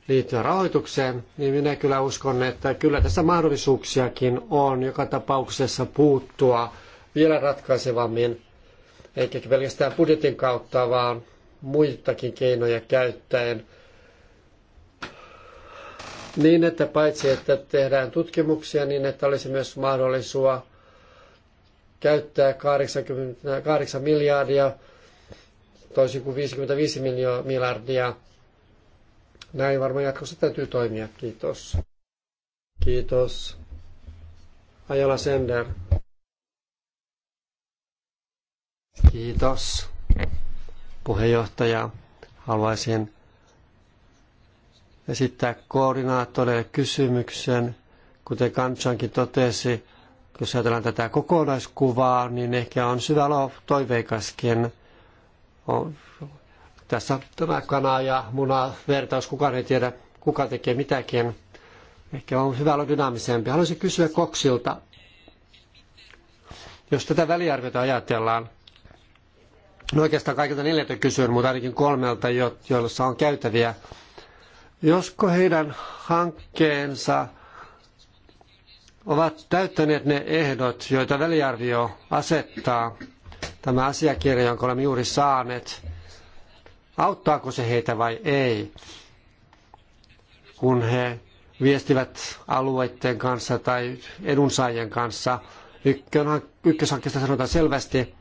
liittyen rahoitukseen, niin minä kyllä uskon, että kyllä tässä mahdollisuuksiakin on joka tapauksessa puuttua vielä ratkaisevammin, eikä pelkästään budjetin kautta, vaan muitakin keinoja käyttäen. Niin, että paitsi että tehdään tutkimuksia, niin että olisi myös mahdollisuus käyttää 88 miljardia, toisin kuin 55 miljardia. Näin varmaan jatkossa täytyy toimia. Kiitos. Kiitos. Ajala Sender. Kiitos. Puheenjohtaja, haluaisin esittää koordinaattoreille kysymyksen. Kuten Kanchankin totesi, jos ajatellaan tätä kokonaiskuvaa, niin ehkä on syvä olla toiveikaskin. On, tässä tämä kana ja muna vertaus, kukaan ei tiedä, kuka tekee mitäkin. Ehkä on hyvä olla dynaamisempi. Haluaisin kysyä Koksilta, jos tätä väliarviota ajatellaan, no oikeastaan kaikilta neljältä kysyn, mutta ainakin kolmelta, joilla on käytäviä, josko heidän hankkeensa – ovat täyttäneet ne ehdot, joita väliarvio asettaa. Tämä asiakirja, jonka olemme juuri saaneet, auttaako se heitä vai ei, kun he viestivät alueiden kanssa tai edunsaajien kanssa. Ykköshankkeesta sanotaan selvästi,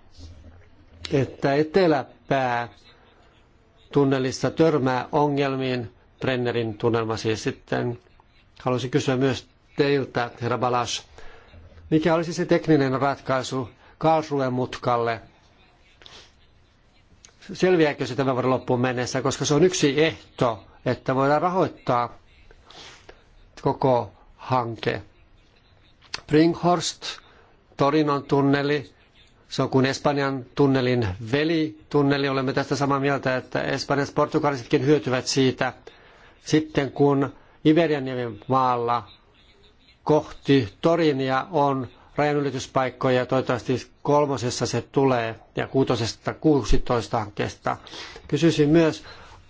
että eteläpää tunnelissa törmää ongelmiin, Brennerin tunnelma siis sitten. Haluaisin kysyä myös teiltä, herra Balas. Mikä olisi se tekninen ratkaisu Karlsruen mutkalle? Selviääkö se tämän vuoden loppuun mennessä, koska se on yksi ehto, että voidaan rahoittaa koko hanke. Brinkhorst, Torinon tunneli, se on kuin Espanjan tunnelin velitunneli. Olemme tästä samaa mieltä, että espanjalaiset portugalisetkin hyötyvät siitä. Sitten kun Iberianniemen maalla kohti Torinia on rajanylityspaikkoja ja toivottavasti kolmosessa se tulee ja kuutosesta 16 hankkeesta. Kysyisin myös,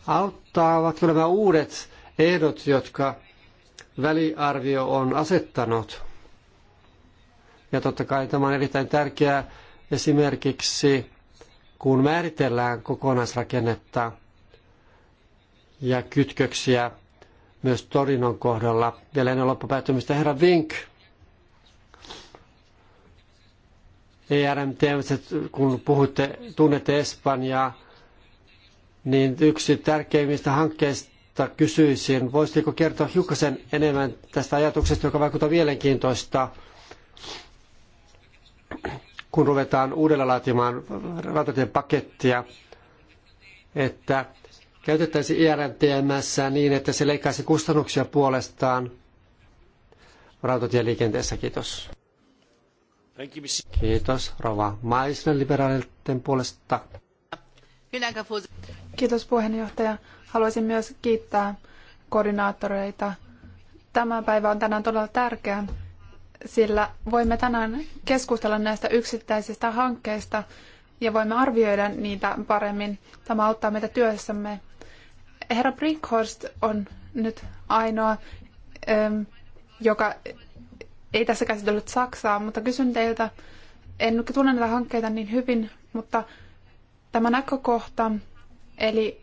auttaavatko nämä uudet ehdot, jotka väliarvio on asettanut? Ja totta kai tämä on erittäin tärkeää esimerkiksi, kun määritellään kokonaisrakennetta ja kytköksiä myös Torinon kohdalla. Vielä ennen loppupäättymistä herra Vink. ERMT, kun puhutte, tunnette Espanjaa, niin yksi tärkeimmistä hankkeista kysyisin, voisitko kertoa hiukkasen enemmän tästä ajatuksesta, joka vaikuttaa mielenkiintoista, kun ruvetaan uudella laatimaan pakettia, että käytettäisi IRMTMS niin, että se leikkaisi kustannuksia puolestaan rautatieliikenteessä. Kiitos. Kiitos. Rova Maisner liberaalien puolesta. Kiitos puheenjohtaja. Haluaisin myös kiittää koordinaattoreita. Tämä päivä on tänään todella tärkeä, sillä voimme tänään keskustella näistä yksittäisistä hankkeista ja voimme arvioida niitä paremmin. Tämä auttaa meitä työssämme Herra Brinkhorst on nyt ainoa, ähm, joka ei tässä käsitellyt Saksaa, mutta kysyn teiltä, en tunne näitä hankkeita niin hyvin, mutta tämä näkökohta, eli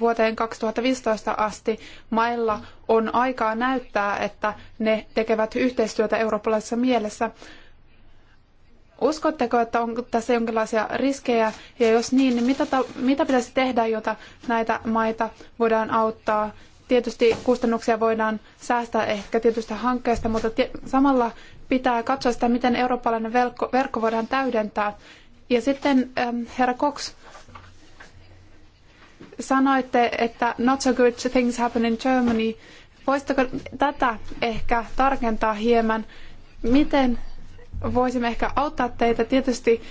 vuoteen 2015 asti mailla on aikaa näyttää, että ne tekevät yhteistyötä eurooppalaisessa mielessä. Uskotteko, että on tässä jonkinlaisia riskejä, ja jos niin, niin mitä, ta- mitä pitäisi tehdä, jotta näitä maita voidaan auttaa? Tietysti kustannuksia voidaan säästää ehkä tietystä hankkeesta, mutta samalla pitää katsoa sitä, miten eurooppalainen verkko, verkko voidaan täydentää. Ja sitten ähm, herra Cox, sanoitte, että not so good things happen in Germany. Voisitteko tätä ehkä tarkentaa hieman? Miten voisimme ehkä auttaa teitä. Tietysti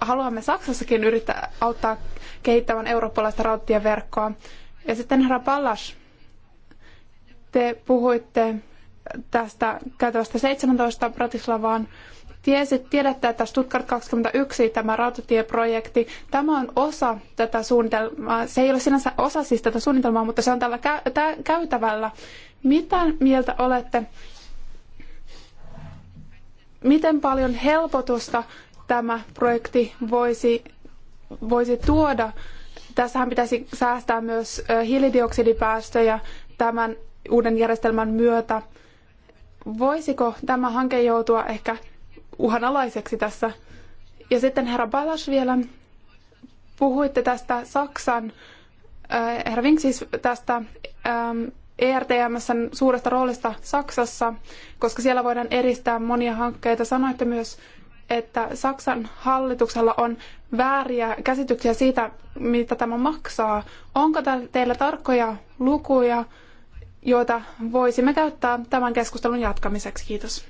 haluamme Saksassakin yrittää auttaa kehittämään eurooppalaista rautatieverkkoa. Ja sitten herra Pallas, te puhuitte tästä käytävästä 17 Bratislavaan. Tiesit, tiedätte, että Stuttgart 21, tämä rautatieprojekti, tämä on osa tätä suunnitelmaa. Se ei ole sinänsä osa siis tätä suunnitelmaa, mutta se on tällä käytävällä. Mitä mieltä olette miten paljon helpotusta tämä projekti voisi, voisi tuoda. Tässähän pitäisi säästää myös hiilidioksidipäästöjä tämän uuden järjestelmän myötä. Voisiko tämä hanke joutua ehkä uhanalaiseksi tässä? Ja sitten herra Balas vielä, puhuitte tästä Saksan, herra Vink siis tästä ERTMSn suuresta roolista Saksassa, koska siellä voidaan edistää monia hankkeita. Sanoitte myös, että Saksan hallituksella on vääriä käsityksiä siitä, mitä tämä maksaa. Onko teillä tarkkoja lukuja, joita voisimme käyttää tämän keskustelun jatkamiseksi? Kiitos.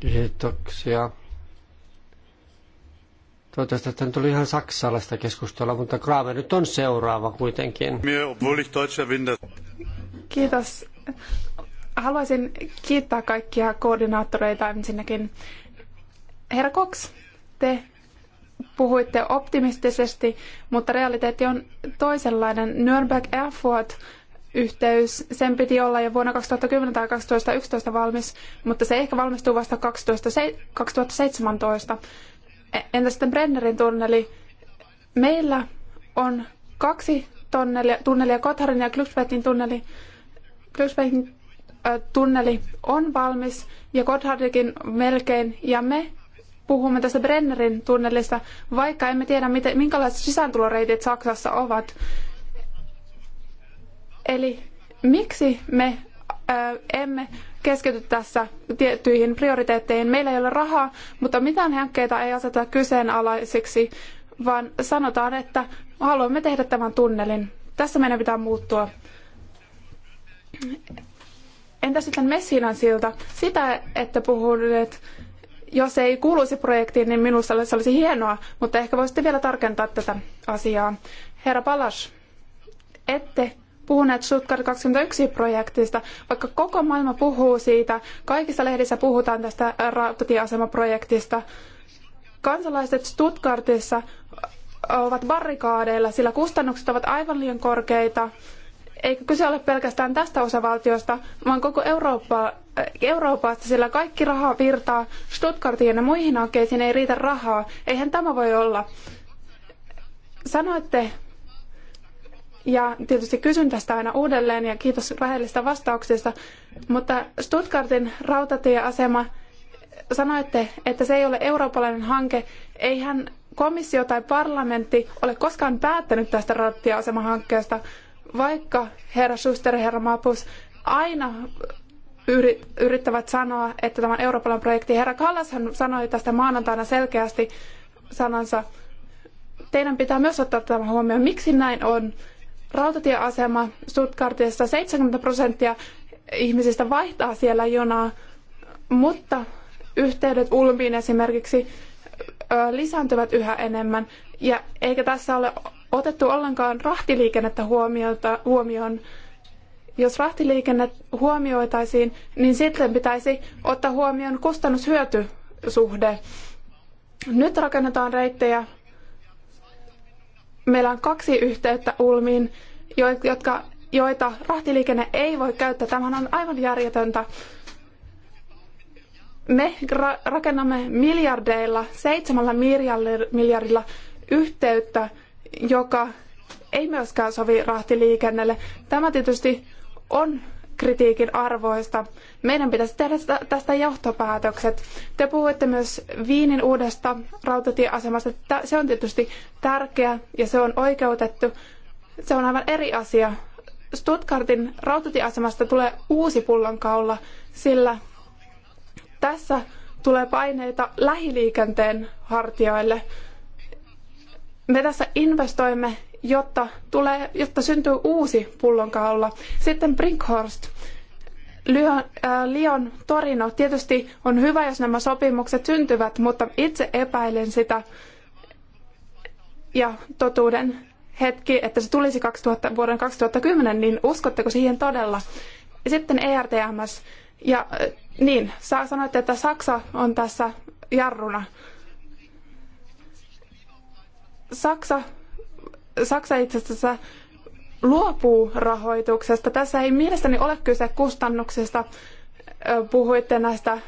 Kiitoksia. Toivottavasti että tuli ihan saksalaista keskustelua, mutta Kramer nyt on seuraava kuitenkin. Kiitos. Haluaisin kiittää kaikkia koordinaattoreita ensinnäkin. Herra Cox, te puhuitte optimistisesti, mutta realiteetti on toisenlainen. Nürnberg Erfurt yhteys, sen piti olla jo vuonna 2010 tai 2011 valmis, mutta se ehkä valmistuu vasta 2017. Entä sitten Brennerin tunneli? Meillä on kaksi tunnelia, tunnelia Kotharin ja Glücksbergin tunneli. Glücksbergin tunneli on valmis ja Gotthardkin melkein ja me puhumme tästä Brennerin tunnelista, vaikka emme tiedä, miten, minkälaiset sisääntuloreitit Saksassa ovat. Eli miksi me emme keskity tässä tiettyihin prioriteetteihin. Meillä ei ole rahaa, mutta mitään hankkeita ei aseteta kyseenalaisiksi, vaan sanotaan, että haluamme tehdä tämän tunnelin. Tässä meidän pitää muuttua. Entä sitten Messinan silta? Sitä, että puhuneet, jos ei kuuluisi projektiin, niin minusta se olisi hienoa, mutta ehkä voisitte vielä tarkentaa tätä asiaa. Herra Palas, ette puhuneet Stuttgart 21 projektista, vaikka koko maailma puhuu siitä, kaikissa lehdissä puhutaan tästä rautatieasemaprojektista. Kansalaiset Stuttgartissa ovat barrikaadeilla, sillä kustannukset ovat aivan liian korkeita. Eikä kyse ole pelkästään tästä osavaltiosta, vaan koko Eurooppa, Euroopasta, sillä kaikki raha virtaa Stuttgartiin ja muihin hankkeisiin ei riitä rahaa. Eihän tämä voi olla. Sanoitte ja tietysti kysyn tästä aina uudelleen ja kiitos rehellisistä vastauksista. Mutta Stuttgartin rautatieasema, sanoitte, että se ei ole eurooppalainen hanke. Eihän komissio tai parlamentti ole koskaan päättänyt tästä rautatieasemahankkeesta, vaikka herra Schuster ja herra Mapus aina yrittävät sanoa, että tämä on eurooppalainen projekti. Herra Kallashan sanoi tästä maanantaina selkeästi sanansa. Teidän pitää myös ottaa tämä huomioon. Miksi näin on? rautatieasema Stuttgartissa. 70 prosenttia ihmisistä vaihtaa siellä jonaa, mutta yhteydet Ulmiin esimerkiksi lisääntyvät yhä enemmän. Ja eikä tässä ole otettu ollenkaan rahtiliikennettä huomioon. Jos rahtiliikenne huomioitaisiin, niin sitten pitäisi ottaa huomioon kustannushyötysuhde. Nyt rakennetaan reittejä meillä on kaksi yhteyttä Ulmiin, jotka, joita rahtiliikenne ei voi käyttää. Tämä on aivan järjetöntä. Me ra- rakennamme miljardeilla, seitsemällä miljardilla yhteyttä, joka ei myöskään sovi rahtiliikennelle. Tämä tietysti on kritiikin arvoista. Meidän pitäisi tehdä tästä johtopäätökset. Te puhuitte myös Viinin uudesta rautatieasemasta. Se on tietysti tärkeä ja se on oikeutettu. Se on aivan eri asia. Stuttgartin rautatieasemasta tulee uusi pullonkaula, sillä tässä tulee paineita lähiliikenteen hartioille. Me tässä investoimme jotta, tulee, jotta syntyy uusi pullonkaula. Sitten Brinkhorst. Lyon äh, Torino tietysti on hyvä, jos nämä sopimukset syntyvät, mutta itse epäilen sitä ja totuuden hetki, että se tulisi 2000, vuoden 2010, niin uskotteko siihen todella? Sitten ERTMS. Ja äh, niin, sanoitte, että Saksa on tässä jarruna. Saksa Saksa itse asiassa luopuu rahoituksesta. Tässä ei mielestäni ole kyse kustannuksista. Puhuitte näistä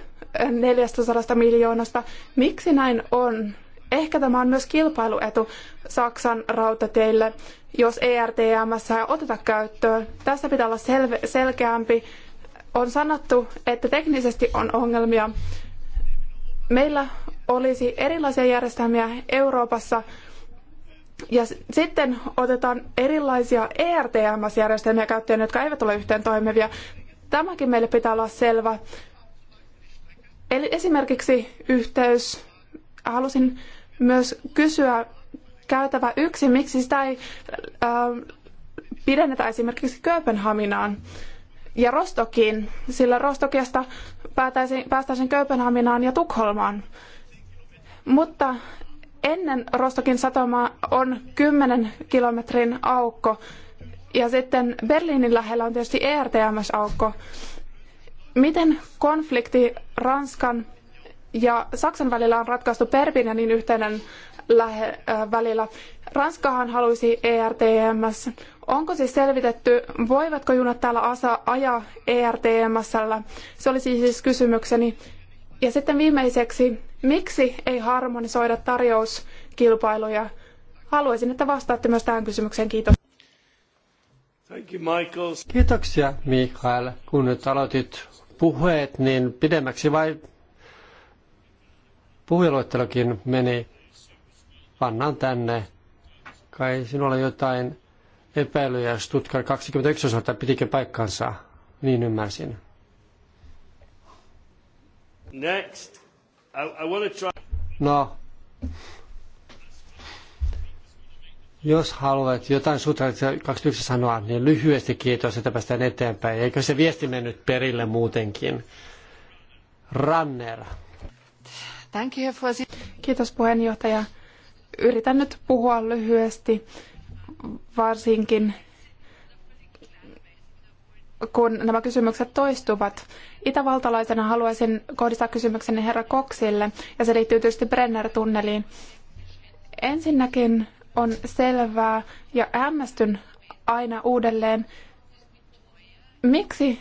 400 miljoonasta. Miksi näin on? Ehkä tämä on myös kilpailuetu Saksan rautateille, jos ERTMS ei oteta käyttöön. Tässä pitää olla selkeämpi. On sanottu, että teknisesti on ongelmia. Meillä olisi erilaisia järjestelmiä Euroopassa, ja sitten otetaan erilaisia ERTMS-järjestelmiä käyttöön, jotka eivät ole yhteen toimivia. Tämäkin meille pitää olla selvä. Eli esimerkiksi yhteys, halusin myös kysyä käytävä yksi, miksi sitä ei äh, pidennetä esimerkiksi Kööpenhaminaan ja Rostokiin, sillä Rostokiasta päästäisiin Kööpenhaminaan ja Tukholmaan. Mutta ennen Rostokin satamaa on 10 kilometrin aukko. Ja sitten Berliinin lähellä on tietysti ERTMS-aukko. Miten konflikti Ranskan ja Saksan välillä on ratkaistu Perpignanin yhteinen lähe, äh, välillä. Ranskahan haluaisi ERTMS. Onko siis selvitetty, voivatko junat täällä asa, ajaa ERTMSllä? Se olisi siis kysymykseni. Ja sitten viimeiseksi Miksi ei harmonisoida tarjouskilpailuja? Haluaisin, että vastaatte myös tähän kysymykseen. Kiitos. Thank you, Michael. Kiitoksia, Mikael. Kun nyt aloitit puheet, niin pidemmäksi vai puheluettelokin meni? Pannaan tänne. Kai sinulla jotain epäilyjä Stuttgart 21 osalta, pitikö paikkansa? Niin ymmärsin. Next. I, I try... No, jos haluat jotain sutraitsia 21 sanoa, niin lyhyesti kiitos, että päästään eteenpäin. Eikö se viesti mennyt perille muutenkin? Ranner. Kiitos puheenjohtaja. Yritän nyt puhua lyhyesti, varsinkin kun nämä kysymykset toistuvat. Itävaltalaisena haluaisin kohdistaa kysymykseni herra Koksille, ja se liittyy tietysti Brenner-tunneliin. Ensinnäkin on selvää ja hämmästyn aina uudelleen, miksi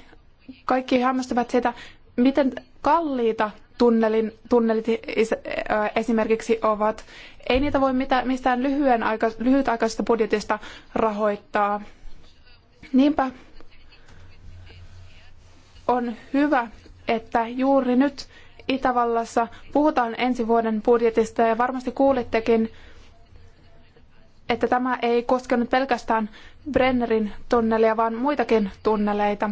kaikki hämmästyvät sitä, miten kalliita tunnelin, tunnelit äh, esimerkiksi ovat. Ei niitä voi mitään, mistään lyhyen aika, lyhytaikaisesta budjetista rahoittaa. Niinpä on hyvä, että juuri nyt Itävallassa puhutaan ensi vuoden budjetista ja varmasti kuulittekin, että tämä ei koskenut pelkästään Brennerin tunnelia, vaan muitakin tunneleita.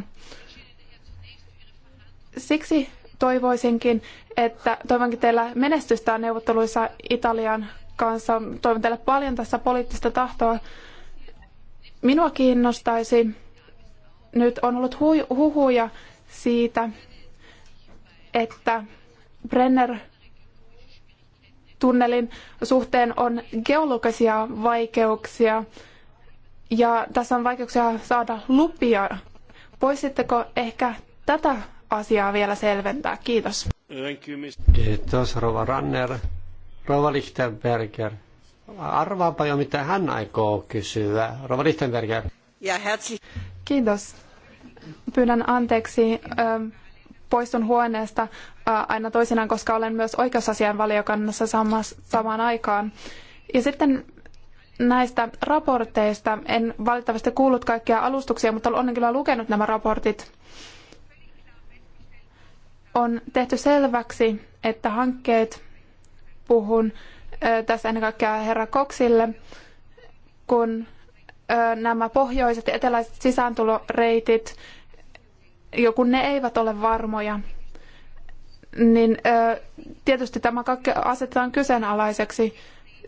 Siksi toivoisinkin, että toivonkin teillä menestystä neuvotteluissa Italian kanssa. Toivon teille paljon tässä poliittista tahtoa. Minua kiinnostaisi, nyt on ollut hu- huhuja siitä, että Brenner tunnelin suhteen on geologisia vaikeuksia ja tässä on vaikeuksia saada lupia. Voisitteko ehkä tätä asiaa vielä selventää? Kiitos. Kiitos, Rova Ranner. Rova Lichtenberger. Arvaapa jo, mitä hän aikoo kysyä. Rova Lichtenberger. Ja herzlich. Kiitos. Pyydän anteeksi poistun huoneesta aina toisinaan, koska olen myös oikeusasian valiokannassa samaan aikaan. Ja sitten näistä raporteista. En valitettavasti kuullut kaikkia alustuksia, mutta olen kyllä lukenut nämä raportit. On tehty selväksi, että hankkeet, puhun tässä ennen kaikkea herra Koksille, kun nämä pohjoiset ja eteläiset sisääntuloreitit, kun ne eivät ole varmoja, niin tietysti tämä kaikki asetetaan kyseenalaiseksi.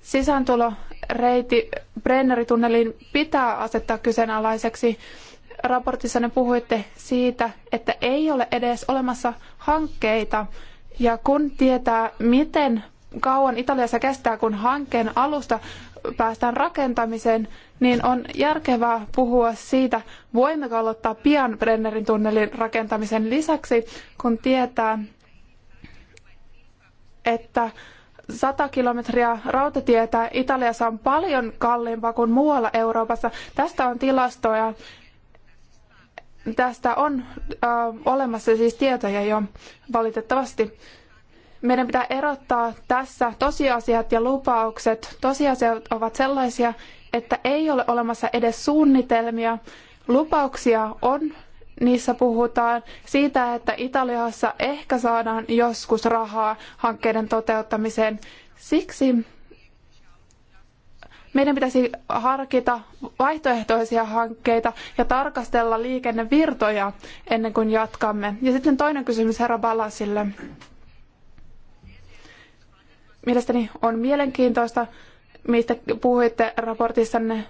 Sisääntuloreiti Brenneritunneliin pitää asettaa kyseenalaiseksi. Raportissa ne puhuitte siitä, että ei ole edes olemassa hankkeita. Ja kun tietää, miten kauan Italiassa kestää, kun hankkeen alusta päästään rakentamiseen, niin on järkevää puhua siitä, voimmeko aloittaa pian Brennerin tunnelin rakentamisen lisäksi, kun tietää, että 100 kilometriä rautatietä Italiassa on paljon kalliimpaa kuin muualla Euroopassa. Tästä on tilastoja. Tästä on olemassa siis tietoja jo valitettavasti meidän pitää erottaa tässä tosiasiat ja lupaukset. Tosiasiat ovat sellaisia, että ei ole olemassa edes suunnitelmia. Lupauksia on, niissä puhutaan siitä, että Italiassa ehkä saadaan joskus rahaa hankkeiden toteuttamiseen. Siksi meidän pitäisi harkita vaihtoehtoisia hankkeita ja tarkastella liikennevirtoja ennen kuin jatkamme. Ja sitten toinen kysymys herra Balasille. Mielestäni on mielenkiintoista, mistä puhuitte raportissanne.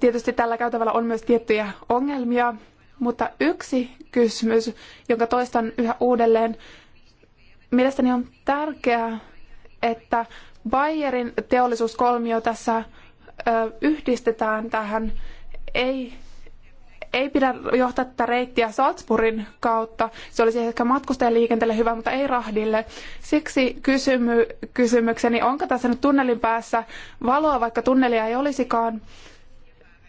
Tietysti tällä käytävällä on myös tiettyjä ongelmia, mutta yksi kysymys, jonka toistan yhä uudelleen, mielestäni on tärkeää, että Bayerin teollisuuskolmio tässä yhdistetään tähän. Ei ei pidä johtaa tätä reittiä Salzburgin kautta. Se olisi ehkä matkustajaliikenteelle hyvä, mutta ei rahdille. Siksi kysymy, kysymykseni, onko tässä nyt tunnelin päässä valoa, vaikka tunnelia ei olisikaan?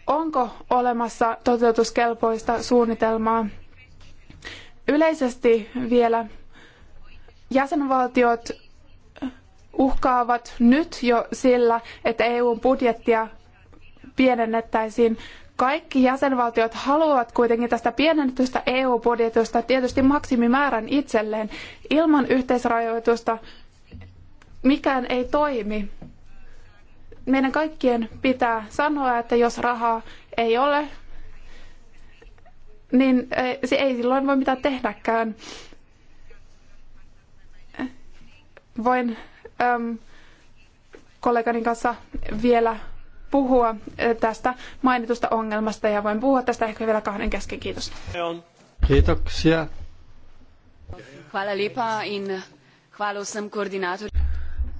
Onko olemassa toteutuskelpoista suunnitelmaa? Yleisesti vielä jäsenvaltiot uhkaavat nyt jo sillä, että EUn budjettia pienennettäisiin kaikki jäsenvaltiot haluavat kuitenkin tästä pienennetystä EU-budjetista tietysti maksimimäärän itselleen. Ilman yhteisrajoitusta mikään ei toimi. Meidän kaikkien pitää sanoa, että jos rahaa ei ole, niin eh, se ei silloin voi mitään tehdäkään. Voin äm, ehm, kollegani kanssa vielä puhua tästä mainitusta ongelmasta ja voin puhua tästä ehkä vielä kahden kesken. Kiitos. Kiitoksia. Hvala lipa in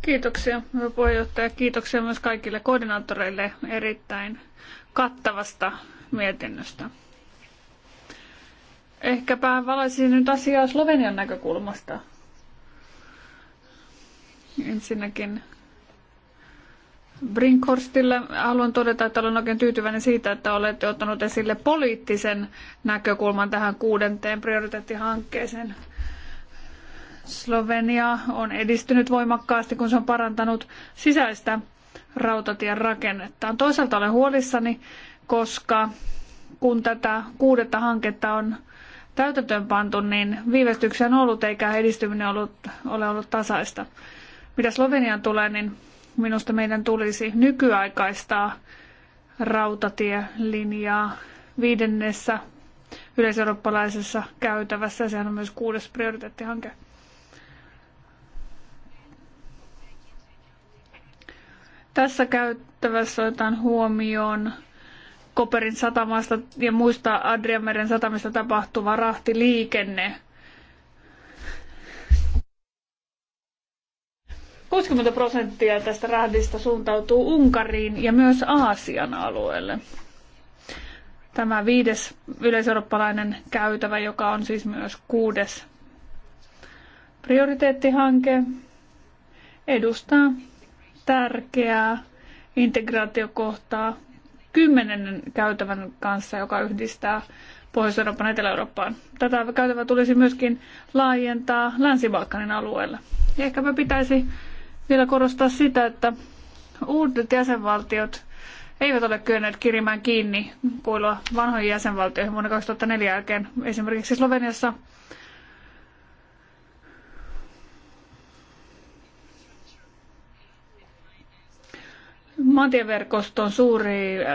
Kiitoksia, hyvä puheenjohtaja. Kiitoksia myös kaikille koordinaattoreille erittäin kattavasta mietinnöstä. Ehkäpä valaisin nyt asiaa Slovenian näkökulmasta. Ensinnäkin Brinkhorstille haluan todeta, että olen oikein tyytyväinen siitä, että olette ottanut esille poliittisen näkökulman tähän kuudenteen prioriteettihankkeeseen. Slovenia on edistynyt voimakkaasti, kun se on parantanut sisäistä rautatien On Toisaalta olen huolissani, koska kun tätä kuudetta hanketta on täytäntöön pantu, niin viivästyksiä on ollut eikä edistyminen ollut, ole ollut tasaista. Mitä Slovenian tulee, niin Minusta meidän tulisi nykyaikaistaa rautatielinjaa viidennessä yleiseurooppalaisessa käytävässä. Sehän on myös kuudes prioriteettihanke. Tässä käyttävässä otetaan huomioon Koperin satamasta ja muista Adrianmeren satamista tapahtuva rahtiliikenne – 60 prosenttia tästä rahdista suuntautuu Unkariin ja myös Aasian alueelle. Tämä viides yleiseurooppalainen käytävä, joka on siis myös kuudes prioriteettihanke, edustaa tärkeää integraatiokohtaa kymmenennen käytävän kanssa, joka yhdistää Pohjois-Euroopan ja Etelä-Eurooppaan. Tätä käytävää tulisi myöskin laajentaa Länsi-Balkanin alueelle. Ehkäpä pitäisi vielä korostaa sitä, että uudet jäsenvaltiot eivät ole kyenneet kirimään kiinni kuilua vanhoihin jäsenvaltioihin vuonna 2004 jälkeen. Esimerkiksi Sloveniassa maantieverkoston suuri äh,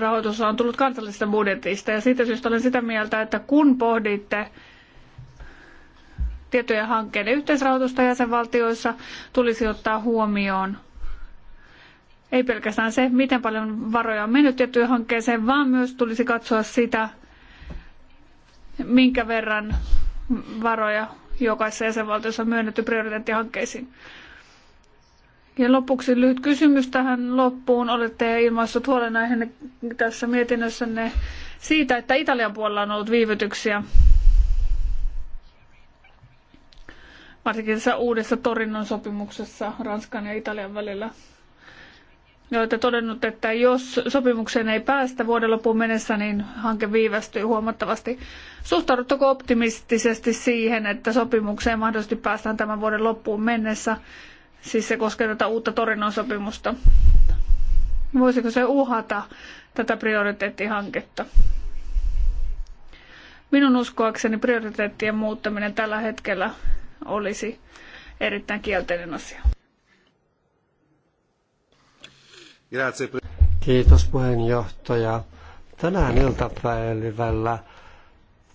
rahoitus on tullut kansallisesta budjetista ja siitä syystä olen sitä mieltä, että kun pohditte tiettyjen hankkeiden yhteisrahoitusta jäsenvaltioissa tulisi ottaa huomioon ei pelkästään se, miten paljon varoja on mennyt tiettyyn hankkeeseen, vaan myös tulisi katsoa sitä, minkä verran varoja jokaisessa jäsenvaltiossa on myönnetty prioriteettihankkeisiin. Ja lopuksi lyhyt kysymys tähän loppuun. Olette ilmaissut huolenaiheenne tässä mietinnössänne siitä, että Italian puolella on ollut viivytyksiä varsinkin tässä uudessa Torinon sopimuksessa Ranskan ja Italian välillä. Ja olette todennut, että jos sopimukseen ei päästä vuoden lopun mennessä, niin hanke viivästyy huomattavasti. Suhtaudutteko optimistisesti siihen, että sopimukseen mahdollisesti päästään tämän vuoden loppuun mennessä? Siis se koskee tätä uutta Torinon sopimusta. Voisiko se uhata tätä prioriteettihanketta? Minun uskoakseni prioriteettien muuttaminen tällä hetkellä olisi erittäin kielteinen asia. Kiitos puheenjohtaja. Tänään iltapäivällä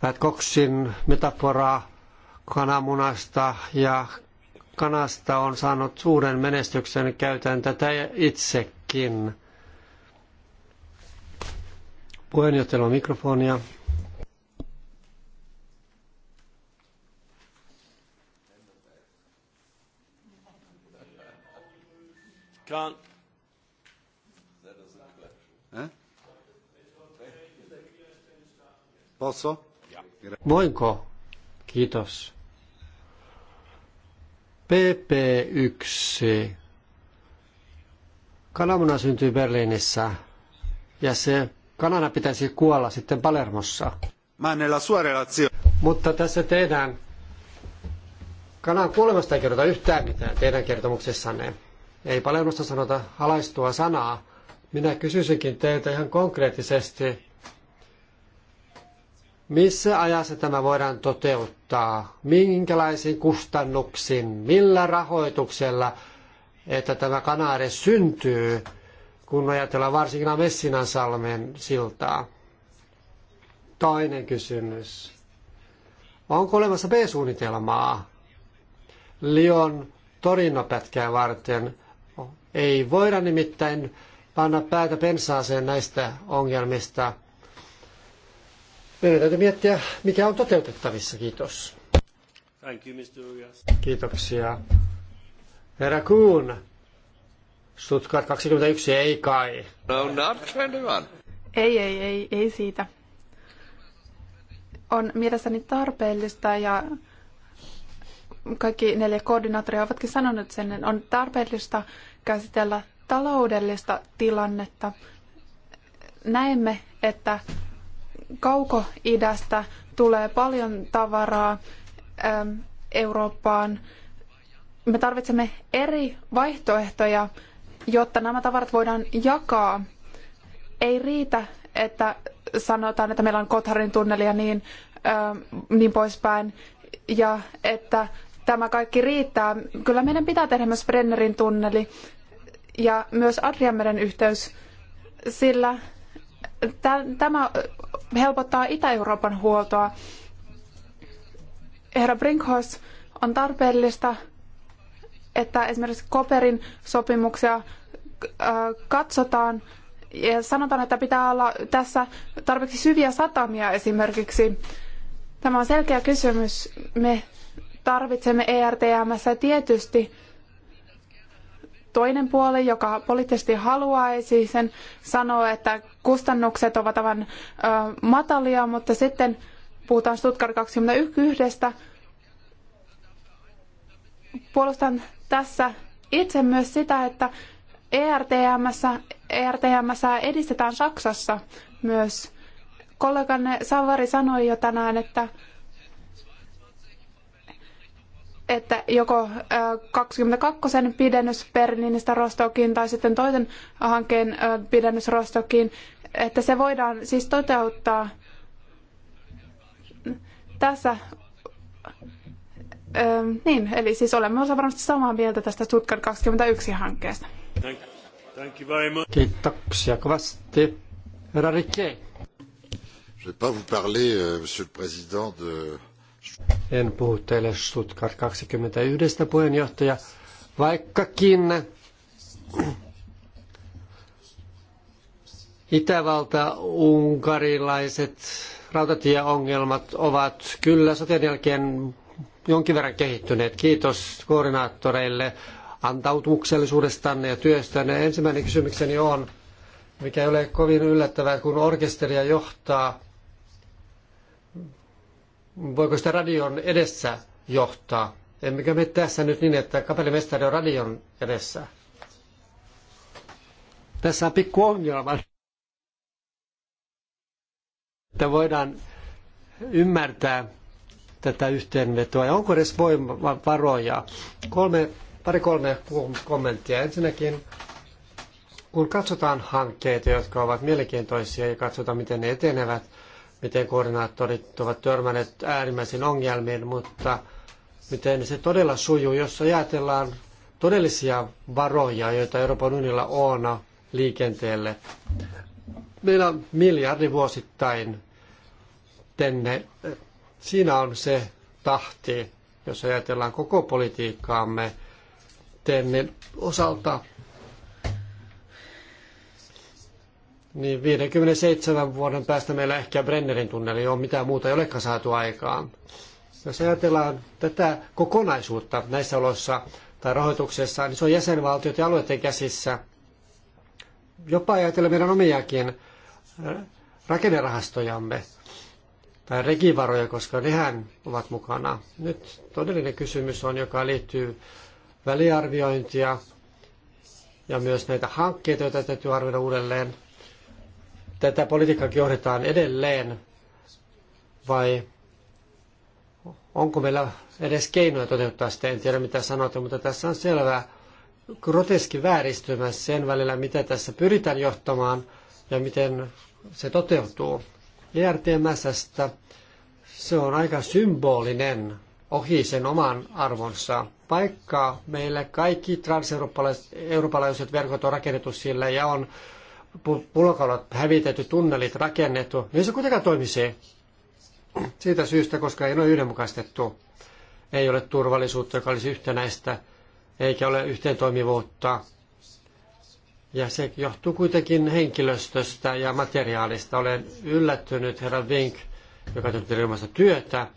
Vätkoksin metafora kananmunasta ja kanasta on saanut suuren menestyksen. Käytän tätä itsekin. Puheenjohtajalla mikrofonia. can't. Eh? Posso? Voinko? Kiitos. PP1. Kananmuna syntyi Berliinissä ja se kanana pitäisi kuolla sitten Palermossa. Mä en sua Mutta tässä tehdään kanan kuolemasta ei kerrota yhtään mitään teidän kertomuksessanne. Ei palennusta sanota halaistua sanaa. Minä kysyisinkin teiltä ihan konkreettisesti, missä ajassa tämä voidaan toteuttaa, minkälaisiin kustannuksin, millä rahoituksella, että tämä kanaare syntyy, kun ajatellaan varsinkin Messinan salmen siltaa. Toinen kysymys. Onko olemassa B-suunnitelmaa Lion torinopätkää varten? Ei voida nimittäin panna päätä pensaaseen näistä ongelmista. Meidän täytyy miettiä, mikä on toteutettavissa. Kiitos. Thank you, Mr. Kiitoksia. Herra Kuhn, Stuttgart 21, ei kai. No, not 21. Ei, ei, ei, ei siitä. On mielestäni tarpeellista ja kaikki neljä koordinaattoria ovatkin sanoneet sen, on tarpeellista käsitellä taloudellista tilannetta. Näemme, että kaukoidästä tulee paljon tavaraa ähm, Eurooppaan. Me tarvitsemme eri vaihtoehtoja, jotta nämä tavarat voidaan jakaa. Ei riitä, että sanotaan, että meillä on Kotharin tunneli ja niin, ähm, niin poispäin, ja että tämä kaikki riittää. Kyllä meidän pitää tehdä myös Brennerin tunneli ja myös Adrianmeren yhteys, sillä tämä helpottaa Itä-Euroopan huoltoa. Herra Brinkhorst, on tarpeellista, että esimerkiksi Koperin sopimuksia äh, katsotaan ja sanotaan, että pitää olla tässä tarpeeksi syviä satamia esimerkiksi. Tämä on selkeä kysymys. Me tarvitsemme ERTMssä tietysti toinen puoli, joka poliittisesti haluaisi sen sanoa, että kustannukset ovat aivan ö, matalia, mutta sitten puhutaan Stuttgart 21. Puolustan tässä itse myös sitä, että ERTM ERTMssä edistetään Saksassa myös. Kolleganne Savari sanoi jo tänään, että että joko 22. pidennys Berliinistä Rostokiin tai sitten toisen hankkeen pidennys Rostokiin, että se voidaan siis toteuttaa tässä. niin, eli siis olemme osa varmasti samaa mieltä tästä Stuttgart 21 hankkeesta. Kiitoksia kovasti. Herra Rikke. Je vais pas vous parler, euh, Monsieur le Président, de, en puhu teille Stuttgart 21 puheenjohtaja, vaikkakin Itävalta-unkarilaiset rautatieongelmat ovat kyllä soten jälkeen jonkin verran kehittyneet. Kiitos koordinaattoreille antautumuksellisuudestanne ja työstänne. Ensimmäinen kysymykseni on, mikä ei ole kovin yllättävää, kun orkesteria johtaa voiko sitä radion edessä johtaa. Emmekä me tässä nyt niin, että kapellimestari on radion edessä. Tässä on pikku ongelma. Että voidaan ymmärtää tätä yhteenvetoa ja onko edes voimavaroja. Kolme, pari kolme kommenttia. Ensinnäkin, kun katsotaan hankkeita, jotka ovat mielenkiintoisia ja katsotaan, miten ne etenevät – miten koordinaattorit ovat törmänneet äärimmäisiin ongelmiin, mutta miten se todella sujuu, jos ajatellaan todellisia varoja, joita Euroopan unionilla on liikenteelle. Meillä on miljardi vuosittain tänne. Siinä on se tahti, jos ajatellaan koko politiikkaamme tänne osalta niin 57 vuoden päästä meillä ehkä Brennerin tunneli on, mitään muuta ei olekaan saatu aikaan. Jos ajatellaan tätä kokonaisuutta näissä oloissa tai rahoituksessa, niin se on jäsenvaltiot ja alueiden käsissä. Jopa ajatellen meidän omiakin eh, rakennerahastojamme tai regivaroja, koska nehän ovat mukana. Nyt todellinen kysymys on, joka liittyy väliarviointia ja myös näitä hankkeita, joita täytyy arvioida uudelleen – tätä politiikkaa johdetaan edelleen vai onko meillä edes keinoja toteuttaa sitä, en tiedä mitä sanotaan, mutta tässä on selvä groteski vääristymä sen välillä, mitä tässä pyritään johtamaan ja miten se toteutuu. ERTMSstä se on aika symbolinen ohi sen oman arvonsa. Vaikka meillä kaikki transeurooppalaiset verkot on rakennettu sillä ja on pulkalat hävitetty, tunnelit rakennettu, niin se kuitenkaan toimi se. Siitä syystä, koska ei ole yhdenmukaistettu, ei ole turvallisuutta, joka olisi yhtenäistä, eikä ole toimivuutta. Ja se johtuu kuitenkin henkilöstöstä ja materiaalista. Olen yllättynyt herra Vink, joka tuli ilmaista työtä,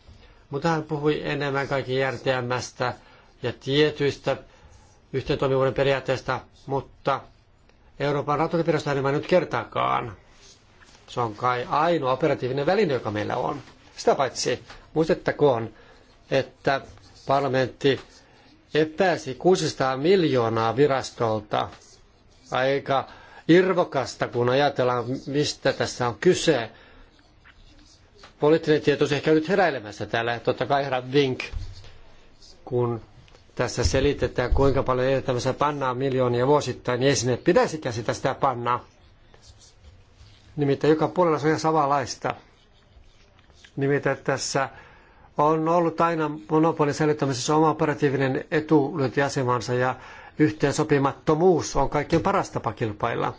mutta hän puhui enemmän kaikki järteämmästä ja tietyistä toimivuuden periaatteesta, mutta Euroopan rautatiepirastoa enemmän nyt kertaakaan. Se on kai ainoa operatiivinen väline, joka meillä on. Sitä paitsi muistettakoon, että parlamentti epäsi 600 miljoonaa virastolta. Aika irvokasta, kun ajatellaan, mistä tässä on kyse. Poliittinen tieto ehkä nyt heräilemässä täällä, totta kai herra Vink, kun tässä selitetään, kuinka paljon edeltävässä pannaa miljoonia vuosittain, niin ei sinne pitäisikään sitä sitä pannaa. Nimittäin joka puolella se on ihan samanlaista. Nimittäin tässä on ollut aina monopolin säilyttämisessä oma operatiivinen etulyöntiasemansa ja yhteensopimattomuus on kaikkein paras tapa kilpailla.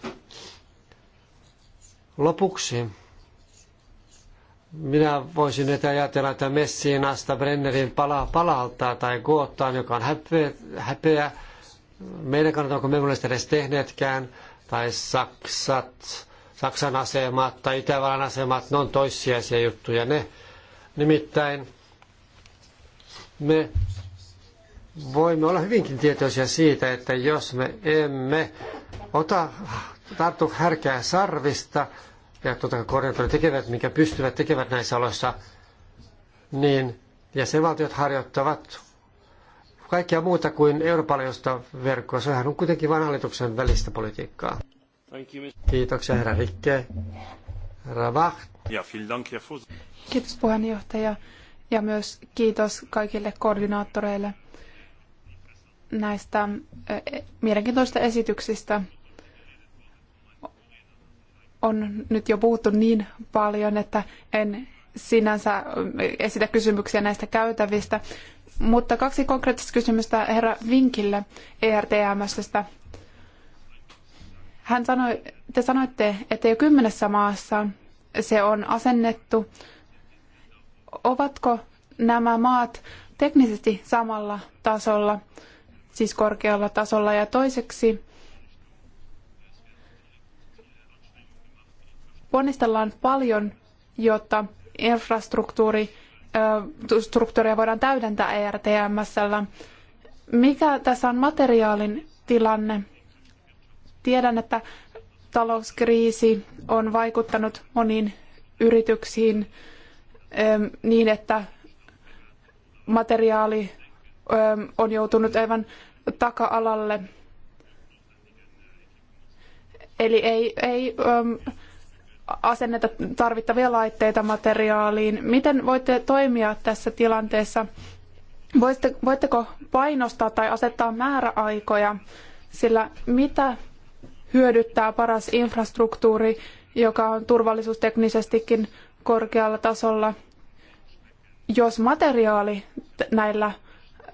Lopuksi minä voisin nyt ajatella, että asta Brennerin palaa palaltaa tai Goottaan, joka on häpeä, häpeä. meidän kannalta, onko me mielestä edes tehneetkään, tai Saksat, Saksan asemat tai Itävallan asemat, ne on toissijaisia juttuja ne. Nimittäin me voimme olla hyvinkin tietoisia siitä, että jos me emme ota tartu härkää sarvista, ja tuota, kai tekevät, mikä pystyvät tekevät näissä oloissa, niin jäsenvaltiot harjoittavat kaikkea muuta kuin eurooppalaista verkkoa. Sehän on kuitenkin vain hallituksen välistä politiikkaa. Kiitoksia herra Rikke. Herra Vaht. Ja, dank, Kiitos puheenjohtaja ja myös kiitos kaikille koordinaattoreille näistä e, mielenkiintoisista esityksistä on nyt jo puhuttu niin paljon, että en sinänsä esitä kysymyksiä näistä käytävistä. Mutta kaksi konkreettista kysymystä herra Vinkille ERTMSstä. Hän sanoi, te sanoitte, että jo kymmenessä maassa se on asennettu. Ovatko nämä maat teknisesti samalla tasolla, siis korkealla tasolla? Ja toiseksi, ponnistellaan paljon, jotta infrastruktuuri struktuuria voidaan täydentää ERTMSllä. Mikä tässä on materiaalin tilanne? Tiedän, että talouskriisi on vaikuttanut moniin yrityksiin niin, että materiaali on joutunut aivan taka-alalle. Eli ei, ei asenneta tarvittavia laitteita materiaaliin. Miten voitte toimia tässä tilanteessa? Voitte, voitteko painostaa tai asettaa määräaikoja, sillä mitä hyödyttää paras infrastruktuuri, joka on turvallisuusteknisestikin korkealla tasolla, jos materiaali näillä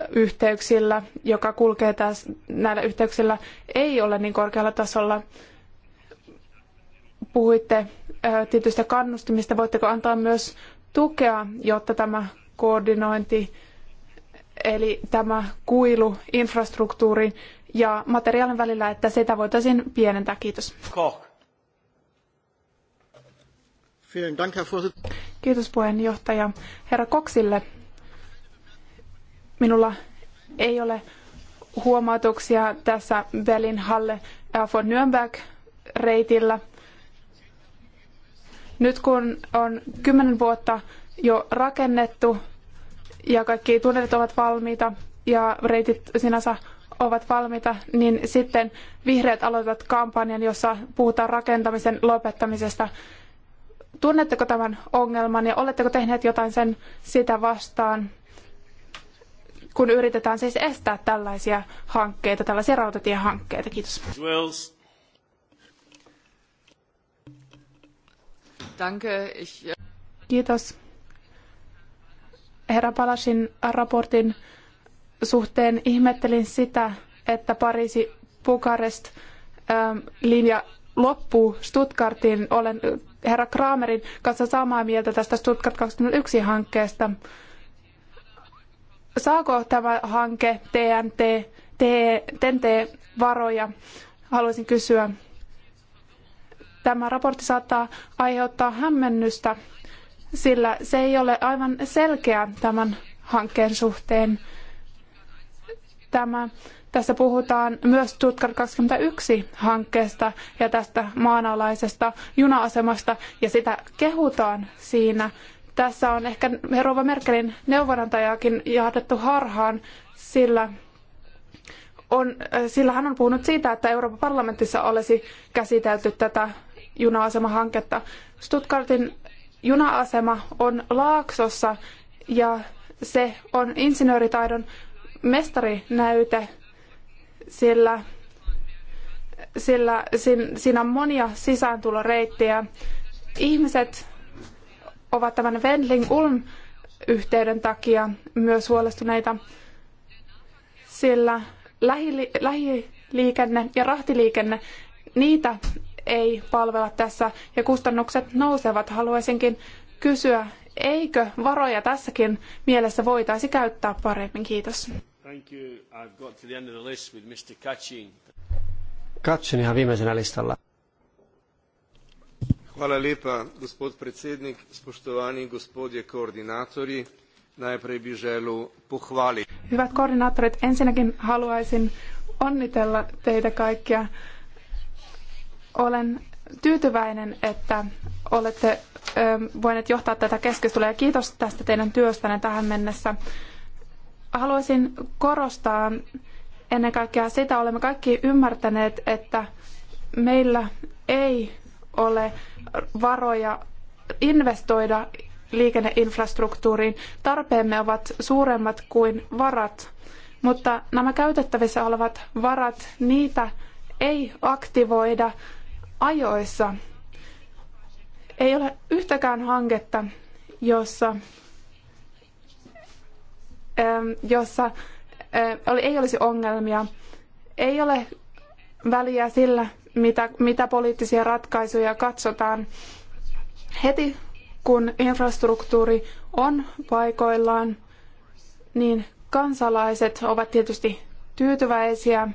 yhteyksillä, joka kulkee tässä, näillä yhteyksillä, ei ole niin korkealla tasolla. Puhuitte tietystä kannustimista. Voitteko antaa myös tukea, jotta tämä koordinointi, eli tämä kuilu infrastruktuurin ja materiaalin välillä, että sitä voitaisiin pienentää. Kiitos. Kiitos puheenjohtaja. Herra Koksille, minulla ei ole huomautuksia tässä Berlin Halle äh, von Nürnberg reitillä. Nyt kun on kymmenen vuotta jo rakennettu ja kaikki tunnelit ovat valmiita ja reitit sinänsä ovat valmiita, niin sitten vihreät aloittavat kampanjan, jossa puhutaan rakentamisen lopettamisesta. Tunnetteko tämän ongelman ja oletteko tehneet jotain sen sitä vastaan, kun yritetään siis estää tällaisia hankkeita, tällaisia rautatiehankkeita? Kiitos. Danke. Ich... Äh, Kiitos. Herra Palasin raportin suhteen ihmettelin sitä, että Pariisi Bukarest ähm, linja loppuu Stuttgartiin. Olen äh, herra Kramerin kanssa samaa mieltä tästä Stuttgart 21 hankkeesta. Saako tämä hanke TNT, TNT varoja? Haluaisin kysyä Tämä raportti saattaa aiheuttaa hämmennystä, sillä se ei ole aivan selkeä tämän hankkeen suhteen. Tämä, tässä puhutaan myös Tutkar 21 hankkeesta ja tästä maanalaisesta juna-asemasta ja sitä kehutaan siinä. Tässä on ehkä Rova Merkelin neuvonantajaakin jahdettu harhaan, sillä on, sillä hän on puhunut siitä, että Euroopan parlamentissa olisi käsitelty tätä juna-asemahanketta. Stuttgartin juna-asema on Laaksossa ja se on insinööritaidon mestarinäyte, sillä, sillä siinä on monia sisääntuloreittejä. Ihmiset ovat tämän Wendling-Ulm-yhteyden takia myös huolestuneita, sillä lähiliikenne ja rahtiliikenne, niitä ei palvella tässä ja kustannukset nousevat. Haluaisinkin kysyä, eikö varoja tässäkin mielessä voitaisi käyttää paremmin? Kiitos. Thank you. I've ihan viimeisenä listalla. Hvala lipa, gospod predsednik, spoštovani gospodje koordinatori. Najprej bi želel pohvaliti. Hyvät koordinaattorit, ensinnäkin haluaisin onnitella teitä kaikkia olen tyytyväinen, että olette voineet johtaa tätä keskustelua ja kiitos tästä teidän työstänne tähän mennessä. Haluaisin korostaa ennen kaikkea sitä, olemme kaikki ymmärtäneet, että meillä ei ole varoja investoida liikenneinfrastruktuuriin. Tarpeemme ovat suuremmat kuin varat, mutta nämä käytettävissä olevat varat, niitä ei aktivoida ajoissa. Ei ole yhtäkään hanketta, jossa, ähm, jossa äh, ei olisi ongelmia. Ei ole väliä sillä, mitä, mitä poliittisia ratkaisuja katsotaan. Heti kun infrastruktuuri on paikoillaan, niin kansalaiset ovat tietysti tyytyväisiä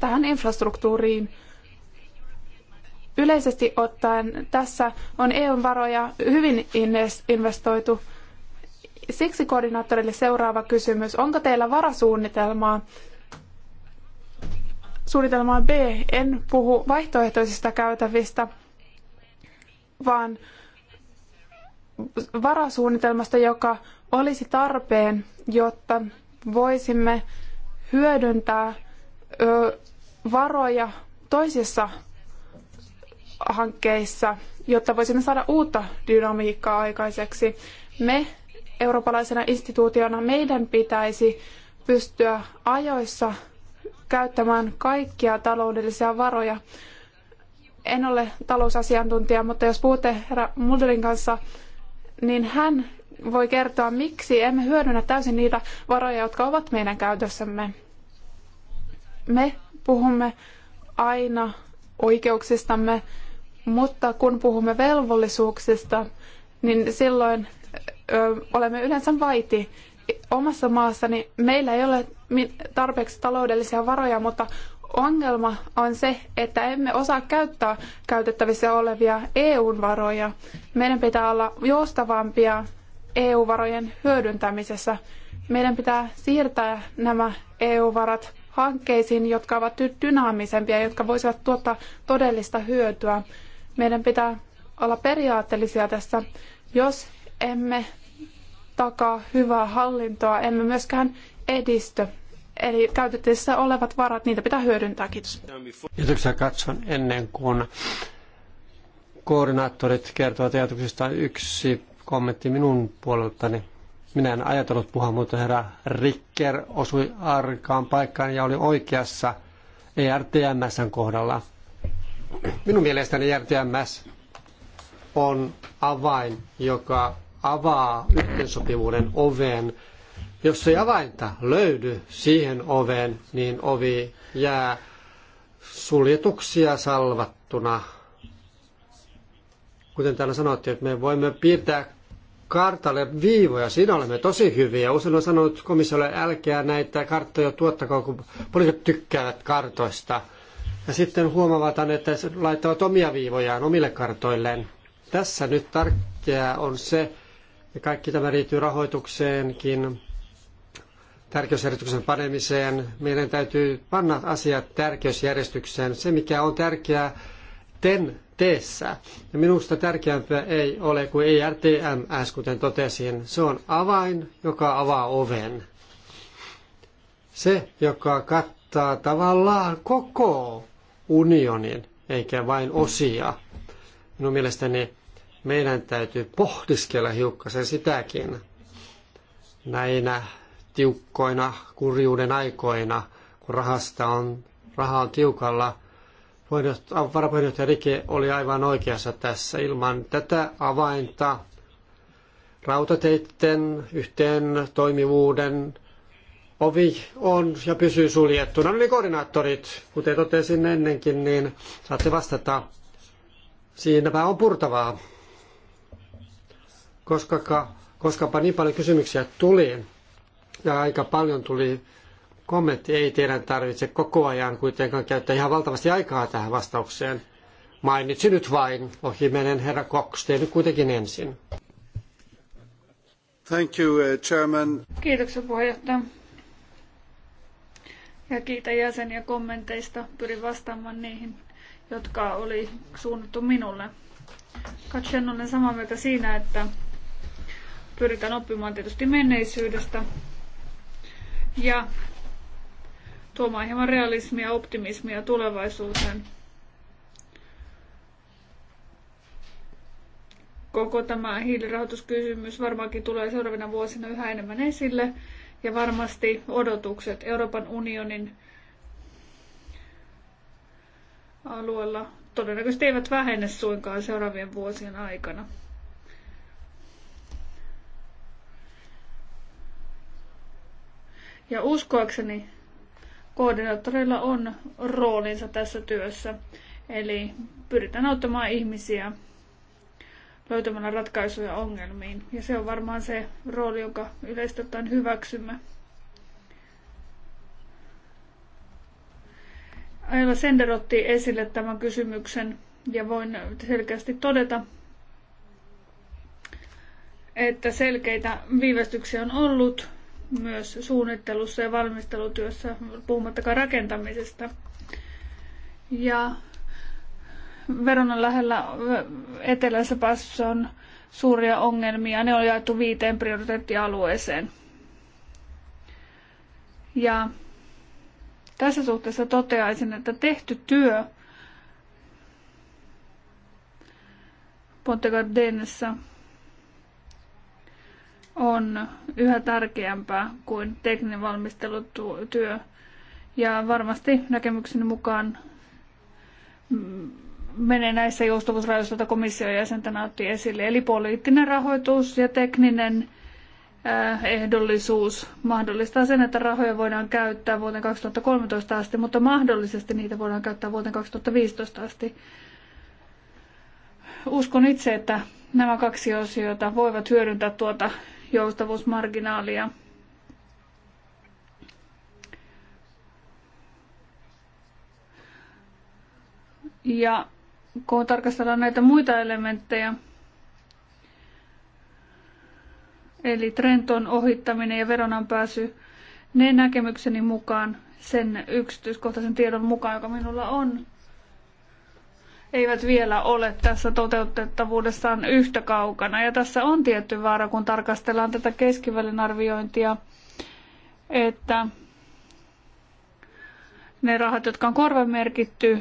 tähän infrastruktuuriin Yleisesti ottaen tässä on EUn varoja hyvin investoitu. Siksi koordinaattorille seuraava kysymys. Onko teillä varasuunnitelmaa? Suunnitelmaa B. En puhu vaihtoehtoisista käytävistä, vaan varasuunnitelmasta, joka olisi tarpeen, jotta voisimme hyödyntää varoja toisessa hankkeissa, jotta voisimme saada uutta dynamiikkaa aikaiseksi. Me eurooppalaisena instituutiona meidän pitäisi pystyä ajoissa käyttämään kaikkia taloudellisia varoja. En ole talousasiantuntija, mutta jos puhutte herra Mulderin kanssa, niin hän voi kertoa, miksi emme hyödynnä täysin niitä varoja, jotka ovat meidän käytössämme. Me puhumme aina oikeuksistamme mutta kun puhumme velvollisuuksista, niin silloin ö, olemme yleensä vaiti. Omassa maassani meillä ei ole tarpeeksi taloudellisia varoja, mutta ongelma on se, että emme osaa käyttää käytettävissä olevia EU-varoja. Meidän pitää olla joustavampia EU-varojen hyödyntämisessä. Meidän pitää siirtää nämä EU-varat hankkeisiin, jotka ovat dynaamisempia, jotka voisivat tuottaa todellista hyötyä. Meidän pitää olla periaatteellisia tässä. Jos emme takaa hyvää hallintoa, emme myöskään edistö. Eli käytettävissä olevat varat, niitä pitää hyödyntää. Kiitos. Kiitoksia katson ennen kuin koordinaattorit kertovat ajatuksistaan yksi kommentti minun puoleltani. Minä en ajatellut puhua, mutta herra Ricker osui arkaan paikkaan ja oli oikeassa ERTMSn kohdalla. Minun mielestäni JRTMS on avain, joka avaa yhteensopivuuden oven. Jos ei avainta löydy siihen oveen, niin ovi jää suljetuksia salvattuna. Kuten täällä sanottiin, että me voimme piirtää kartalle viivoja. Siinä olemme tosi hyviä. Usein on sanonut komissiolle, älkää näitä karttoja tuottakaa, kun poliisit tykkäävät kartoista – ja sitten huomavataan, että laittavat omia viivojaan omille kartoilleen. Tässä nyt tärkeää on se, ja kaikki tämä liittyy rahoitukseenkin, tärkeysjärjestyksen panemiseen. Meidän täytyy panna asiat tärkeysjärjestykseen, se mikä on tärkeää ten teessä. Ja minusta tärkeämpää ei ole kuin ERTMS, kuten totesin. Se on avain, joka avaa oven. Se, joka kattaa tavallaan koko unionin, eikä vain osia. Minun mielestäni meidän täytyy pohdiskella hiukkasen sitäkin näinä tiukkoina kurjuuden aikoina, kun rahasta on, raha on tiukalla. Varapuheenjohtaja Rike oli aivan oikeassa tässä. Ilman tätä avainta rautateitten yhteen toimivuuden ovi on ja pysyy suljettuna. No niin koordinaattorit, kuten totesin ennenkin, niin saatte vastata. Siinäpä on purtavaa, koska, koskapa niin paljon kysymyksiä tuli ja aika paljon tuli kommentti. Ei teidän tarvitse koko ajan kuitenkaan käyttää ihan valtavasti aikaa tähän vastaukseen. Mainitsin nyt vain ohi menen herra Cox, nyt kuitenkin ensin. Thank you, uh, chairman. Kiitoksia puheenjohtaja ja kiitän jäseniä kommenteista. Pyrin vastaamaan niihin, jotka oli suunnattu minulle. Katsen olen samaa mieltä siinä, että pyritään oppimaan tietysti menneisyydestä ja tuomaan hieman realismia ja optimismia tulevaisuuteen. Koko tämä hiilirahoituskysymys varmaankin tulee seuraavina vuosina yhä enemmän esille ja varmasti odotukset Euroopan unionin alueella todennäköisesti eivät vähene suinkaan seuraavien vuosien aikana. Ja uskoakseni koordinaattoreilla on roolinsa tässä työssä. Eli pyritään auttamaan ihmisiä löytämällä ratkaisuja ongelmiin. Ja se on varmaan se rooli, joka yleisesti hyväksymme. Ajalla Sender otti esille tämän kysymyksen ja voin selkeästi todeta, että selkeitä viivästyksiä on ollut myös suunnittelussa ja valmistelutyössä, puhumattakaan rakentamisesta. Ja Veronan lähellä eteläisessä päässä on suuria ongelmia. Ne on jaettu viiteen prioriteettialueeseen. Ja tässä suhteessa toteaisin, että tehty työ Pontegardenessa on yhä tärkeämpää kuin tekninen valmistelutyö. Ja varmasti näkemykseni mukaan mm, menee näissä joustavuusrajoissa, joita komission jäsentänä otti esille. Eli poliittinen rahoitus ja tekninen äh, ehdollisuus mahdollistaa sen, että rahoja voidaan käyttää vuoteen 2013 asti, mutta mahdollisesti niitä voidaan käyttää vuoteen 2015 asti. Uskon itse, että nämä kaksi osiota voivat hyödyntää tuota joustavuusmarginaalia. Ja kun tarkastellaan näitä muita elementtejä, eli Trenton ohittaminen ja veronan pääsy, ne näkemykseni mukaan, sen yksityiskohtaisen tiedon mukaan, joka minulla on, eivät vielä ole tässä toteutettavuudessaan yhtä kaukana. Ja tässä on tietty vaara, kun tarkastellaan tätä keskivälin arviointia, että ne rahat, jotka on korvamerkitty,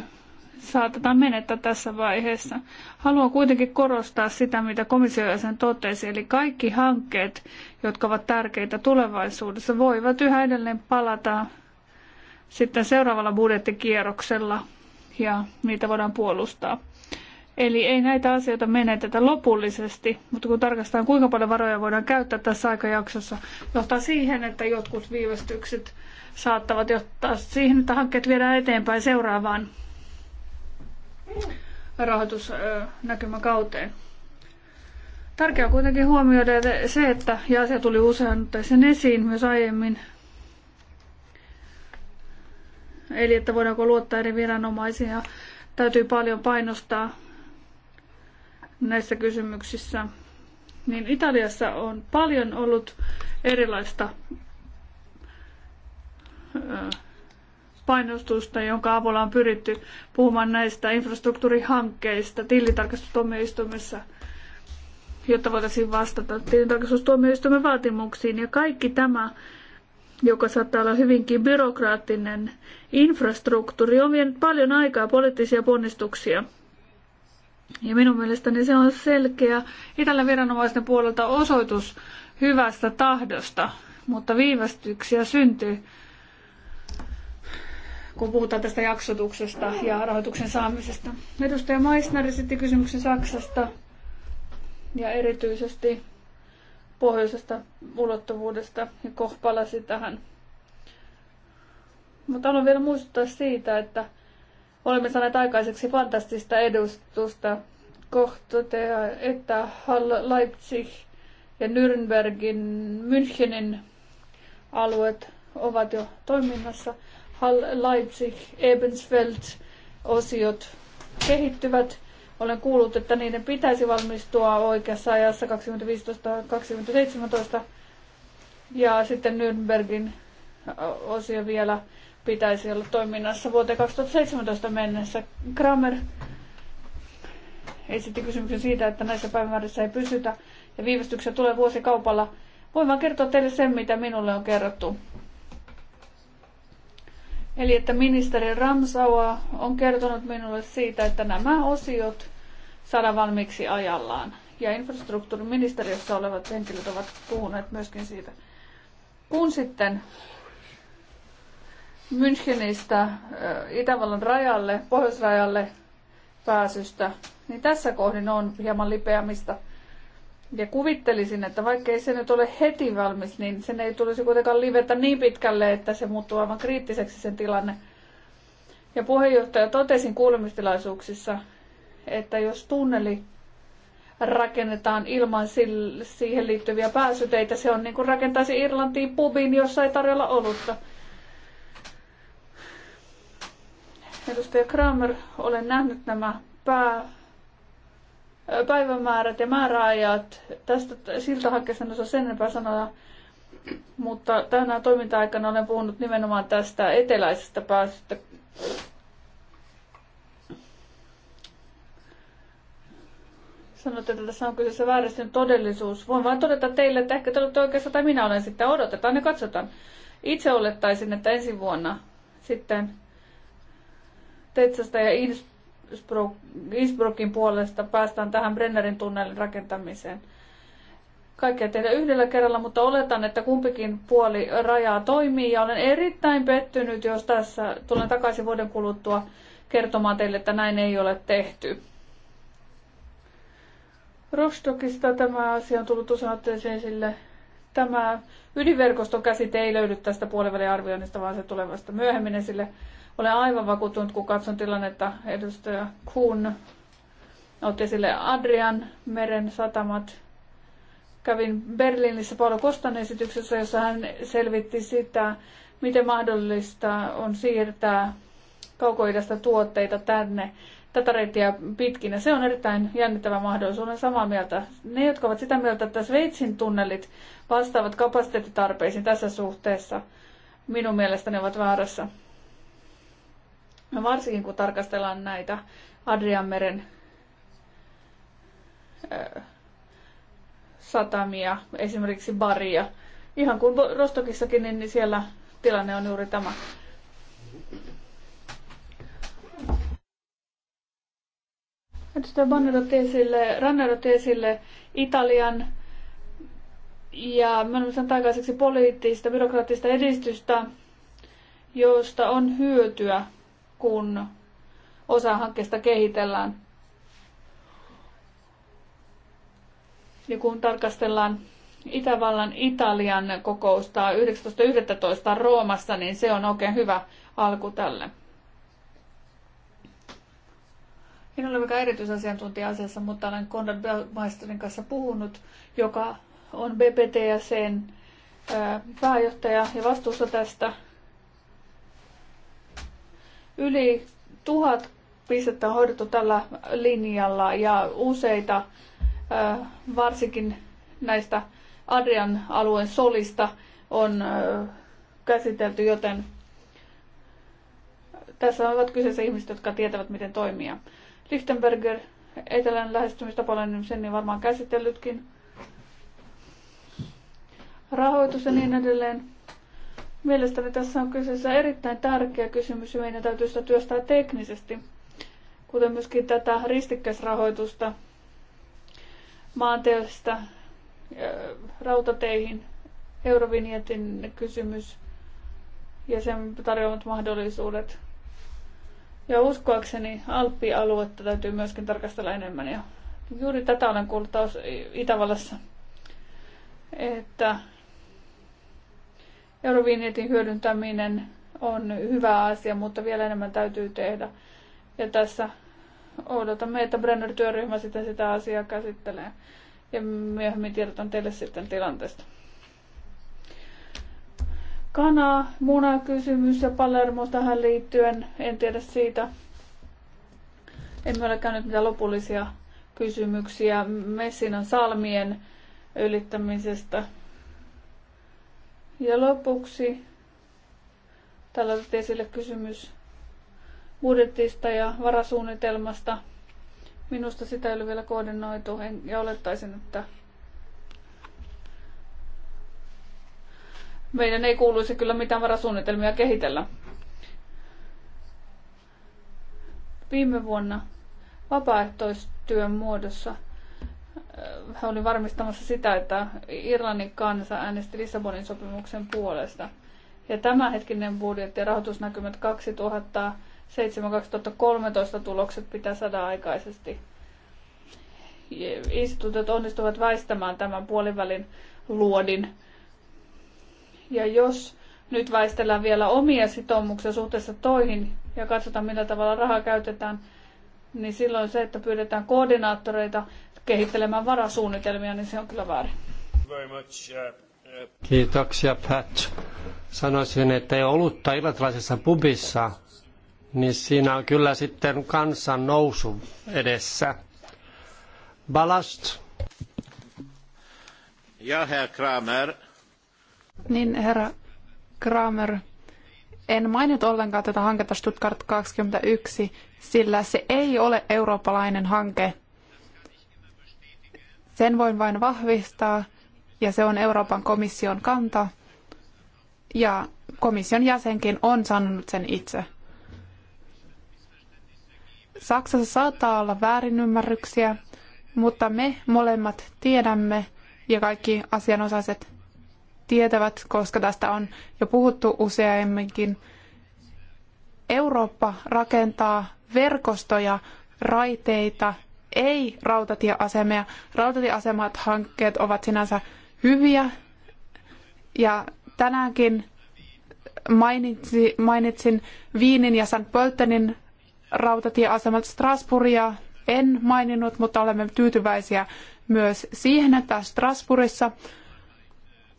saatetaan menettää tässä vaiheessa. Haluan kuitenkin korostaa sitä, mitä komissio jäsen totesi, eli kaikki hankkeet, jotka ovat tärkeitä tulevaisuudessa, voivat yhä edelleen palata sitten seuraavalla budjettikierroksella ja niitä voidaan puolustaa. Eli ei näitä asioita menetetä lopullisesti, mutta kun tarkastetaan kuinka paljon varoja voidaan käyttää tässä aikajaksossa, johtaa siihen, että jotkut viivästykset saattavat johtaa siihen, että hankkeet viedään eteenpäin seuraavaan rahoitusnäkymäkauteen. Tärkeää on kuitenkin huomioida se, että, ja asia tuli usein sen esiin myös aiemmin, eli että voidaanko luottaa eri viranomaisia, täytyy paljon painostaa näissä kysymyksissä. Niin Italiassa on paljon ollut erilaista painostusta, jonka avulla on pyritty puhumaan näistä infrastruktuurihankkeista tilintarkastustuomioistuimessa, jotta voitaisiin vastata tilintarkastustuomioistuimen vaatimuksiin. Ja kaikki tämä, joka saattaa olla hyvinkin byrokraattinen infrastruktuuri, on vienyt paljon aikaa poliittisia ponnistuksia. Ja minun mielestäni se on selkeä itällä viranomaisten puolelta osoitus hyvästä tahdosta, mutta viivästyksiä syntyy kun puhutaan tästä jaksotuksesta ja rahoituksen saamisesta. Edustaja Maisner esitti kysymyksen Saksasta ja erityisesti pohjoisesta ulottuvuudesta ja Koch palasi tähän. Mutta haluan vielä muistuttaa siitä, että olemme saaneet aikaiseksi fantastista edustusta. Koch toteaa, että Hall, Leipzig ja Nürnbergin, Münchenin alueet ovat jo toiminnassa – Hall Leipzig, Ebensfeld-osiot kehittyvät. Olen kuullut, että niiden pitäisi valmistua oikeassa ajassa 2015-2017 ja sitten Nürnbergin osio vielä pitäisi olla toiminnassa vuoteen 2017 mennessä. Kramer esitti kysymyksen siitä, että näissä päivämäärissä ei pysytä ja viivästyksiä tulee vuosikaupalla. Voin vaan kertoa teille sen, mitä minulle on kerrottu. Eli että ministeri Ramsaua on kertonut minulle siitä, että nämä osiot saadaan valmiiksi ajallaan. Ja infrastruktuuriministeriössä olevat henkilöt ovat puhuneet myöskin siitä. Kun sitten Münchenistä Itävallan rajalle, pohjoisrajalle pääsystä, niin tässä kohdin on hieman lipeämistä – ja kuvittelisin, että vaikkei se nyt ole heti valmis, niin sen ei tulisi kuitenkaan livetä niin pitkälle, että se muuttuu aivan kriittiseksi sen tilanne. Ja puheenjohtaja totesin kuulemistilaisuuksissa, että jos tunneli rakennetaan ilman siihen liittyviä pääsyteitä, se on niin kuin rakentaisi Irlantiin pubiin, jossa ei tarjolla olutta. Edustaja Kramer, olen nähnyt nämä pää päivämäärät ja määräajat. Tästä siltä hankkeesta en osaa sen enempää sanoa, mutta tänä toiminta-aikana olen puhunut nimenomaan tästä eteläisestä pääsystä. Sanoitte, että tässä on kyseessä vääristynyt todellisuus. Voin vain todeta teille, että ehkä te olette oikeassa tai minä olen sitten. Odotetaan ja katsotaan. Itse olettaisin, että ensi vuonna sitten Tetsasta ja Innsbruckin puolesta päästään tähän Brennerin tunnelin rakentamiseen. Kaikkea tehdä yhdellä kerralla, mutta oletan, että kumpikin puoli rajaa toimii ja olen erittäin pettynyt, jos tässä tulen takaisin vuoden kuluttua kertomaan teille, että näin ei ole tehty. Rostokista tämä asia on tullut usein otteeseen esille. Tämä ydinverkoston käsite ei löydy tästä puoliväliarvioinnista, vaan se tulee vasta myöhemmin esille. Olen aivan vakuuttunut, kun katson tilannetta edustaja Kuhn otti esille Adrian meren satamat. Kävin Berliinissä Paolo Kostan esityksessä, jossa hän selvitti sitä, miten mahdollista on siirtää kauko tuotteita tänne tätä reittiä pitkin. Ja se on erittäin jännittävä mahdollisuus. Olen samaa mieltä. Ne, jotka ovat sitä mieltä, että Sveitsin tunnelit vastaavat kapasiteettitarpeisiin tässä suhteessa, minun mielestäni ovat väärässä. No varsinkin kun tarkastellaan näitä Adrianmeren satamia, esimerkiksi baria. Ihan kuin Rostokissakin, niin siellä tilanne on juuri tämä. Edustaja Banner otti esille, Ranner otti esille Italian ja me olemme saaneet aikaiseksi poliittista, byrokraattista edistystä, josta on hyötyä kun osa hankkeesta kehitellään. Ja kun tarkastellaan Itävallan Italian kokousta 19.11. Roomassa, niin se on oikein hyvä alku tälle. En ole mikään erityisasiantuntija asiassa, mutta olen Konrad Meisterin kanssa puhunut, joka on BPTSn pääjohtaja ja vastuussa tästä Yli tuhat pistettä on hoidettu tällä linjalla ja useita, varsinkin näistä Adrian alueen solista, on käsitelty, joten tässä ovat kyseessä ihmiset, jotka tietävät, miten toimia. Lichtenberger, etelän lähestymistapa olen niin sen niin varmaan käsitellytkin. Rahoitus ja niin edelleen. Mielestäni tässä on kyseessä erittäin tärkeä kysymys ja meidän täytyy sitä työstää teknisesti, kuten myöskin tätä ristikkäisrahoitusta maanteosta rautateihin, Eurovinjetin kysymys ja sen tarjoamat mahdollisuudet. Ja uskoakseni Alppi-aluetta täytyy myöskin tarkastella enemmän. Ja juuri tätä olen kuullut taas Itävallassa, että Eurovinjetin hyödyntäminen on hyvä asia, mutta vielä enemmän täytyy tehdä. Ja tässä odotamme, että Brenner-työryhmä sitä, sitä asiaa käsittelee. Ja myöhemmin tiedotan teille sitten tilanteesta. Kana, muna kysymys ja Palermo tähän liittyen. En tiedä siitä. En ole käynyt mitään lopullisia kysymyksiä Messinan salmien ylittämisestä. Ja lopuksi täällä otettiin esille kysymys budjetista ja varasuunnitelmasta. Minusta sitä ei ole vielä koordinoitu ja olettaisin, että meidän ei kuuluisi kyllä mitään varasuunnitelmia kehitellä. Viime vuonna vapaaehtoistyön muodossa – oli varmistamassa sitä, että Irlannin kansa äänesti Lissabonin sopimuksen puolesta. Ja tämänhetkinen budjetti ja rahoitusnäkymät 2007-2013 tulokset pitää saada aikaisesti. Instituutiot onnistuvat väistämään tämän puolivälin luodin. Ja jos nyt väistellään vielä omia sitoumuksia suhteessa toihin ja katsotaan millä tavalla rahaa käytetään, niin silloin se, että pyydetään koordinaattoreita kehittelemään varasuunnitelmia, niin se on kyllä väärin. Uh, uh, Kiitoksia, Pat. Sanoisin, että ei olutta irlantilaisessa pubissa, niin siinä on kyllä sitten kansan nousu edessä. Balast. Ja herra Kramer. Niin, herra Kramer, en mainit ollenkaan tätä hanketta Stuttgart 21, sillä se ei ole eurooppalainen hanke. Sen voin vain vahvistaa, ja se on Euroopan komission kanta, ja komission jäsenkin on sanonut sen itse. Saksassa saattaa olla väärinymmärryksiä, mutta me molemmat tiedämme ja kaikki asianosaiset tietävät, koska tästä on jo puhuttu useamminkin. Eurooppa rakentaa verkostoja, raiteita ei rautatieasemia. Rautatieasemat hankkeet ovat sinänsä hyviä ja tänäänkin mainitsi, mainitsin Viinin ja St. Pöltenin rautatieasemat Strasburgia en maininnut, mutta olemme tyytyväisiä myös siihen, että Strasbourgissa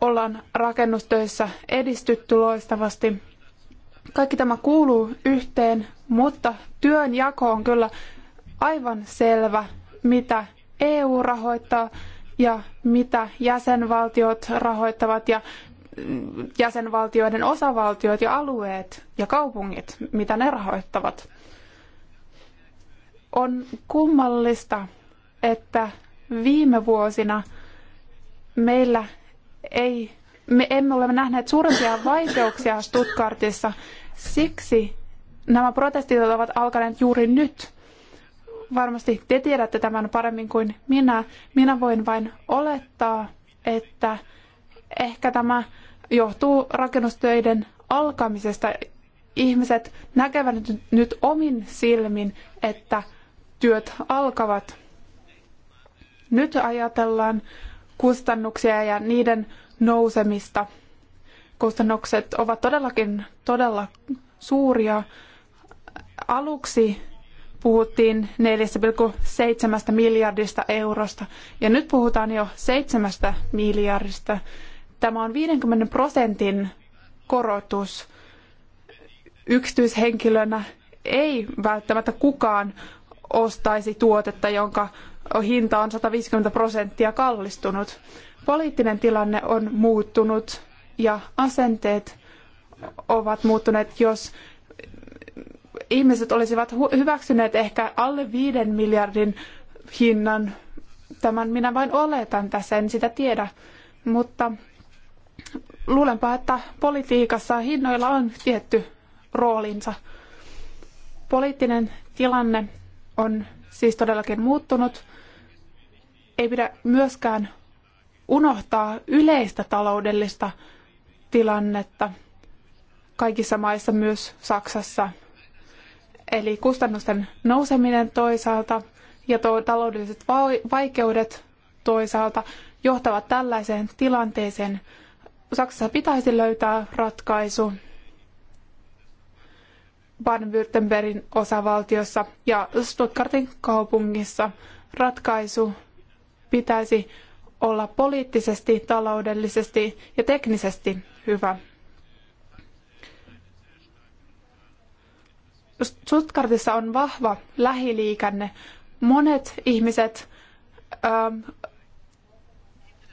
ollaan rakennustöissä edistytty loistavasti. Kaikki tämä kuuluu yhteen, mutta työnjako on kyllä aivan selvä, mitä EU rahoittaa ja mitä jäsenvaltiot rahoittavat ja jäsenvaltioiden osavaltiot ja alueet ja kaupungit, mitä ne rahoittavat. On kummallista, että viime vuosina meillä ei, me emme ole nähneet suurempia vaikeuksia Stuttgartissa. Siksi nämä protestit ovat alkaneet juuri nyt varmasti te tiedätte tämän paremmin kuin minä. Minä voin vain olettaa, että ehkä tämä johtuu rakennustöiden alkamisesta. Ihmiset näkevät nyt omin silmin, että työt alkavat. Nyt ajatellaan kustannuksia ja niiden nousemista. Kustannukset ovat todellakin todella suuria. Aluksi puhuttiin 4,7 miljardista eurosta ja nyt puhutaan jo 7 miljardista. Tämä on 50 prosentin korotus. Yksityishenkilönä ei välttämättä kukaan ostaisi tuotetta, jonka hinta on 150 prosenttia kallistunut. Poliittinen tilanne on muuttunut ja asenteet ovat muuttuneet, jos ihmiset olisivat hyväksyneet ehkä alle viiden miljardin hinnan. Tämän minä vain oletan tässä, en sitä tiedä. Mutta luulenpa, että politiikassa hinnoilla on tietty roolinsa. Poliittinen tilanne on siis todellakin muuttunut. Ei pidä myöskään unohtaa yleistä taloudellista tilannetta kaikissa maissa, myös Saksassa – eli kustannusten nouseminen toisaalta ja taloudelliset vaikeudet toisaalta johtavat tällaiseen tilanteeseen. Saksassa pitäisi löytää ratkaisu Baden-Württembergin osavaltiossa ja Stuttgartin kaupungissa. Ratkaisu pitäisi olla poliittisesti, taloudellisesti ja teknisesti hyvä. Stuttgartissa on vahva lähiliikenne. Monet ihmiset ö, ähm,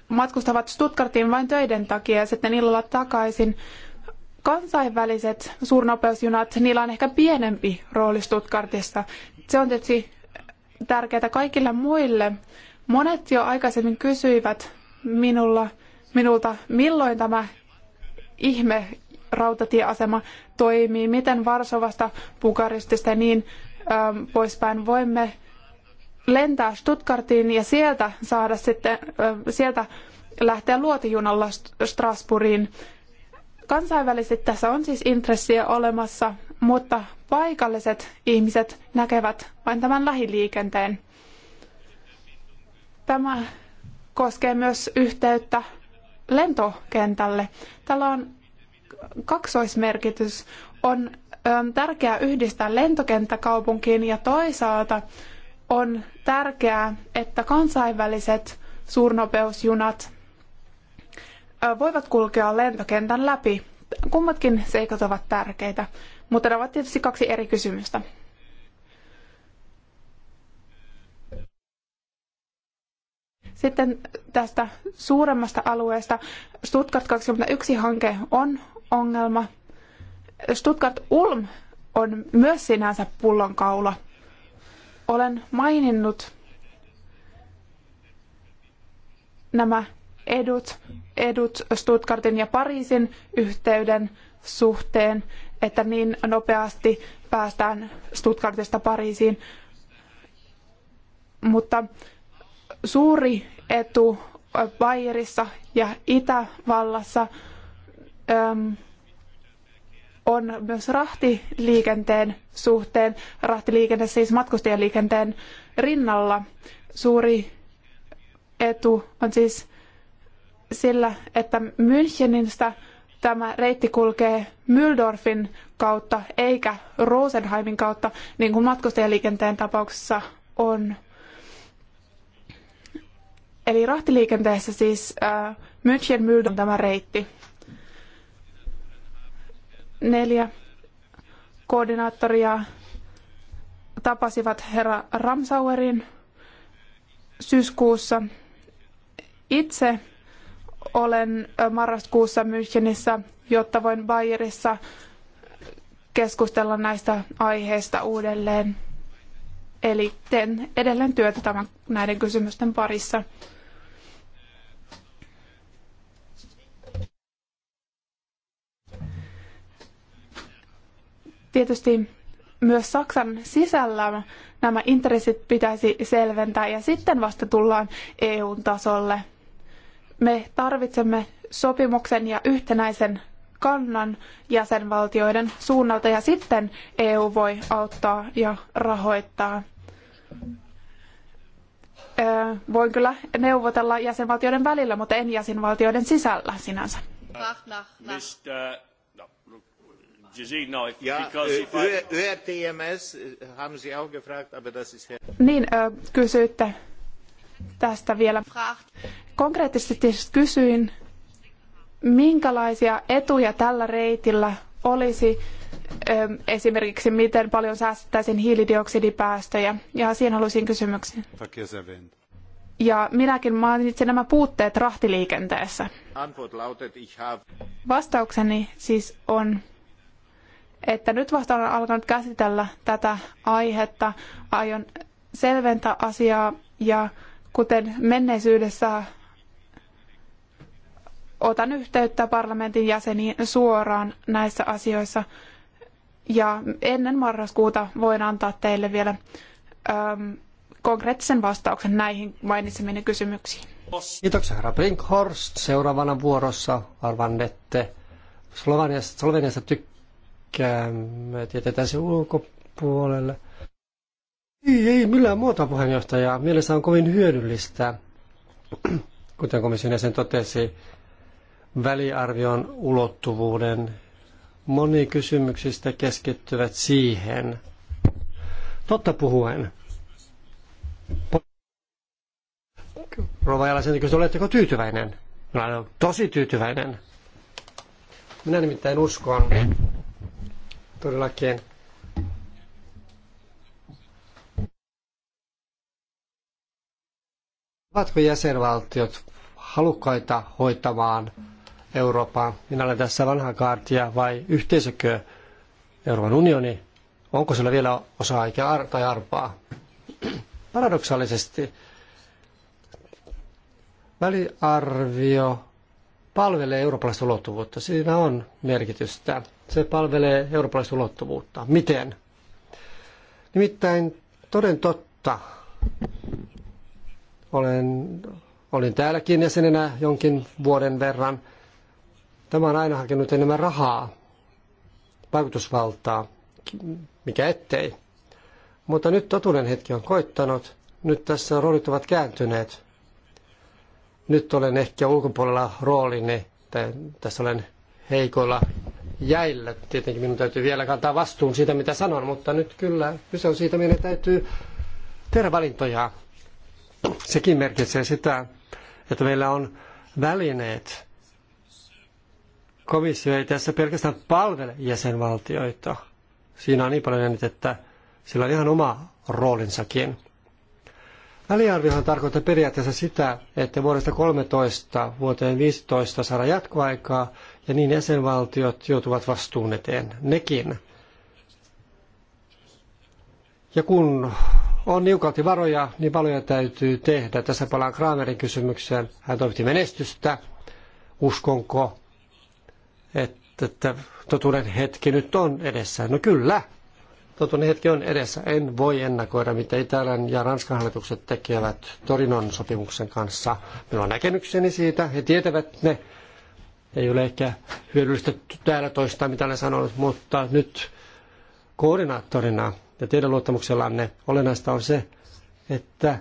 matkustavat Stuttgartiin vain töiden takia ja sitten illalla takaisin. Kansainväliset suurnopeusjunat, niillä on ehkä pienempi rooli Stuttgartissa. Se on tietysti tärkeää kaikille muille. Monet jo aikaisemmin kysyivät minulla, minulta, milloin tämä ihme rautatieasema toimii, miten Varsovasta, Bukarestista ja niin äm, poispäin voimme lentää Stuttgartiin ja sieltä saada sitten, äh, sieltä lähteä luotijunalla Strasbourgiin. Kansainvälisesti tässä on siis intressiä olemassa, mutta paikalliset ihmiset näkevät vain tämän lähiliikenteen. Tämä koskee myös yhteyttä lentokentälle. Täällä on kaksoismerkitys. On ähm, tärkeää yhdistää lentokenttäkaupunkiin ja toisaalta on tärkeää, että kansainväliset suurnopeusjunat äh, voivat kulkea lentokentän läpi. Kummatkin seikat ovat tärkeitä, mutta ne ovat tietysti kaksi eri kysymystä. Sitten tästä suuremmasta alueesta Stuttgart 21-hanke on ongelma. Stuttgart-Ulm on myös sinänsä pullonkaula. Olen maininnut nämä edut, edut Stuttgartin ja Pariisin yhteyden suhteen, että niin nopeasti päästään Stuttgartista Pariisiin. Mutta suuri etu Bayerissa ja Itävallassa on myös rahtiliikenteen suhteen, rahtiliikenne siis matkustajaliikenteen rinnalla. Suuri etu on siis sillä, että Münchenistä tämä reitti kulkee Mühldorfin kautta eikä Rosenheimin kautta, niin kuin matkustajaliikenteen tapauksessa on. Eli rahtiliikenteessä siis äh, München Mühldorf on tämä reitti neljä koordinaattoria tapasivat herra Ramsauerin syyskuussa. Itse olen marraskuussa Münchenissä, jotta voin Bayerissa keskustella näistä aiheista uudelleen. Eli teen edelleen työtä tämän, näiden kysymysten parissa. tietysti myös Saksan sisällä nämä intressit pitäisi selventää ja sitten vasta tullaan EU-tasolle. Me tarvitsemme sopimuksen ja yhtenäisen kannan jäsenvaltioiden suunnalta ja sitten EU voi auttaa ja rahoittaa. Voin kyllä neuvotella jäsenvaltioiden välillä, mutta en jäsenvaltioiden sisällä sinänsä. Mr haben Sie auch gefragt, aber das ist... Niin, kysyitte tästä vielä. Konkreettisesti kysyin, minkälaisia etuja tällä reitillä olisi esimerkiksi miten paljon säästettäisiin hiilidioksidipäästöjä. Ja siihen haluaisin kysymyksen. Ja minäkin mainitsin nämä puutteet rahtiliikenteessä. Vastaukseni siis on, että nyt vasta olen alkanut käsitellä tätä aihetta. Aion selventää asiaa ja kuten menneisyydessä otan yhteyttä parlamentin jäseniin suoraan näissä asioissa. Ja ennen marraskuuta voin antaa teille vielä äm, konkreettisen vastauksen näihin mainitsemiini kysymyksiin. Kiitoksia herra Brinkhorst. Seuraavana vuorossa arvannette Sloveniasta, Sloveniasta tykkää me tietetään se ulkopuolelle. Ei, ei millään muuta puheenjohtajaa. Mielestäni on kovin hyödyllistä, kuten komission jäsen totesi, väliarvion ulottuvuuden. Moni kysymyksistä keskittyvät siihen. Totta puhuen. Rova Jalasen, oletteko tyytyväinen? Minä olen tosi tyytyväinen. Minä nimittäin uskon, todellakin Ovatko jäsenvaltiot halukkaita hoitamaan Eurooppaa? Minä olen tässä vanha kaartia vai yhteisökö Euroopan unioni? Onko sillä vielä aikaa eikä tai arpaa? Paradoksaalisesti väliarvio palvelee eurooppalaista ulottuvuutta. Siinä on merkitystä se palvelee eurooppalaista ulottuvuutta. Miten? Nimittäin toden totta, olen, olin täälläkin jäsenenä jonkin vuoden verran. Tämä on aina hakenut enemmän rahaa, vaikutusvaltaa, mikä ettei. Mutta nyt totuuden hetki on koittanut, nyt tässä roolit ovat kääntyneet. Nyt olen ehkä ulkopuolella roolini, tässä olen heikoilla jäillä. Tietenkin minun täytyy vielä kantaa vastuun siitä, mitä sanon, mutta nyt kyllä kyse on siitä, meidän täytyy tehdä valintoja. Sekin merkitsee sitä, että meillä on välineet. Komissio ei tässä pelkästään palvele jäsenvaltioita. Siinä on niin paljon nyt, että sillä on ihan oma roolinsakin. Väliarviohan tarkoittaa periaatteessa sitä, että vuodesta 13 vuoteen 15 saada jatkoaikaa ja niin jäsenvaltiot joutuvat vastuun eteen, nekin. Ja kun on niukalti varoja, niin paljon täytyy tehdä. Tässä palaan Kramerin kysymykseen. Hän toivotti menestystä. Uskonko, että, että totuuden hetki nyt on edessä? No kyllä, totuuden hetki on edessä. En voi ennakoida, mitä Italian ja Ranskan hallitukset tekevät Torinon sopimuksen kanssa. Minulla on näkemykseni siitä. He tietävät ne ei ole ehkä hyödyllistä täällä toistaa, mitä olen sanonut, mutta nyt koordinaattorina ja teidän luottamuksellanne olennaista on se, että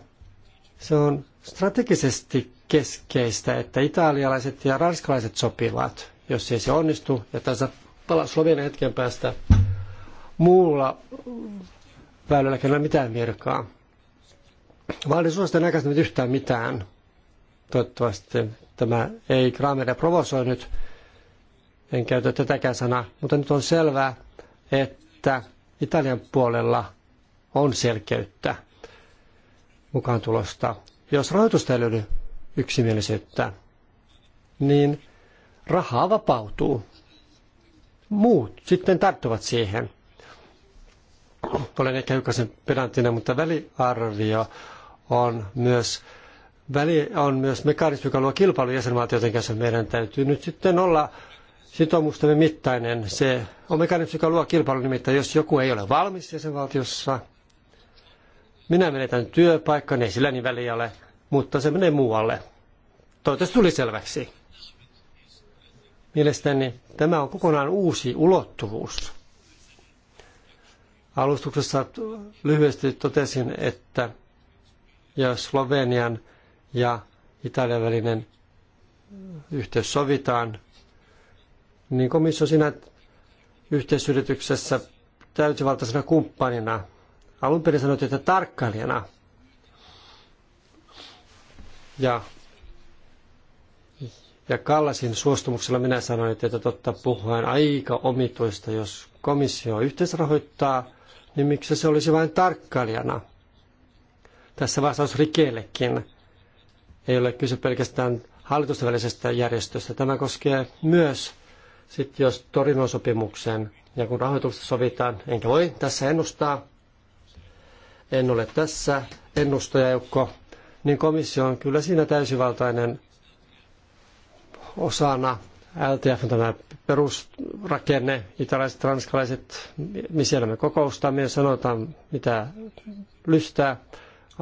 se on strategisesti keskeistä, että italialaiset ja ranskalaiset sopivat, jos ei se onnistu, ja tässä palaa Slovenian hetken päästä muulla väylällä kenellä mitään virkaa. Vaalisuosista ei aikaisemmin yhtään mitään. Toivottavasti Tämä ei Krameria provosoi nyt, en käytä tätäkään sanaa, mutta nyt on selvää, että Italian puolella on selkeyttä mukaan tulosta. Jos rahoitusta ei löydy yksimielisyyttä, niin rahaa vapautuu. Muut sitten tarttuvat siihen. Olen ehkä hiukan pedanttinen, mutta väliarvio on myös väli on myös mekanismi, joka luo kilpailu jäsenvaltioiden kanssa. Meidän täytyy nyt sitten olla sitoumustamme mittainen. Se on mekanismi, joka luo kilpailu nimittäin, jos joku ei ole valmis jäsenvaltiossa. Minä menetän työpaikkani, ei sillä niin väliä ole, mutta se menee muualle. Toivottavasti tuli selväksi. Mielestäni tämä on kokonaan uusi ulottuvuus. Alustuksessa lyhyesti totesin, että ja Slovenian ja Italian välinen yhteys sovitaan, niin komissio siinä yhteisyrityksessä täysivaltaisena kumppanina. Alun perin sanoit, että tarkkailijana. Ja, ja Kallasin suostumuksella minä sanoin, että totta puhuen aika omituista, jos komissio yhteisrahoittaa, niin miksi se olisi vain tarkkailijana? Tässä vastaus Rikeellekin ei ole kyse pelkästään hallitusten välisestä järjestöstä. Tämä koskee myös, sit jos Torinon sopimuksen ja kun rahoituksesta sovitaan, enkä voi tässä ennustaa, en ole tässä ennustajajoukko, niin komissio on kyllä siinä täysivaltainen osana LTF on tämä perusrakenne, italaiset, ranskalaiset, missä me kokoustamme ja sanotaan mitä lystää.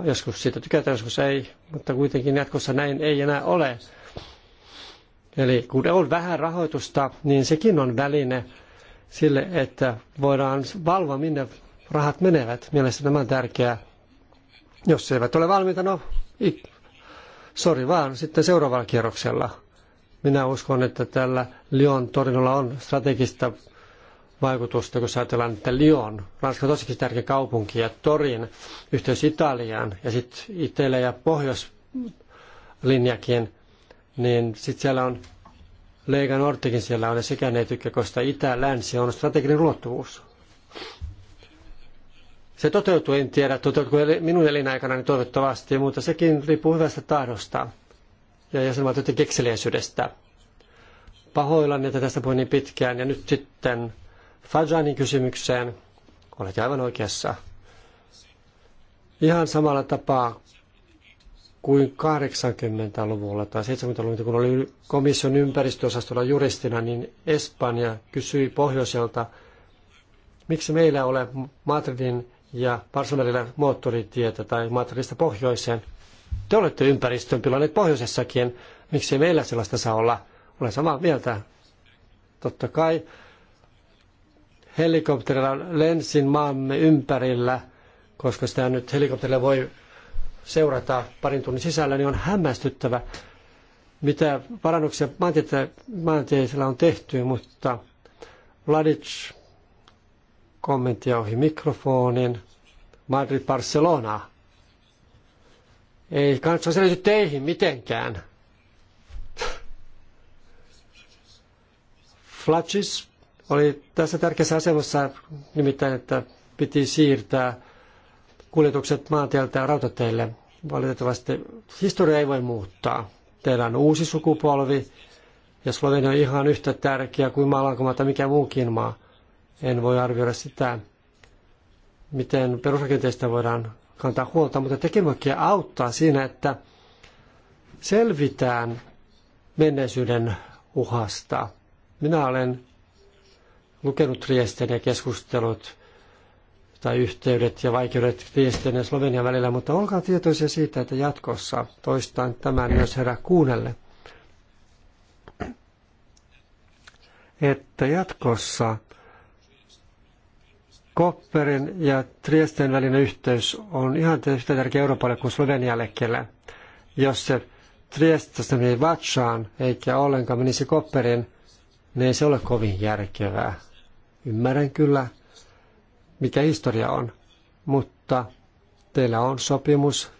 Joskus siitä tykätään, joskus ei, mutta kuitenkin jatkossa näin ei enää ole. Eli kun on vähän rahoitusta, niin sekin on väline sille, että voidaan valvoa, minne rahat menevät. Mielestäni tämä on tärkeää. Jos se eivät ole valmiita, no sori vaan, sitten seuraavalla kierroksella. Minä uskon, että tällä Lyon torinolla on strategista vaikutusta, kun ajatellaan, että Lyon, Ranskan tosikin tärkeä kaupunki, ja Torin yhteys Italiaan, ja sitten Itellä ja Pohjoislinjakin, niin sitten siellä on Leiga Nortikin siellä on, ja sekään ei tykkää, koska itä-länsi on strateginen ulottuvuus. Se toteutuu, en tiedä, toteutuuko minun elinaikana, niin toivottavasti, mutta sekin riippuu hyvästä tahdosta ja jäsenvaltioiden kekseliäisyydestä. Pahoillani, että tästä puhuin niin pitkään, ja nyt sitten Fajanin kysymykseen, olet aivan oikeassa. Ihan samalla tapaa kuin 80-luvulla tai 70-luvulla, kun oli komission ympäristöosastolla juristina, niin Espanja kysyi pohjoiselta, miksi meillä ole Madridin ja Barcelonilla moottoritietä tai Madridista pohjoiseen. Te olette ympäristön pilanneet pohjoisessakin, miksi meillä sellaista saa olla? Olen samaa mieltä. Totta kai helikopterilla lensin maamme ympärillä, koska sitä nyt helikopterilla voi seurata parin tunnin sisällä, niin on hämmästyttävä, mitä parannuksia maantieteellä on tehty, mutta Vladic kommenttia ohi mikrofonin. Madrid Barcelona. Ei kanssa selity teihin mitenkään. Flatsis oli tässä tärkeässä asemassa nimittäin, että piti siirtää kuljetukset maantieltä rautateille. Valitettavasti historia ei voi muuttaa. Teillä on uusi sukupolvi ja Slovenia on ihan yhtä tärkeä kuin maalankomaa tai mikä muukin maa. En voi arvioida sitä, miten perusrakenteista voidaan kantaa huolta, mutta tekemökkiä auttaa siinä, että selvitään menneisyyden uhasta. Minä olen lukenut Triesten ja keskustelut tai yhteydet ja vaikeudet Triesten ja Slovenian välillä, mutta olkaa tietoisia siitä, että jatkossa toistan tämän myös herra kuunnelle. Että jatkossa Kopperin ja Triesten välinen yhteys on ihan yhtä tärkeä Euroopalle kuin Sloveniallekin. Jos se Triestasta meni Vatsaan eikä ollenkaan menisi Kopperin, niin ei se ole kovin järkevää. Ymmärrän kyllä, mikä historia on, mutta teillä on sopimus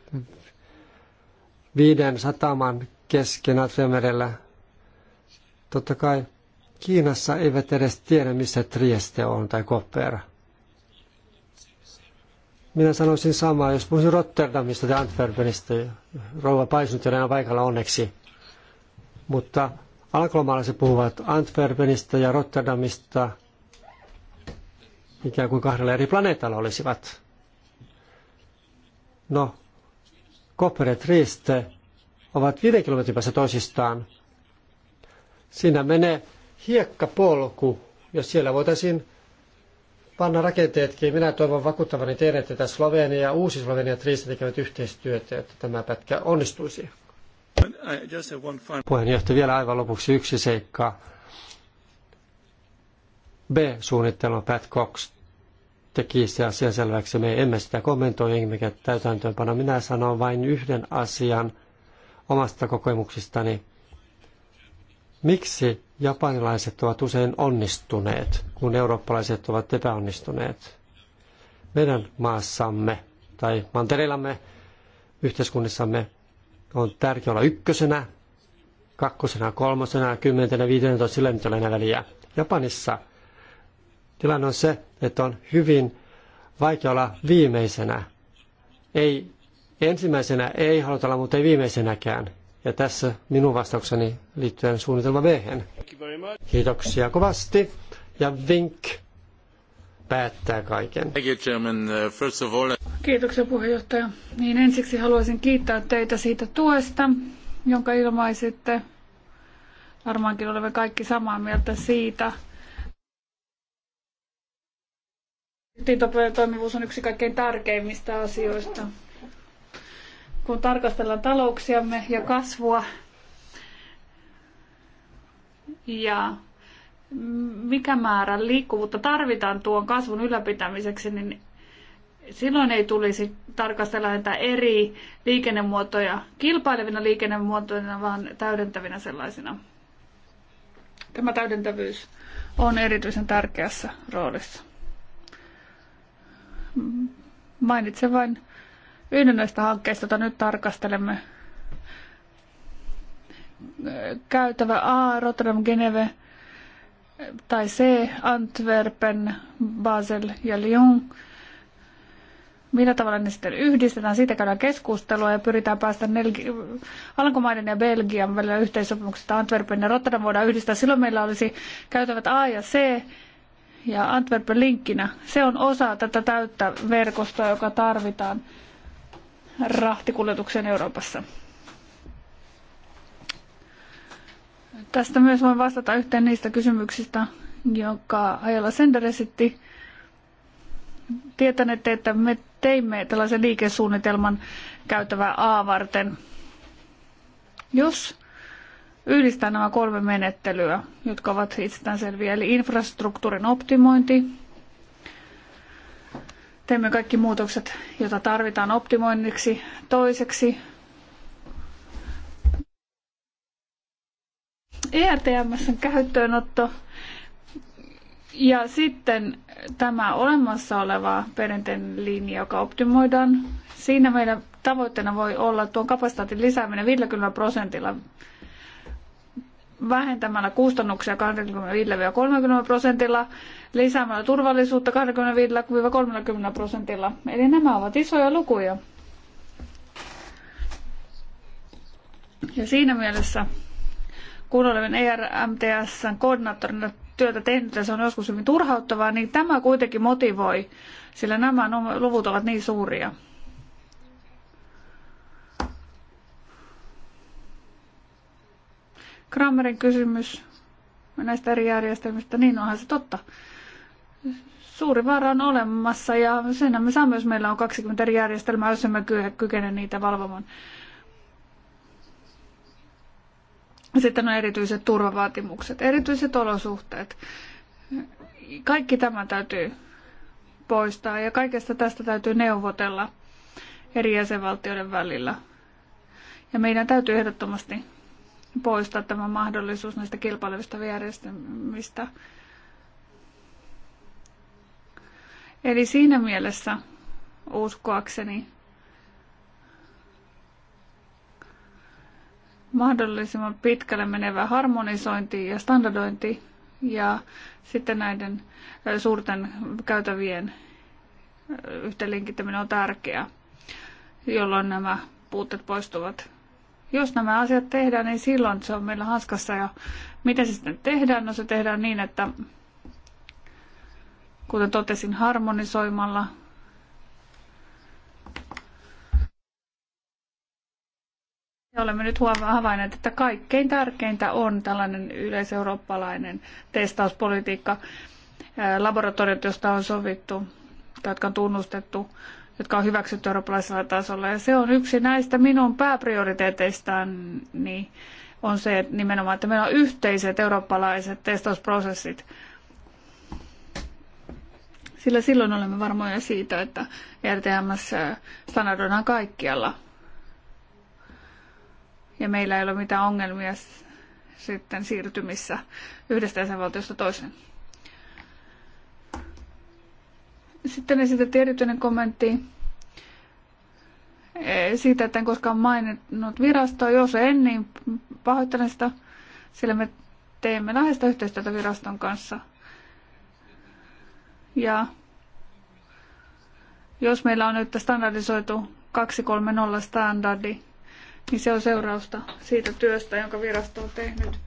viiden sataman kesken Atriamerellä. Totta kai Kiinassa eivät edes tiedä, missä Trieste on tai Kopera. Minä sanoisin samaa, jos puhuisin Rotterdamista tai Antwerpenista. Rouva paisunut ja on paikalla onneksi. Mutta alkolomaalaiset puhuvat Antwerpenista ja Rotterdamista – ikään kuin kahdella eri planeetalla olisivat. No, Kopper ja Triste ovat viiden kilometrin päässä toisistaan. Siinä menee hiekkapolku, jos siellä voitaisiin panna rakenteetkin. Minä toivon vakuuttavani teidän, että Slovenia ja Uusi Slovenia ja Trieste tekevät yhteistyötä, että tämä pätkä onnistuisi. Puheenjohtaja, vielä aivan lopuksi yksi seikka. B-suunnittelu Pat Cox teki se asia selväksi. Me emme sitä kommentoi, emmekä täytäntöönpano. Minä sanon vain yhden asian omasta kokemuksestani. Miksi japanilaiset ovat usein onnistuneet, kun eurooppalaiset ovat epäonnistuneet? Meidän maassamme tai mantereillamme, yhteiskunnissamme on tärkeää olla ykkösenä, kakkosena, kolmosena, kymmentenä, viidentoista, sillä ei ole enää väliä. Japanissa – Tilanne on se, että on hyvin vaikea olla viimeisenä. Ei ensimmäisenä ei haluta olla, mutta ei viimeisenäkään. Ja tässä minun vastaukseni liittyen suunnitelma b Kiitoksia kovasti. Ja vink päättää kaiken. Uh, Kiitoksia puheenjohtaja. Niin ensiksi haluaisin kiittää teitä siitä tuesta, jonka ilmaisitte. Varmaankin olemme kaikki samaa mieltä siitä, Yhteen toimivuus on yksi kaikkein tärkeimmistä asioista. Kun tarkastellaan talouksiamme ja kasvua ja mikä määrä liikkuvuutta tarvitaan tuon kasvun ylläpitämiseksi, niin silloin ei tulisi tarkastella näitä eri liikennemuotoja kilpailevina liikennemuotoina, vaan täydentävinä sellaisina. Tämä täydentävyys on erityisen tärkeässä roolissa. Mainitsen vain yhden näistä hankkeista, jota nyt tarkastelemme. Käytävä A, Rotterdam, Geneve, tai C, Antwerpen, Basel ja Lyon. Millä tavalla ne sitten yhdistetään, siitä käydään keskustelua ja pyritään päästä nelki- Alankomaiden ja Belgian välillä yhteissopimuksesta Antwerpen ja Rotterdam voidaan yhdistää. Silloin meillä olisi käytävät A ja C ja Antwerpen linkkinä, se on osa tätä täyttä verkostoa, joka tarvitaan rahtikuljetukseen Euroopassa. Tästä myös voin vastata yhteen niistä kysymyksistä, jonka Ajala Sender esitti. Tietänette, että me teimme tällaisen liikesuunnitelman käytävää A varten. Jos yhdistää nämä kolme menettelyä, jotka ovat itsestäänselviä, eli infrastruktuurin optimointi, teemme kaikki muutokset, joita tarvitaan optimoinniksi. Toiseksi ERTMSn käyttöönotto ja sitten tämä olemassa oleva perinteinen linja, joka optimoidaan. Siinä meidän tavoitteena voi olla tuon kapasiteetin lisääminen 50 prosentilla vähentämällä kustannuksia 25-30 prosentilla, lisäämällä turvallisuutta 25-30 prosentilla. Eli nämä ovat isoja lukuja. Ja siinä mielessä, kun olen ERMTSn koordinaattorina työtä tehnyt ja se on joskus hyvin turhauttavaa, niin tämä kuitenkin motivoi, sillä nämä luvut ovat niin suuria. Kramerin kysymys näistä eri järjestelmistä, niin onhan se totta. Suuri vaara on olemassa ja senhän me saamme, jos meillä on 20 eri järjestelmää, jos emme kykene niitä valvomaan. Sitten on erityiset turvavaatimukset, erityiset olosuhteet. Kaikki tämä täytyy poistaa ja kaikesta tästä täytyy neuvotella eri jäsenvaltioiden välillä. Ja meidän täytyy ehdottomasti poistaa tämä mahdollisuus näistä kilpailevista järjestelmistä. Eli siinä mielessä uskoakseni mahdollisimman pitkälle menevä harmonisointi ja standardointi ja sitten näiden suurten käytävien yhteenlinkittäminen on tärkeää, jolloin nämä puutteet poistuvat. Jos nämä asiat tehdään, niin silloin se on meillä hanskassa. Ja miten se sitten tehdään? No se tehdään niin, että kuten totesin, harmonisoimalla Ja olemme nyt havainneet, että kaikkein tärkeintä on tällainen yleiseurooppalainen testauspolitiikka, laboratoriot, joista on sovittu jotka on tunnustettu jotka on hyväksytty eurooppalaisella tasolla. Ja se on yksi näistä minun pääprioriteeteistani, niin on se että nimenomaan, että meillä on yhteiset eurooppalaiset testausprosessit. Sillä silloin olemme varmoja siitä, että RTMS standardoidaan kaikkialla. Ja meillä ei ole mitään ongelmia sitten siirtymissä yhdestä jäsenvaltiosta toiseen. Sitten esitettiin erityinen kommentti eh, siitä, että en koskaan maininnut virastoa. Jos en, niin pahoittelen sitä, sillä me teemme läheistä yhteistyötä viraston kanssa. Ja jos meillä on nyt standardisoitu 230 standardi, niin se on seurausta siitä työstä, jonka virasto on tehnyt.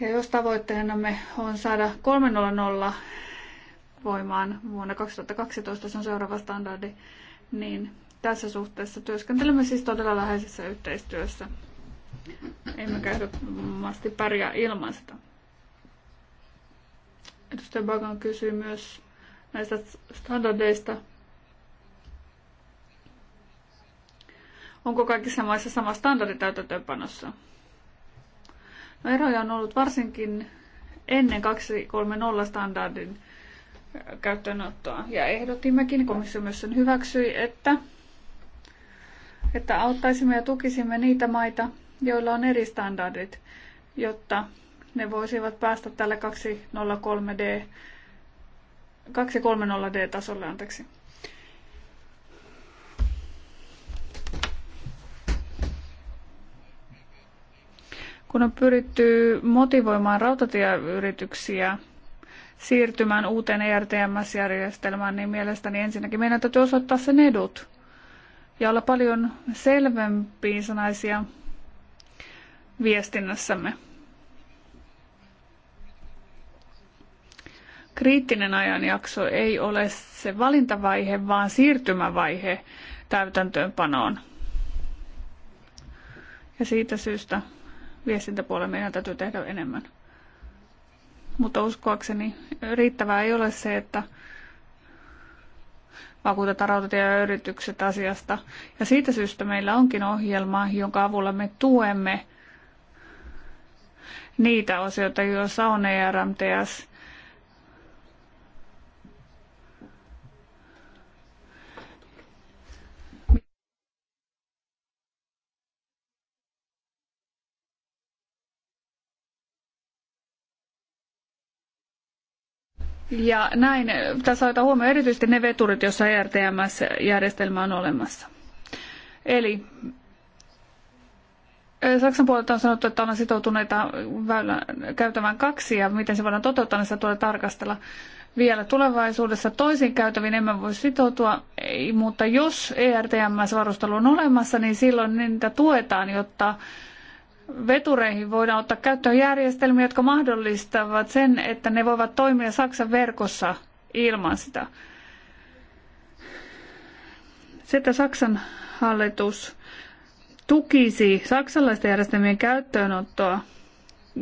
Ja jos tavoitteenamme on saada 300 voimaan vuonna 2012, se on seuraava standardi, niin tässä suhteessa työskentelemme siis todella läheisessä yhteistyössä. Emmekä ehdottomasti pärjää ilman sitä. Edustaja Bagan kysyi myös näistä standardeista. Onko kaikissa maissa sama standardi täytäntöönpanossa? No eroja on ollut varsinkin ennen 230 standardin käyttöönottoa. Ja ehdotimmekin, komissio myös sen hyväksyi, että, että auttaisimme ja tukisimme niitä maita, joilla on eri standardit, jotta ne voisivat päästä tälle 203D, 230D-tasolle. Anteeksi. Kun on pyritty motivoimaan rautatieyrityksiä siirtymään uuteen ERTMS-järjestelmään, niin mielestäni ensinnäkin meidän täytyy osoittaa sen edut ja olla paljon selvempiin sanaisia viestinnässämme. Kriittinen ajanjakso ei ole se valintavaihe, vaan siirtymävaihe täytäntöönpanoon. Ja siitä syystä viestintäpuolella meidän täytyy tehdä enemmän mutta uskoakseni riittävää ei ole se, että vakuutetaan rautatieyritykset asiasta. Ja siitä syystä meillä onkin ohjelma, jonka avulla me tuemme niitä osioita, joissa on ERMTS Ja näin eh, tässä otetaan huomioon erityisesti ne veturit, joissa ERTMS-järjestelmä on olemassa. Eli eh, Saksan puolelta on sanottu, että ollaan sitoutuneita väylän, käytävään kaksi ja miten se voidaan toteuttaa, niin sitä tulee tarkastella vielä tulevaisuudessa. Toisin käytäviin emme voi sitoutua, ei, mutta jos ERTMS-varustelu on olemassa, niin silloin niitä tuetaan, jotta vetureihin voidaan ottaa käyttöön järjestelmiä, jotka mahdollistavat sen, että ne voivat toimia Saksan verkossa ilman sitä. Se, että Saksan hallitus tukisi saksalaisten järjestelmien käyttöönottoa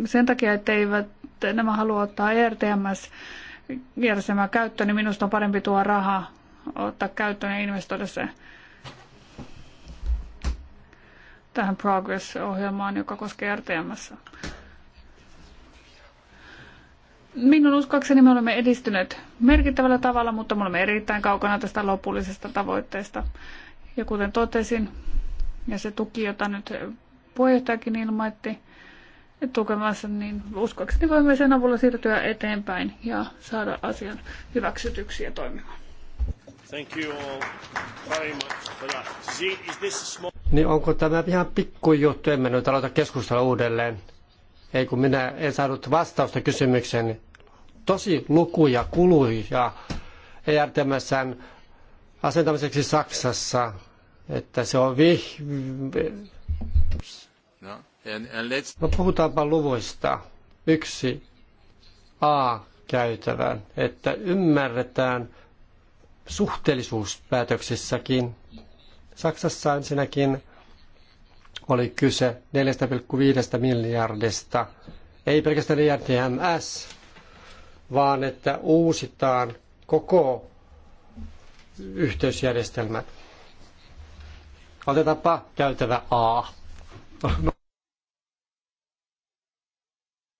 sen takia, että eivät nämä halua ottaa ERTMS-järjestelmää käyttöön, niin minusta on parempi tuo raha ottaa käyttöön ja investoida se tähän Progress-ohjelmaan, joka koskee RTMS. Minun uskoakseni me olemme edistyneet merkittävällä tavalla, mutta me olemme erittäin kaukana tästä lopullisesta tavoitteesta. Ja kuten totesin, ja se tuki, jota nyt puheenjohtajakin ilmoitti tukemassa, niin uskoakseni voimme sen avulla siirtyä eteenpäin ja saada asian hyväksytyksiä ja toimimaan. Thank you all very much for that. is this a small... Niin onko tämä ihan pikkujuttu? Emme nyt aloita keskustella uudelleen. Ei kun minä en saanut vastausta kysymykseen. Tosi lukuja, ja ERTMSn asentamiseksi Saksassa, että se on vih... No, and, and let's... no puhutaanpa luvuista. Yksi A käytävän, että ymmärretään suhteellisuuspäätöksissäkin Saksassa ensinnäkin oli kyse 4,5 miljardista, ei pelkästään ERTMS, vaan että uusitaan koko yhteysjärjestelmä. Otetaanpa käytävä A.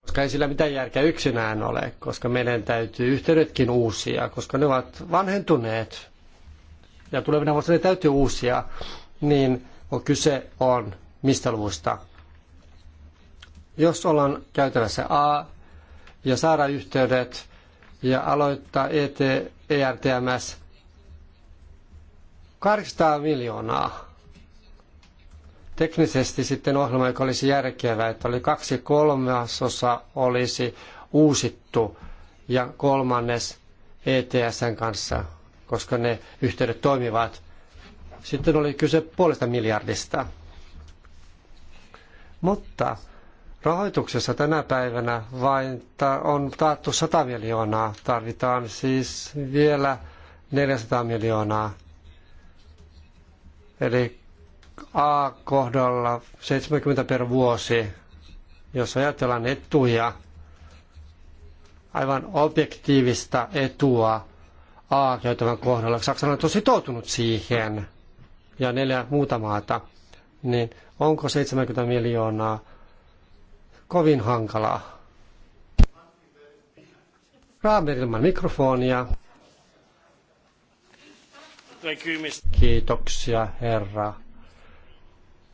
Koska ei sillä mitään järkeä yksinään ole, koska meidän täytyy yhteydetkin uusia, koska ne ovat vanhentuneet ja tulevina vuosina täytyy uusia, niin on kyse on mistä luvusta. Jos ollaan käytävässä A ja saada yhteydet ja aloittaa ET, ERTMS 800 miljoonaa. Teknisesti sitten ohjelma, joka olisi järkevä, että oli kaksi kolmasosa olisi uusittu ja kolmannes ETSn kanssa koska ne yhteydet toimivat. Sitten oli kyse puolesta miljardista. Mutta rahoituksessa tänä päivänä vain on taattu 100 miljoonaa. Tarvitaan siis vielä 400 miljoonaa. Eli A-kohdalla 70 per vuosi, jos ajatellaan etuja, aivan objektiivista etua A-käytävän kohdalla. Saksalaiset on sitoutunut siihen ja neljä muuta maata. Niin onko 70 miljoonaa kovin hankalaa? Raamer ilman mikrofonia. Kiitoksia, herra.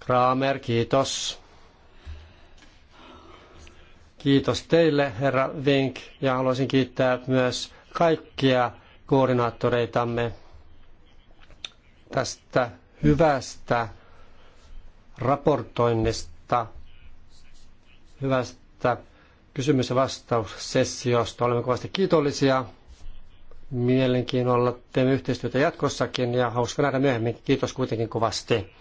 Kramer, kiitos. Kiitos teille, herra Vink, ja haluaisin kiittää myös kaikkia koordinaattoreitamme tästä hyvästä raportoinnista, hyvästä kysymys- ja vastaussessiosta. Olemme kovasti kiitollisia. Mielenkiinnolla teemme yhteistyötä jatkossakin ja hauska nähdä myöhemmin. Kiitos kuitenkin kovasti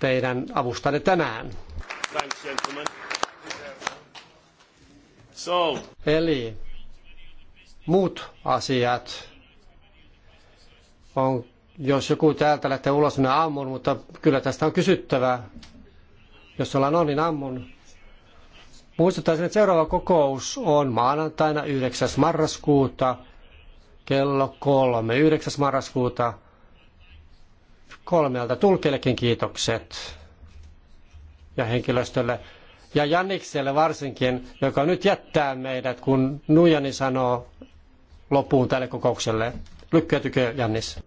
teidän avustanne tänään. Thanks, Eli muut asiat. On, jos joku täältä lähtee ulos, minä niin ammun, mutta kyllä tästä on kysyttävää, Jos ollaan on, niin ammun. Muistuttaisin, että seuraava kokous on maanantaina 9. marraskuuta kello kolme. 9. marraskuuta kolmelta. Tulkeillekin kiitokset ja henkilöstölle. Ja Jannikselle varsinkin, joka nyt jättää meidät, kun Nujani sanoo loppuun tälle kokoukselle. Lykkäytykö, Jannis?